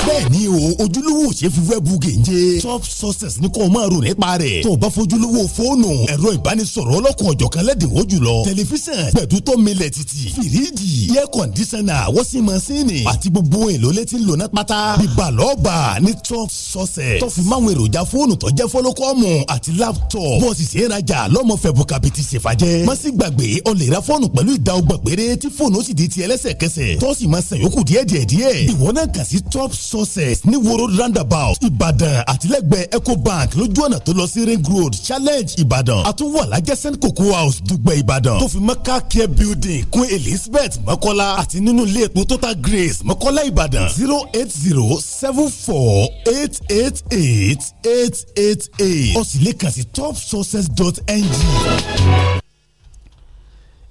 bẹ́ẹ̀ni o ojúlówó ṣe fífẹ́ bu gèje top success ni kò máa rò nípa rẹ̀ tó o bá fojúlówó fóònù ẹ̀rọ ìbánisọ̀rọ̀ ọlọ́kùn ọ̀jọ̀kan lẹ́dínwó jùlọ tẹlifíṣàn gbẹ̀dútọ́ milẹ̀ títì fìríjì air condi kọndíṣánà wọ́sìn ni àti gbogbo èlò létí lónà pátá ìbàlọ́ọ̀bà ní top success tó fi máwọn èròjà fóònù tó jẹ́ fọ́lọ́kọ́mù àti laptop bọ́ọ̀sì sí ìrajà lọ́mọ fẹ̀bù kàbìtì ṣèfàjẹ́ má sì gbàgbé o lè ra fóònù pẹ̀lú ìdá ọgbà péré tí fóònù ó sì di tiẹ̀ lẹ́sẹ̀kẹsẹ̀ tó sì máa sàn yòókù díẹ̀ top success ní woro roundabout ìbàdàn àtìlẹ́gbẹ̀ẹ́ ecobank lójú ọ̀nà tó lọ sí ring road challenge ìbàdàn àtúwọ̀ alájẹsẹ́ cocoa house dùgbẹ̀ ìbàdàn tó fi building kún elizabeth mọ́kọ́lá àti àti nínú ilé epo total grace mọ́kọ́lá ìbàdàn zero eight zero seven four eight eight eight eight eight eight ó sì lè kàn sí topsources.ng.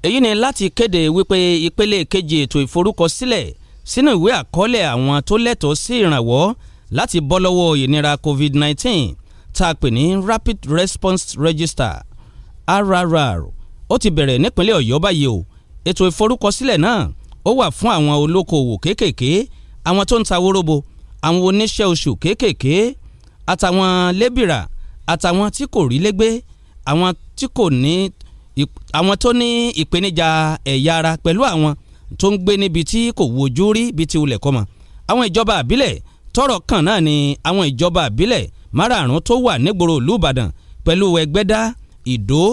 èyí ni láti kéde wípé ìpele kejì ètò ìforúkọsílẹ̀ sínú ìwé àkọọ́lẹ̀ àwọn tó lẹ́tọ̀ọ́ sí ìrànwọ́ láti bọ́ lọ́wọ́ ìnira covid nineteen tá a pè ní rapid response register rrr ó ti bẹ̀rẹ̀ nípínlẹ̀ ọ̀yọ́ báyìí o ètò ìforúkọsílẹ̀ náà ó wà fún àwọn olókoòwò kéékèèké àwọn tó ń ta wóróbo àwọn oníṣẹ́ oṣù kéékèèké àtàwọn lébìrà àtàwọn tí kò rí légbé àwọn tí kò ní àwọn tó ní ìpèníjà ẹ̀yà ara pẹ̀lú àwọn tó ń gbé níbi tí kò wojú rí bí ti ulẹ̀ kọ́ mọ́ àwọn ìjọba àbílẹ̀ tọ́rọ̀ kàn náà ni àwọn ìjọba àbílẹ̀ márààrún tó wà nígboro ìlú Ìbàdàn pẹ̀lú Ẹgbẹ́dá Ìdó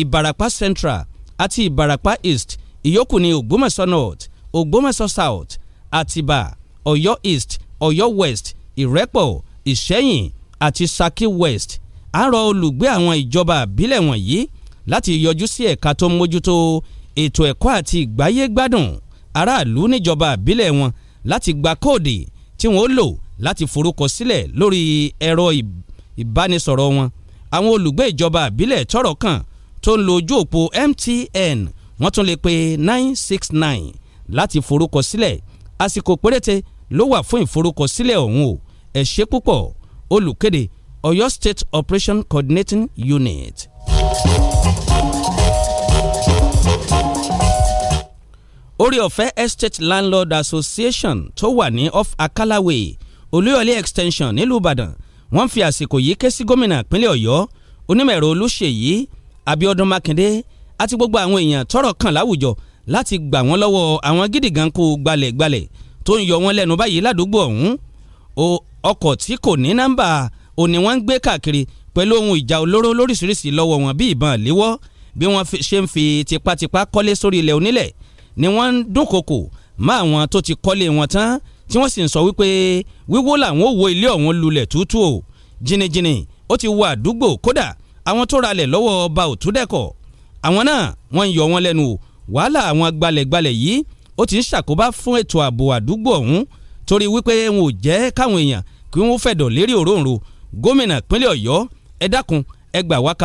Ìbàràpá Central àti Ìbàràpá East ìyókù ní Ògbómọ̀ṣọ́ North Ògbómọ̀ṣọ́ South Àtìbà Ọ̀yọ́ East Ọ̀yọ́ West Ìrẹ́pọ̀ Ìṣẹ́yìn àti Ṣakí West á rọ olùgbé àwọn ìjọba àbílẹ̀ wọ̀nyí láti yọjú sí ẹ̀ka tó ń mójútó ètò ẹ̀kọ́ àti ìgbáyégbádùn aráàlú níjọba àbílẹ̀ wọn láti gba kóòdì tí wọ́n lò láti forúkọ sílẹ̀ lórí ẹ̀rọ ìbánisọ̀rọ̀ wọn àwọn olùgbé ìjọba àbílẹ̀ tọ́rọ̀ kàn tó ń lo ojú òpó MTN wọ́n tún lè pe nine six nine láti forúkọ sílẹ̀ àsìkò péréte ló wà fún ìforúkọsílẹ̀ ọ̀hún o ẹ púpọ̀ olùkéde Ọ̀yọ́ State Operation Coordinating Unit. orí ọ̀fẹ́ Estate Landlord Association tó wà ní off Akalawe Olúyọ̀lé Extension nílùú Ìbàdàn wọ́n fi àsìkò yìí ké sí gómìnà ìpínlẹ̀ Ọ̀yọ́ onímọ̀ ẹ̀rọ Olúṣèyí Abíọ́dún Mákindé àti gbogbo àwọn èèyàn tọ́rọ̀ kàn láwùjọ láti gbà wọ́n lọ́wọ́ àwọn gídígan kó gbalẹ̀gbalẹ̀ tó ń yọ wọ́n lẹ́nu báyìí ládùúgbò ọ̀hún ọkọ̀ tí kò ní nọ́mbà ò ní wọ́n ń gbé káàkiri pẹ̀lú ohun ìjà olóró lóríṣiríṣi lọ́wọ́ wọn bí ìbọn léwọ́ bí wọ́n ṣe ń fi tipátipá kọ́lé sórí ilẹ̀ onílẹ̀ ni wọ́n ń dúnkokò má àwọn tó ti kọ́lé wọn tán tí wọ́n sì ń sọ wípé wíwó làwọn ò wo ilé ọ̀hún lulẹ̀ tútù o jìnnìjìnnì ó ti wọ àdúgbò kódà àwọn tó ralẹ̀ lọ́wọ́ ọba òtúdẹ́kọ̀ àwọn náà wọ́n ń yọ wọn lẹ́nu o wàhálà àwọn gbalẹ̀gbalẹ̀ yìí ó ti ń ṣàkóbá fún ètò ààbò àdúgbò ọ̀hún torí wípé wọn ò jẹ́ káwọn èèyàn kí wọ́n fẹ̀dọ̀ lérí òróǹro gómìnà pínlẹ̀ ọ̀yọ́ ẹ dákun ẹ gbà wá kalẹ̀